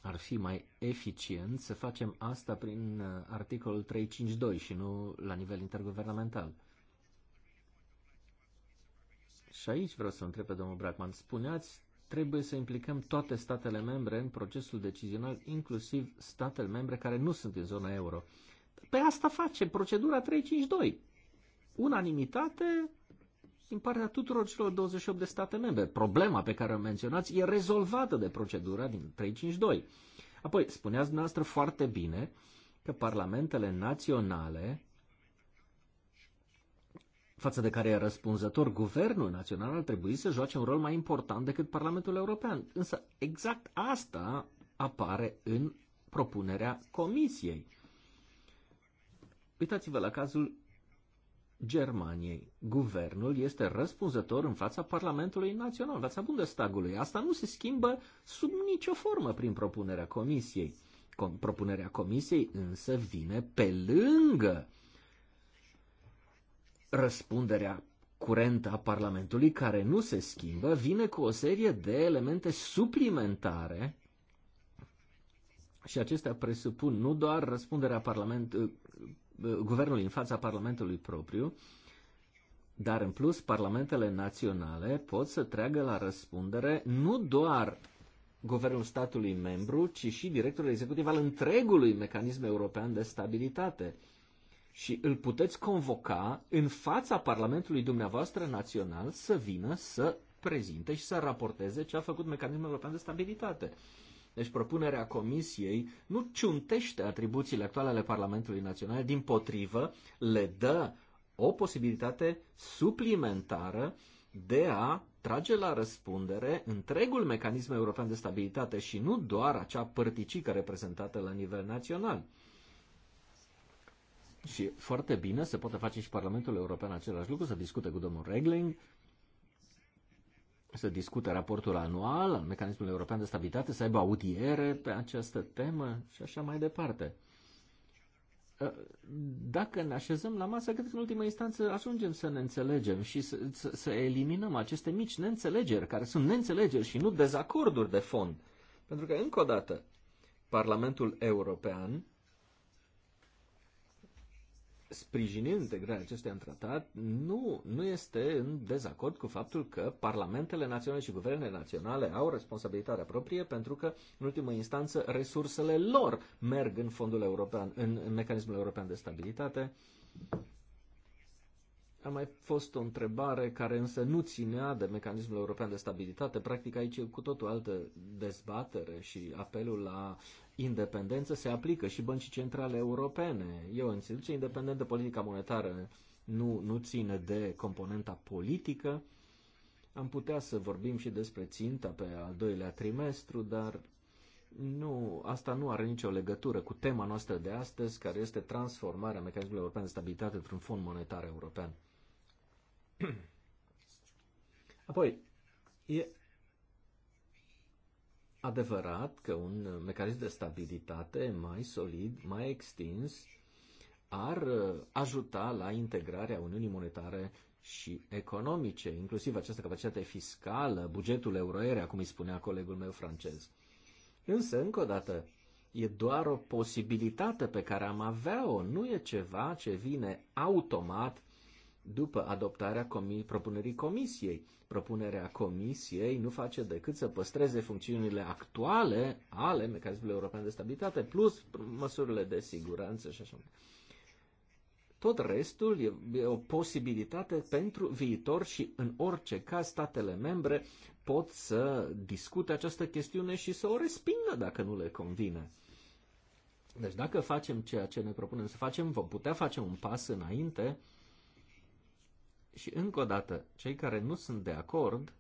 Speaker 3: ar fi mai eficient să facem asta prin uh, articolul 352 și nu la nivel interguvernamental? Și aici vreau să întreb pe domnul Bracman. Spuneați, trebuie să implicăm toate statele membre în procesul decizional, inclusiv statele membre care nu sunt în zona euro. Pe asta face procedura 352. Unanimitate din partea tuturor celor 28 de state membre. Problema pe care o menționați e rezolvată de procedura din 352. Apoi, spuneați dumneavoastră foarte bine că parlamentele naționale față de care e răspunzător guvernul național ar trebui să joace un rol mai important decât Parlamentul European. Însă exact asta apare în propunerea Comisiei. Uitați-vă la cazul Germaniei. Guvernul este răspunzător în fața Parlamentului Național, în fața Bundestagului. Asta nu se schimbă sub nicio formă prin propunerea Comisiei. Com- propunerea Comisiei însă vine pe lângă răspunderea curentă a Parlamentului, care nu se schimbă, vine cu o serie de elemente suplimentare și acestea presupun nu doar răspunderea Parlament, eh, eh, guvernului în fața Parlamentului propriu, dar în plus parlamentele naționale pot să treagă la răspundere nu doar guvernul statului membru, ci și directorul executiv al întregului mecanism european de stabilitate și îl puteți convoca în fața Parlamentului dumneavoastră național să vină să prezinte și să raporteze ce a făcut mecanismul european de stabilitate. Deci propunerea Comisiei nu ciuntește atribuțiile actuale ale Parlamentului Național, din potrivă le dă o posibilitate suplimentară de a trage la răspundere întregul mecanism european de stabilitate și nu doar acea părticică reprezentată la nivel național. Și foarte bine se poate face și Parlamentul European același lucru, să discute cu domnul Regling, să discute raportul anual al mecanismului european de stabilitate, să aibă audiere pe această temă și așa mai departe. Ă, dacă ne așezăm la masă, cred că în ultima instanță ajungem să ne înțelegem și să, să, să eliminăm aceste mici neînțelegeri, care sunt neînțelegeri și nu dezacorduri de fond. Pentru că, încă o dată, Parlamentul European sprijinind integrarea acesteia în tratat nu, nu este în dezacord cu faptul că parlamentele naționale și guvernele naționale au responsabilitatea proprie pentru că, în ultimă instanță, resursele lor merg în fondul european, în, în mecanismul european de stabilitate. A mai fost o întrebare care însă nu ținea de mecanismul european de stabilitate. Practic aici e cu totul altă dezbatere și apelul la independență se aplică și băncii centrale europene. E o instituție independentă, politica monetară nu, nu ține de componenta politică. Am putea să vorbim și despre ținta pe al doilea trimestru, dar nu, asta nu are nicio legătură cu tema noastră de astăzi, care este transformarea mecanismului european de stabilitate într-un fond monetar european. Apoi, e adevărat că un mecanism de stabilitate mai solid, mai extins, ar uh, ajuta la integrarea Uniunii Monetare și economice, inclusiv această capacitate fiscală, bugetul euroerea, cum îi spunea colegul meu francez. Însă, încă o dată, e doar o posibilitate pe care am avea-o, nu e ceva ce vine automat după adoptarea comi- propunerii comisiei. Propunerea comisiei nu face decât să păstreze funcțiunile actuale ale mecanismului european de stabilitate, plus măsurile de siguranță și așa mai tot restul e, o posibilitate pentru viitor și în orice caz statele membre pot să discute această chestiune și să o respingă dacă nu le convine. Deci dacă facem ceea ce ne propunem să facem, vom putea face un pas înainte și încă o dată, cei care nu sunt de acord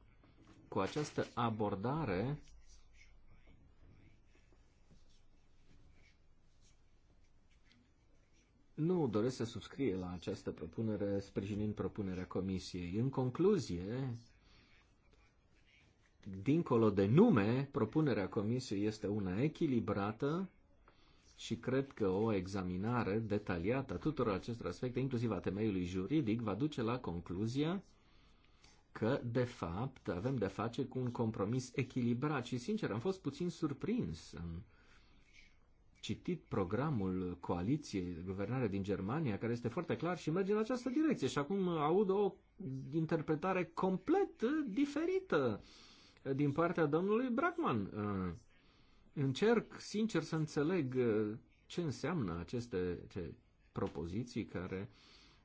Speaker 3: cu această abordare nu doresc să subscrie la această propunere, sprijinind propunerea comisiei. În concluzie, dincolo de nume, propunerea comisiei este una echilibrată și cred că o examinare detaliată a tuturor acestor aspecte, inclusiv a temeiului juridic, va duce la concluzia că, de fapt, avem de face cu un compromis echilibrat și, sincer, am fost puțin surprins. Am citit programul coaliției de guvernare din Germania, care este foarte clar și merge în această direcție. Și acum aud o interpretare complet diferită din partea domnului Brackmann încerc sincer să înțeleg uh, ce înseamnă aceste ce, propoziții care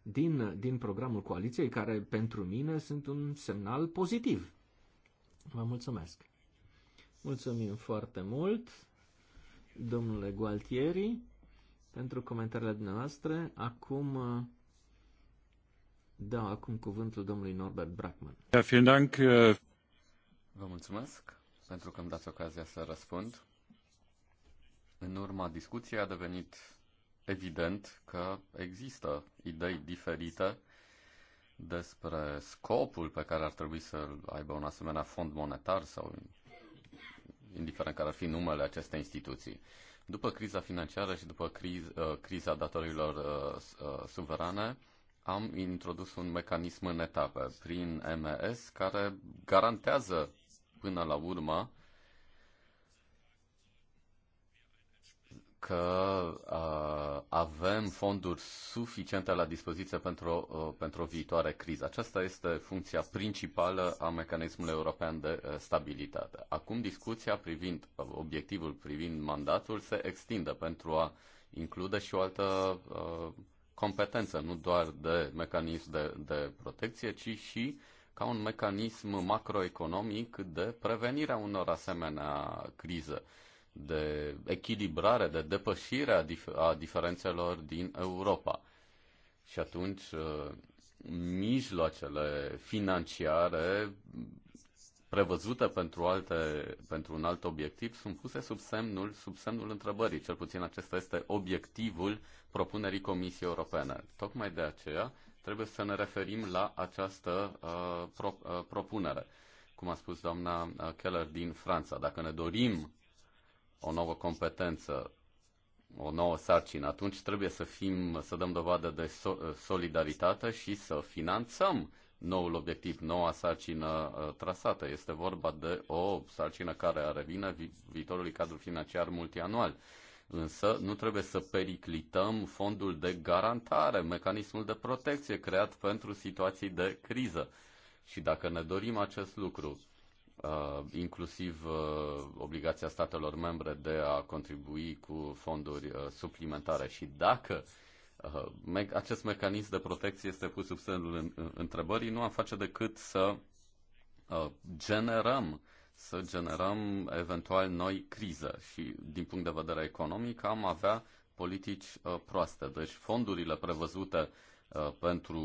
Speaker 3: din, din programul coaliției, care pentru mine sunt un semnal pozitiv. Vă mulțumesc! Mulțumim foarte mult, domnule Gualtieri, pentru comentariile dumneavoastră. Acum uh, dau acum cuvântul domnului Norbert Brackman.
Speaker 1: Uh. Vă mulțumesc pentru că îmi dați ocazia să răspund. În urma discuției a devenit evident că există idei diferite despre scopul pe care ar trebui să aibă un asemenea fond monetar sau indiferent care ar fi numele acestei instituții. După criza financiară și după criz, uh, criza datorilor uh, uh, suverane, am introdus un mecanism în etape prin MES care garantează până la urmă că uh, avem fonduri suficiente la dispoziție pentru, uh, pentru o viitoare criză. Aceasta este funcția principală a mecanismului european de uh, stabilitate. Acum discuția privind uh, obiectivul, privind mandatul, se extinde pentru a include și o altă uh, competență, nu doar de mecanism de, de protecție, ci și ca un mecanism macroeconomic de prevenirea unor asemenea crize. Uh, de echilibrare, de depășire a, dif- a diferențelor din Europa. Și atunci uh, mijloacele financiare prevăzute pentru, alte, pentru un alt obiectiv sunt puse sub semnul, sub semnul întrebării. Cel puțin acesta este obiectivul propunerii Comisiei Europene. Tocmai de aceea trebuie să ne referim la această uh, pro, uh, propunere. Cum a spus doamna uh, Keller din Franța, dacă ne dorim o nouă competență, o nouă sarcină, atunci trebuie să fim, să dăm dovadă de uh, solidaritate și să finanțăm noul obiectiv, noua sarcină uh, trasată. Este vorba de o sarcină care are viitorului cadru financiar multianual. Însă nu trebuie să periclităm fondul de garantare, mecanismul de protecție creat pentru situații de criză. Și dacă ne dorim acest lucru, Uh, inclusiv uh, obligația statelor membre de a contribui cu fonduri uh, suplimentare. Și dacă acest mecanism de protecție este pus sub semnul întrebării, nu am face decât să generăm să generăm eventual noi criză și din punct de vedere economic am avea politici uh, proaste. Deci fondurile prevăzute uh, pentru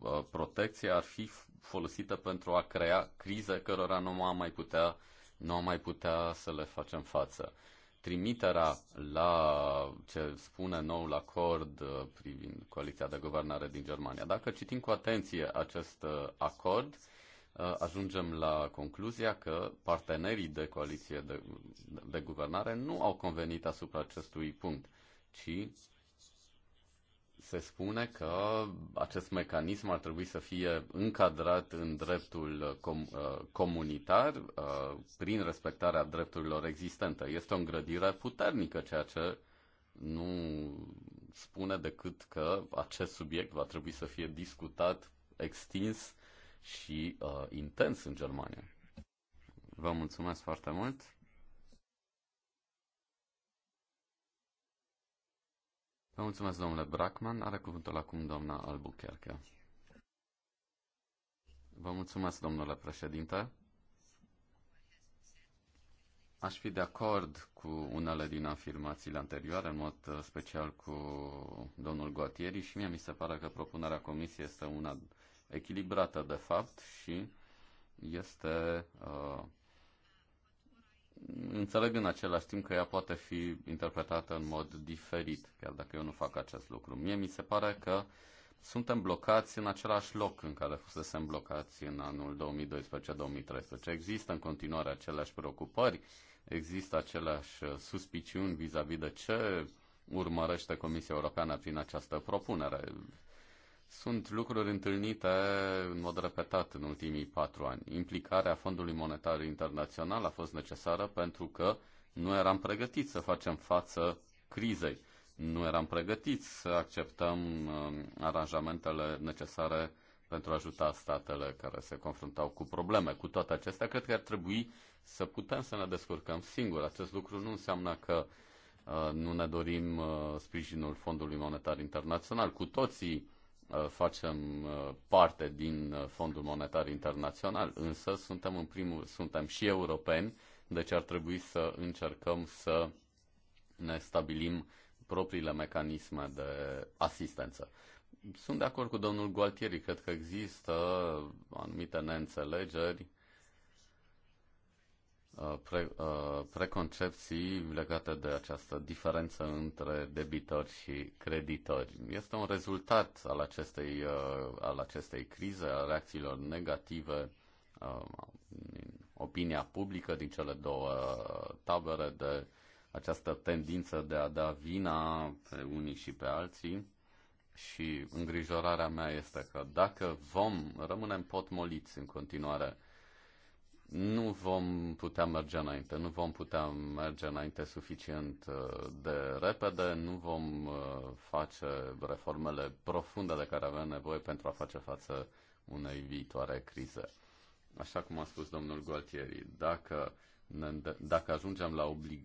Speaker 1: uh, protecție ar fi folosită pentru a crea crize cărora nu am mai putea, nu am mai putea să le facem față. Trimiterea la ce spune noul acord uh, privind coaliția de guvernare din Germania. Dacă citim cu atenție acest uh, acord, uh, ajungem la concluzia că partenerii de coaliție de, de guvernare nu au convenit asupra acestui punct, ci se spune că acest mecanism ar trebui să fie încadrat în dreptul uh, com- uh, comunitar uh, prin respectarea drepturilor existente. Este o îngrădire puternică, ceea ce nu spune decât că acest subiect va trebui să fie discutat, extins și uh, intens în Germania. Vă mulțumesc foarte mult. Vă mulțumesc, domnule Brackman. Are cuvântul acum doamna Albuquerque. Vă mulțumesc, domnule președinte. Aș fi de acord cu unele din afirmațiile anterioare, în mod special cu domnul Guatieri și mie mi se pare că propunerea comisiei este una echilibrată de fapt și este uh, înțeleg în același timp că ea poate fi interpretată în mod diferit, chiar dacă eu nu fac acest lucru. Mie mi se pare că suntem blocați în același loc în care fusesem blocați în anul 2012-2013. Există în continuare aceleași preocupări, există aceleași suspiciuni vis-a-vis -vis de ce urmărește Comisia Europeană prin această propunere. Sunt lucruri întâlnite în mod repetat în ultimii patru ani. Implicarea Fondului Monetar Internațional a fost necesară pentru că nu eram pregătiți să facem față crizei. Nu eram pregătiți să acceptăm um, aranjamentele necesare pentru a ajuta statele care se confruntau cu probleme. Cu toate acestea, cred că ar trebui să putem să ne descurcăm singur. Acest lucru nu înseamnă că uh, nu ne dorim uh, sprijinul Fondului Monetar Internațional. Cu toții Uh, facem uh, parte din uh, Fondul Monetar Internațional, însă suntem în primul, suntem și europeni, deci ar trebui să încercăm să ne stabilim propriile mecanisme de asistență. Sunt de acord cu domnul Gualtieri, cred că există anumite neînțelegeri Uh, pre, uh, preconcepții legate de această diferență între debitori și creditori. Este un rezultat al acestei, uh, al acestei crize, a reacțiilor negative din opinia publică din cele două tabere de această tendință de a da vina pe unii și pe alții și îngrijorarea mea este că dacă vom rămâne potmoliți în continuare nu vom putea merge înainte, nu vom putea merge înainte suficient uh, de repede, nu vom uh, face reformele profunde de care avem nevoie pentru a face față unei viitoare crize. Așa cum a spus domnul Gualtieri, dacă, ne, dacă, ajungem la oblig,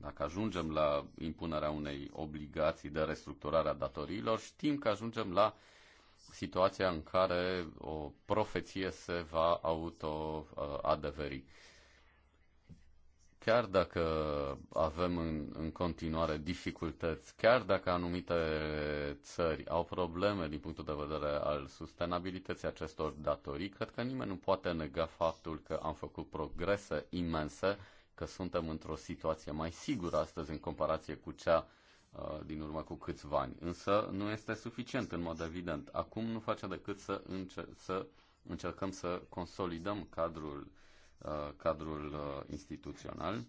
Speaker 1: dacă ajungem la impunerea unei obligații de restructurare a datoriilor, știm că ajungem la uh, situația în care o profeție se va auto-adeveri. Uh, chiar dacă avem în, în continuare dificultăți, chiar dacă anumite țări au probleme din punctul de vedere al sustenabilității acestor datorii, cred că nimeni nu poate nega faptul că am făcut progrese imense, că suntem într-o situație mai sigură astăzi în comparație cu cea uh, Uh, din urmă cu câțiva ani. Însă nu este suficient în mod evident. Acum nu face decât să, încer- să încercăm să consolidăm cadrul, uh, cadrul uh, instituțional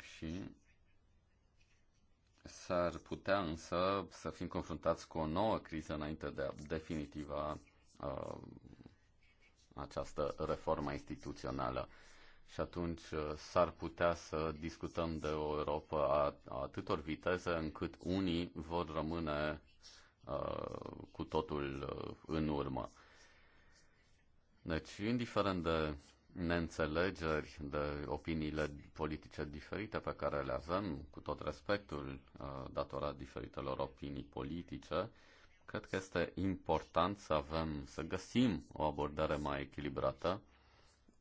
Speaker 1: și s-ar putea însă să fim confruntați cu o nouă criză înainte de a definitiva uh, această reformă instituțională și atunci uh, s-ar putea să discutăm de o Europa a, a atâtor viteze încât unii vor rămâne uh, cu totul uh, în urmă. Deci, indiferent de neînțelegeri, de opiniile politice diferite pe care le avem, cu tot respectul uh, datorat diferitelor opinii politice, cred că este important să avem, să găsim o abordare mai echilibrată,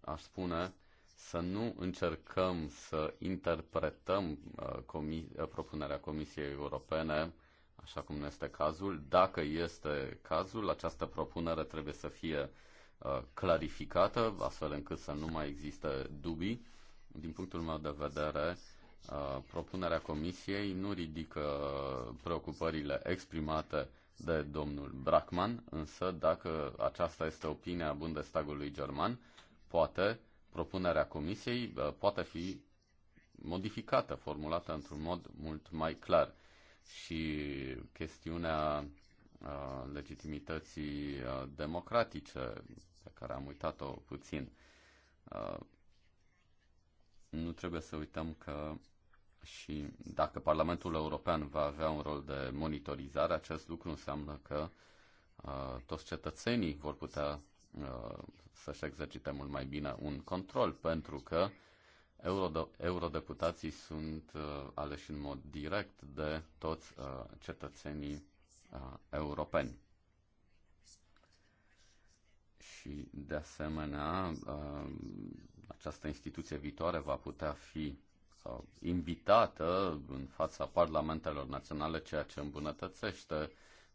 Speaker 1: aș spune, să nu încercăm să interpretăm uh, comi- uh, propunerea Comisiei Europene, așa cum nu este cazul. Dacă este cazul, această propunere trebuie să fie uh, clarificată, astfel încât să nu mai existe dubii. Din punctul meu de vedere, uh, propunerea Comisiei nu ridică preocupările exprimate de domnul Brackman, însă dacă aceasta este opinia Bundestagului german, poate propunerea comisiei uh, poate fi modificată, formulată într-un mod mult mai clar. Și chestiunea uh, legitimității uh, democratice, pe care am uitat-o puțin, nu trebuie să uităm că și dacă Parlamentul European va avea un rol de monitorizare, acest lucru înseamnă că toți cetățenii vor putea Uh, să-și exercite mult mai bine un control, pentru că eurodeputații sunt uh, aleși în mod direct de toți uh, cetățenii europeni. Și, de asemenea, această instituție viitoare va putea fi invitată în fața parlamentelor naționale, ceea ce îmbunătățește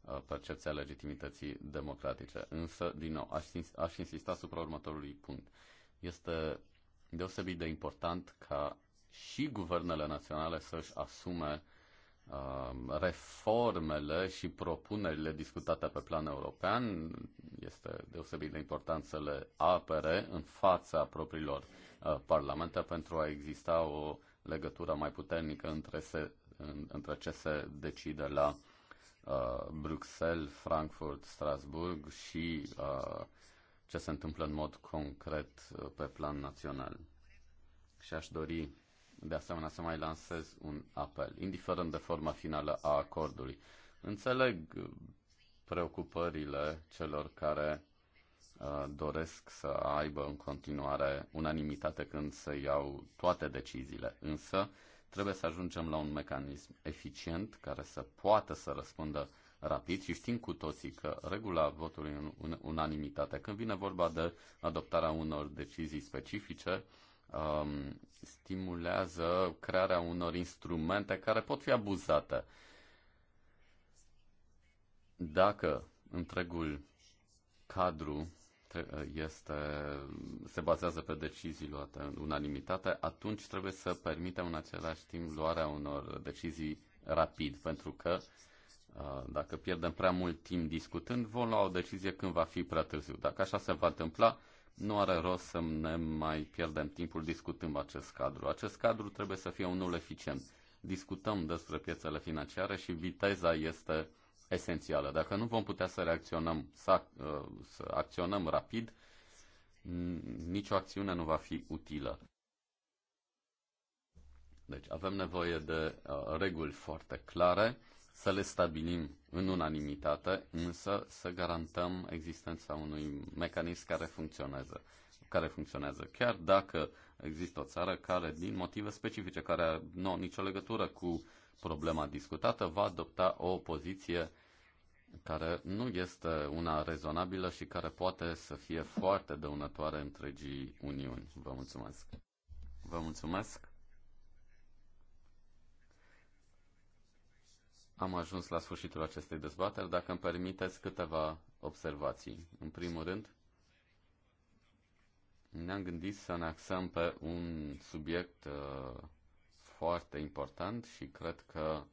Speaker 1: Uh, percepția legitimității democratice. Însă, din nou, aș, aș insista asupra următorului punct. Este deosebit de important ca și guvernele naționale să-și asume uh, reformele și propunerile discutate pe plan european. Este deosebit de important să le apere în fața propriilor uh, parlamente pentru a exista o legătură mai puternică între, se, în, între ce se decide la uh, Uh, Bruxelles, Frankfurt, Strasburg și uh, ce se întâmplă în mod concret uh, pe plan național. Și aș dori de asemenea să mai lansez un apel, indiferent de forma finală a acordului. Înțeleg preocupările celor care doresc să aibă în continuare unanimitate când se iau toate deciziile, însă uh, Trebuie să ajungem la un mecanism eficient care să poată să răspundă rapid și știm cu toții că regula votului în unanimitate, când vine vorba de adoptarea unor decizii specifice, um, stimulează crearea unor instrumente care pot fi abuzate. Dacă întregul cadru este, se bazează pe decizii luate în unanimitate, atunci trebuie să permitem în același timp luarea unor decizii rapid, pentru că uh, dacă pierdem prea mult timp discutând, vom lua o decizie când va fi prea târziu. Dacă așa se va întâmpla, nu are rost să ne mai pierdem timpul discutând acest cadru. Acest cadru trebuie să fie unul eficient. Discutăm despre piețele financiare și viteza este uh, esențială. Dacă nu vom putea să reacționăm, să, uh, să acționăm rapid, nicio acțiune nu va fi utilă. Deci avem nevoie de uh, reguli foarte clare, să le stabilim în unanimitate, însă să garantăm existența unui mecanism care funcționează. Care funcționează chiar dacă există o țară care, din motive specifice, care nu au nicio legătură cu problema discutată, va adopta o poziție care nu este una rezonabilă și care poate să fie foarte dăunătoare întregii Uniuni. Vă mulțumesc. Vă mulțumesc. Am ajuns la sfârșitul acestei dezbateri. Dacă îmi permiteți câteva observații. În primul rând, ne-am gândit să ne axăm pe un subiect uh, foarte important și cred că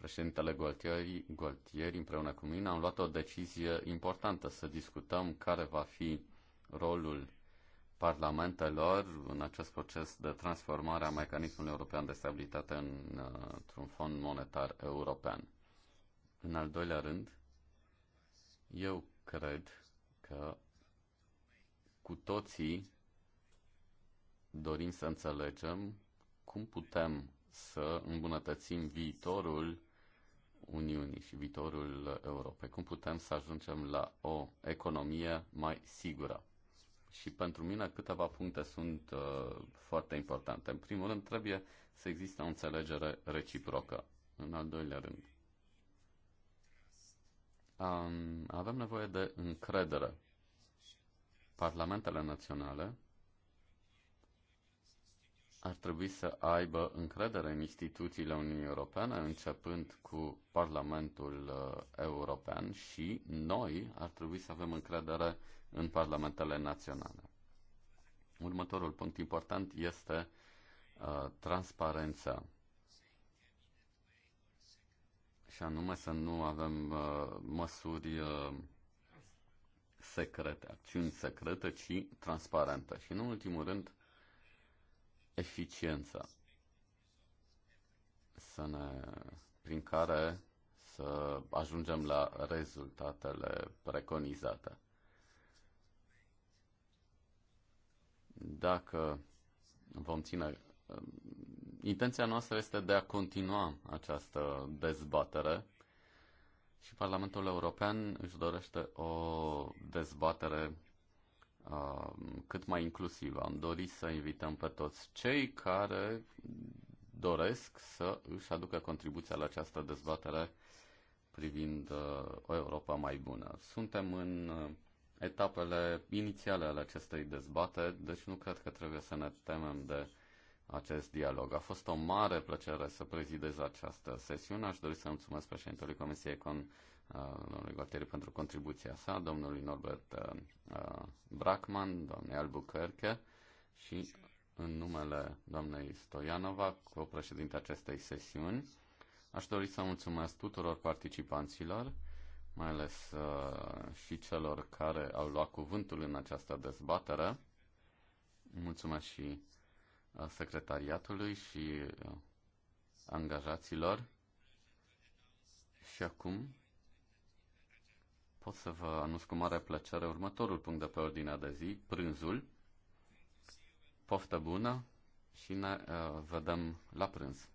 Speaker 1: președintele Gualtieri, Gualtieri împreună cu mine am luat o decizie importantă să discutăm care va fi rolul parlamentelor în acest proces de transformare a mecanismului european de stabilitate într-un fond monetar european. În al doilea rând, eu cred că cu toții dorim să înțelegem cum putem să îmbunătățim viitorul Uniunii și viitorul Europei. Cum putem să ajungem la o economie mai sigură? Și pentru mine câteva puncte sunt uh, foarte importante. În primul rând, trebuie să existe o înțelegere reciprocă. În al doilea rând, um, avem nevoie de încredere. Parlamentele naționale ar trebui să aibă încredere în instituțiile Uniunii Europene, începând cu Parlamentul uh, European și noi ar trebui să avem încredere în parlamentele naționale. Următorul punct important este uh, transparența. Și anume să nu avem uh, măsuri uh, secrete, acțiuni secrete, ci transparente. Și în ultimul rând, eficiența să ne, prin care să ajungem la rezultatele preconizate. Dacă vom ține. Um, intenția noastră este de a continua această dezbatere și Parlamentul European își dorește o dezbatere Um, cât mai inclusivă. Am dorit să invităm pe toți cei care doresc să își aducă contribuția la această dezbatere privind uh, o Europa mai bună. Suntem în uh, etapele inițiale ale acestei dezbateri, deci nu cred că trebuie să ne temem de acest dialog. A fost o mare plăcere să prezidez această sesiune. Aș dori să mulțumesc președintelui Comisiei Econ Uh, domnului Gualtieri pentru contribuția sa, domnului Norbert uh, uh, Brackman, doamnei Albuquerque și în numele doamnei Stoianova, co-președinte acestei sesiuni. Aș dori să mulțumesc tuturor participanților, mai ales și celor care au luat cuvântul în această dezbatere. Mulțumesc și secretariatului și angajaților. Și acum pot să vă anunț cu mare plăcere următorul punct de pe ordinea de zi, prânzul. Poftă bună și ne uh, vedem la prânz.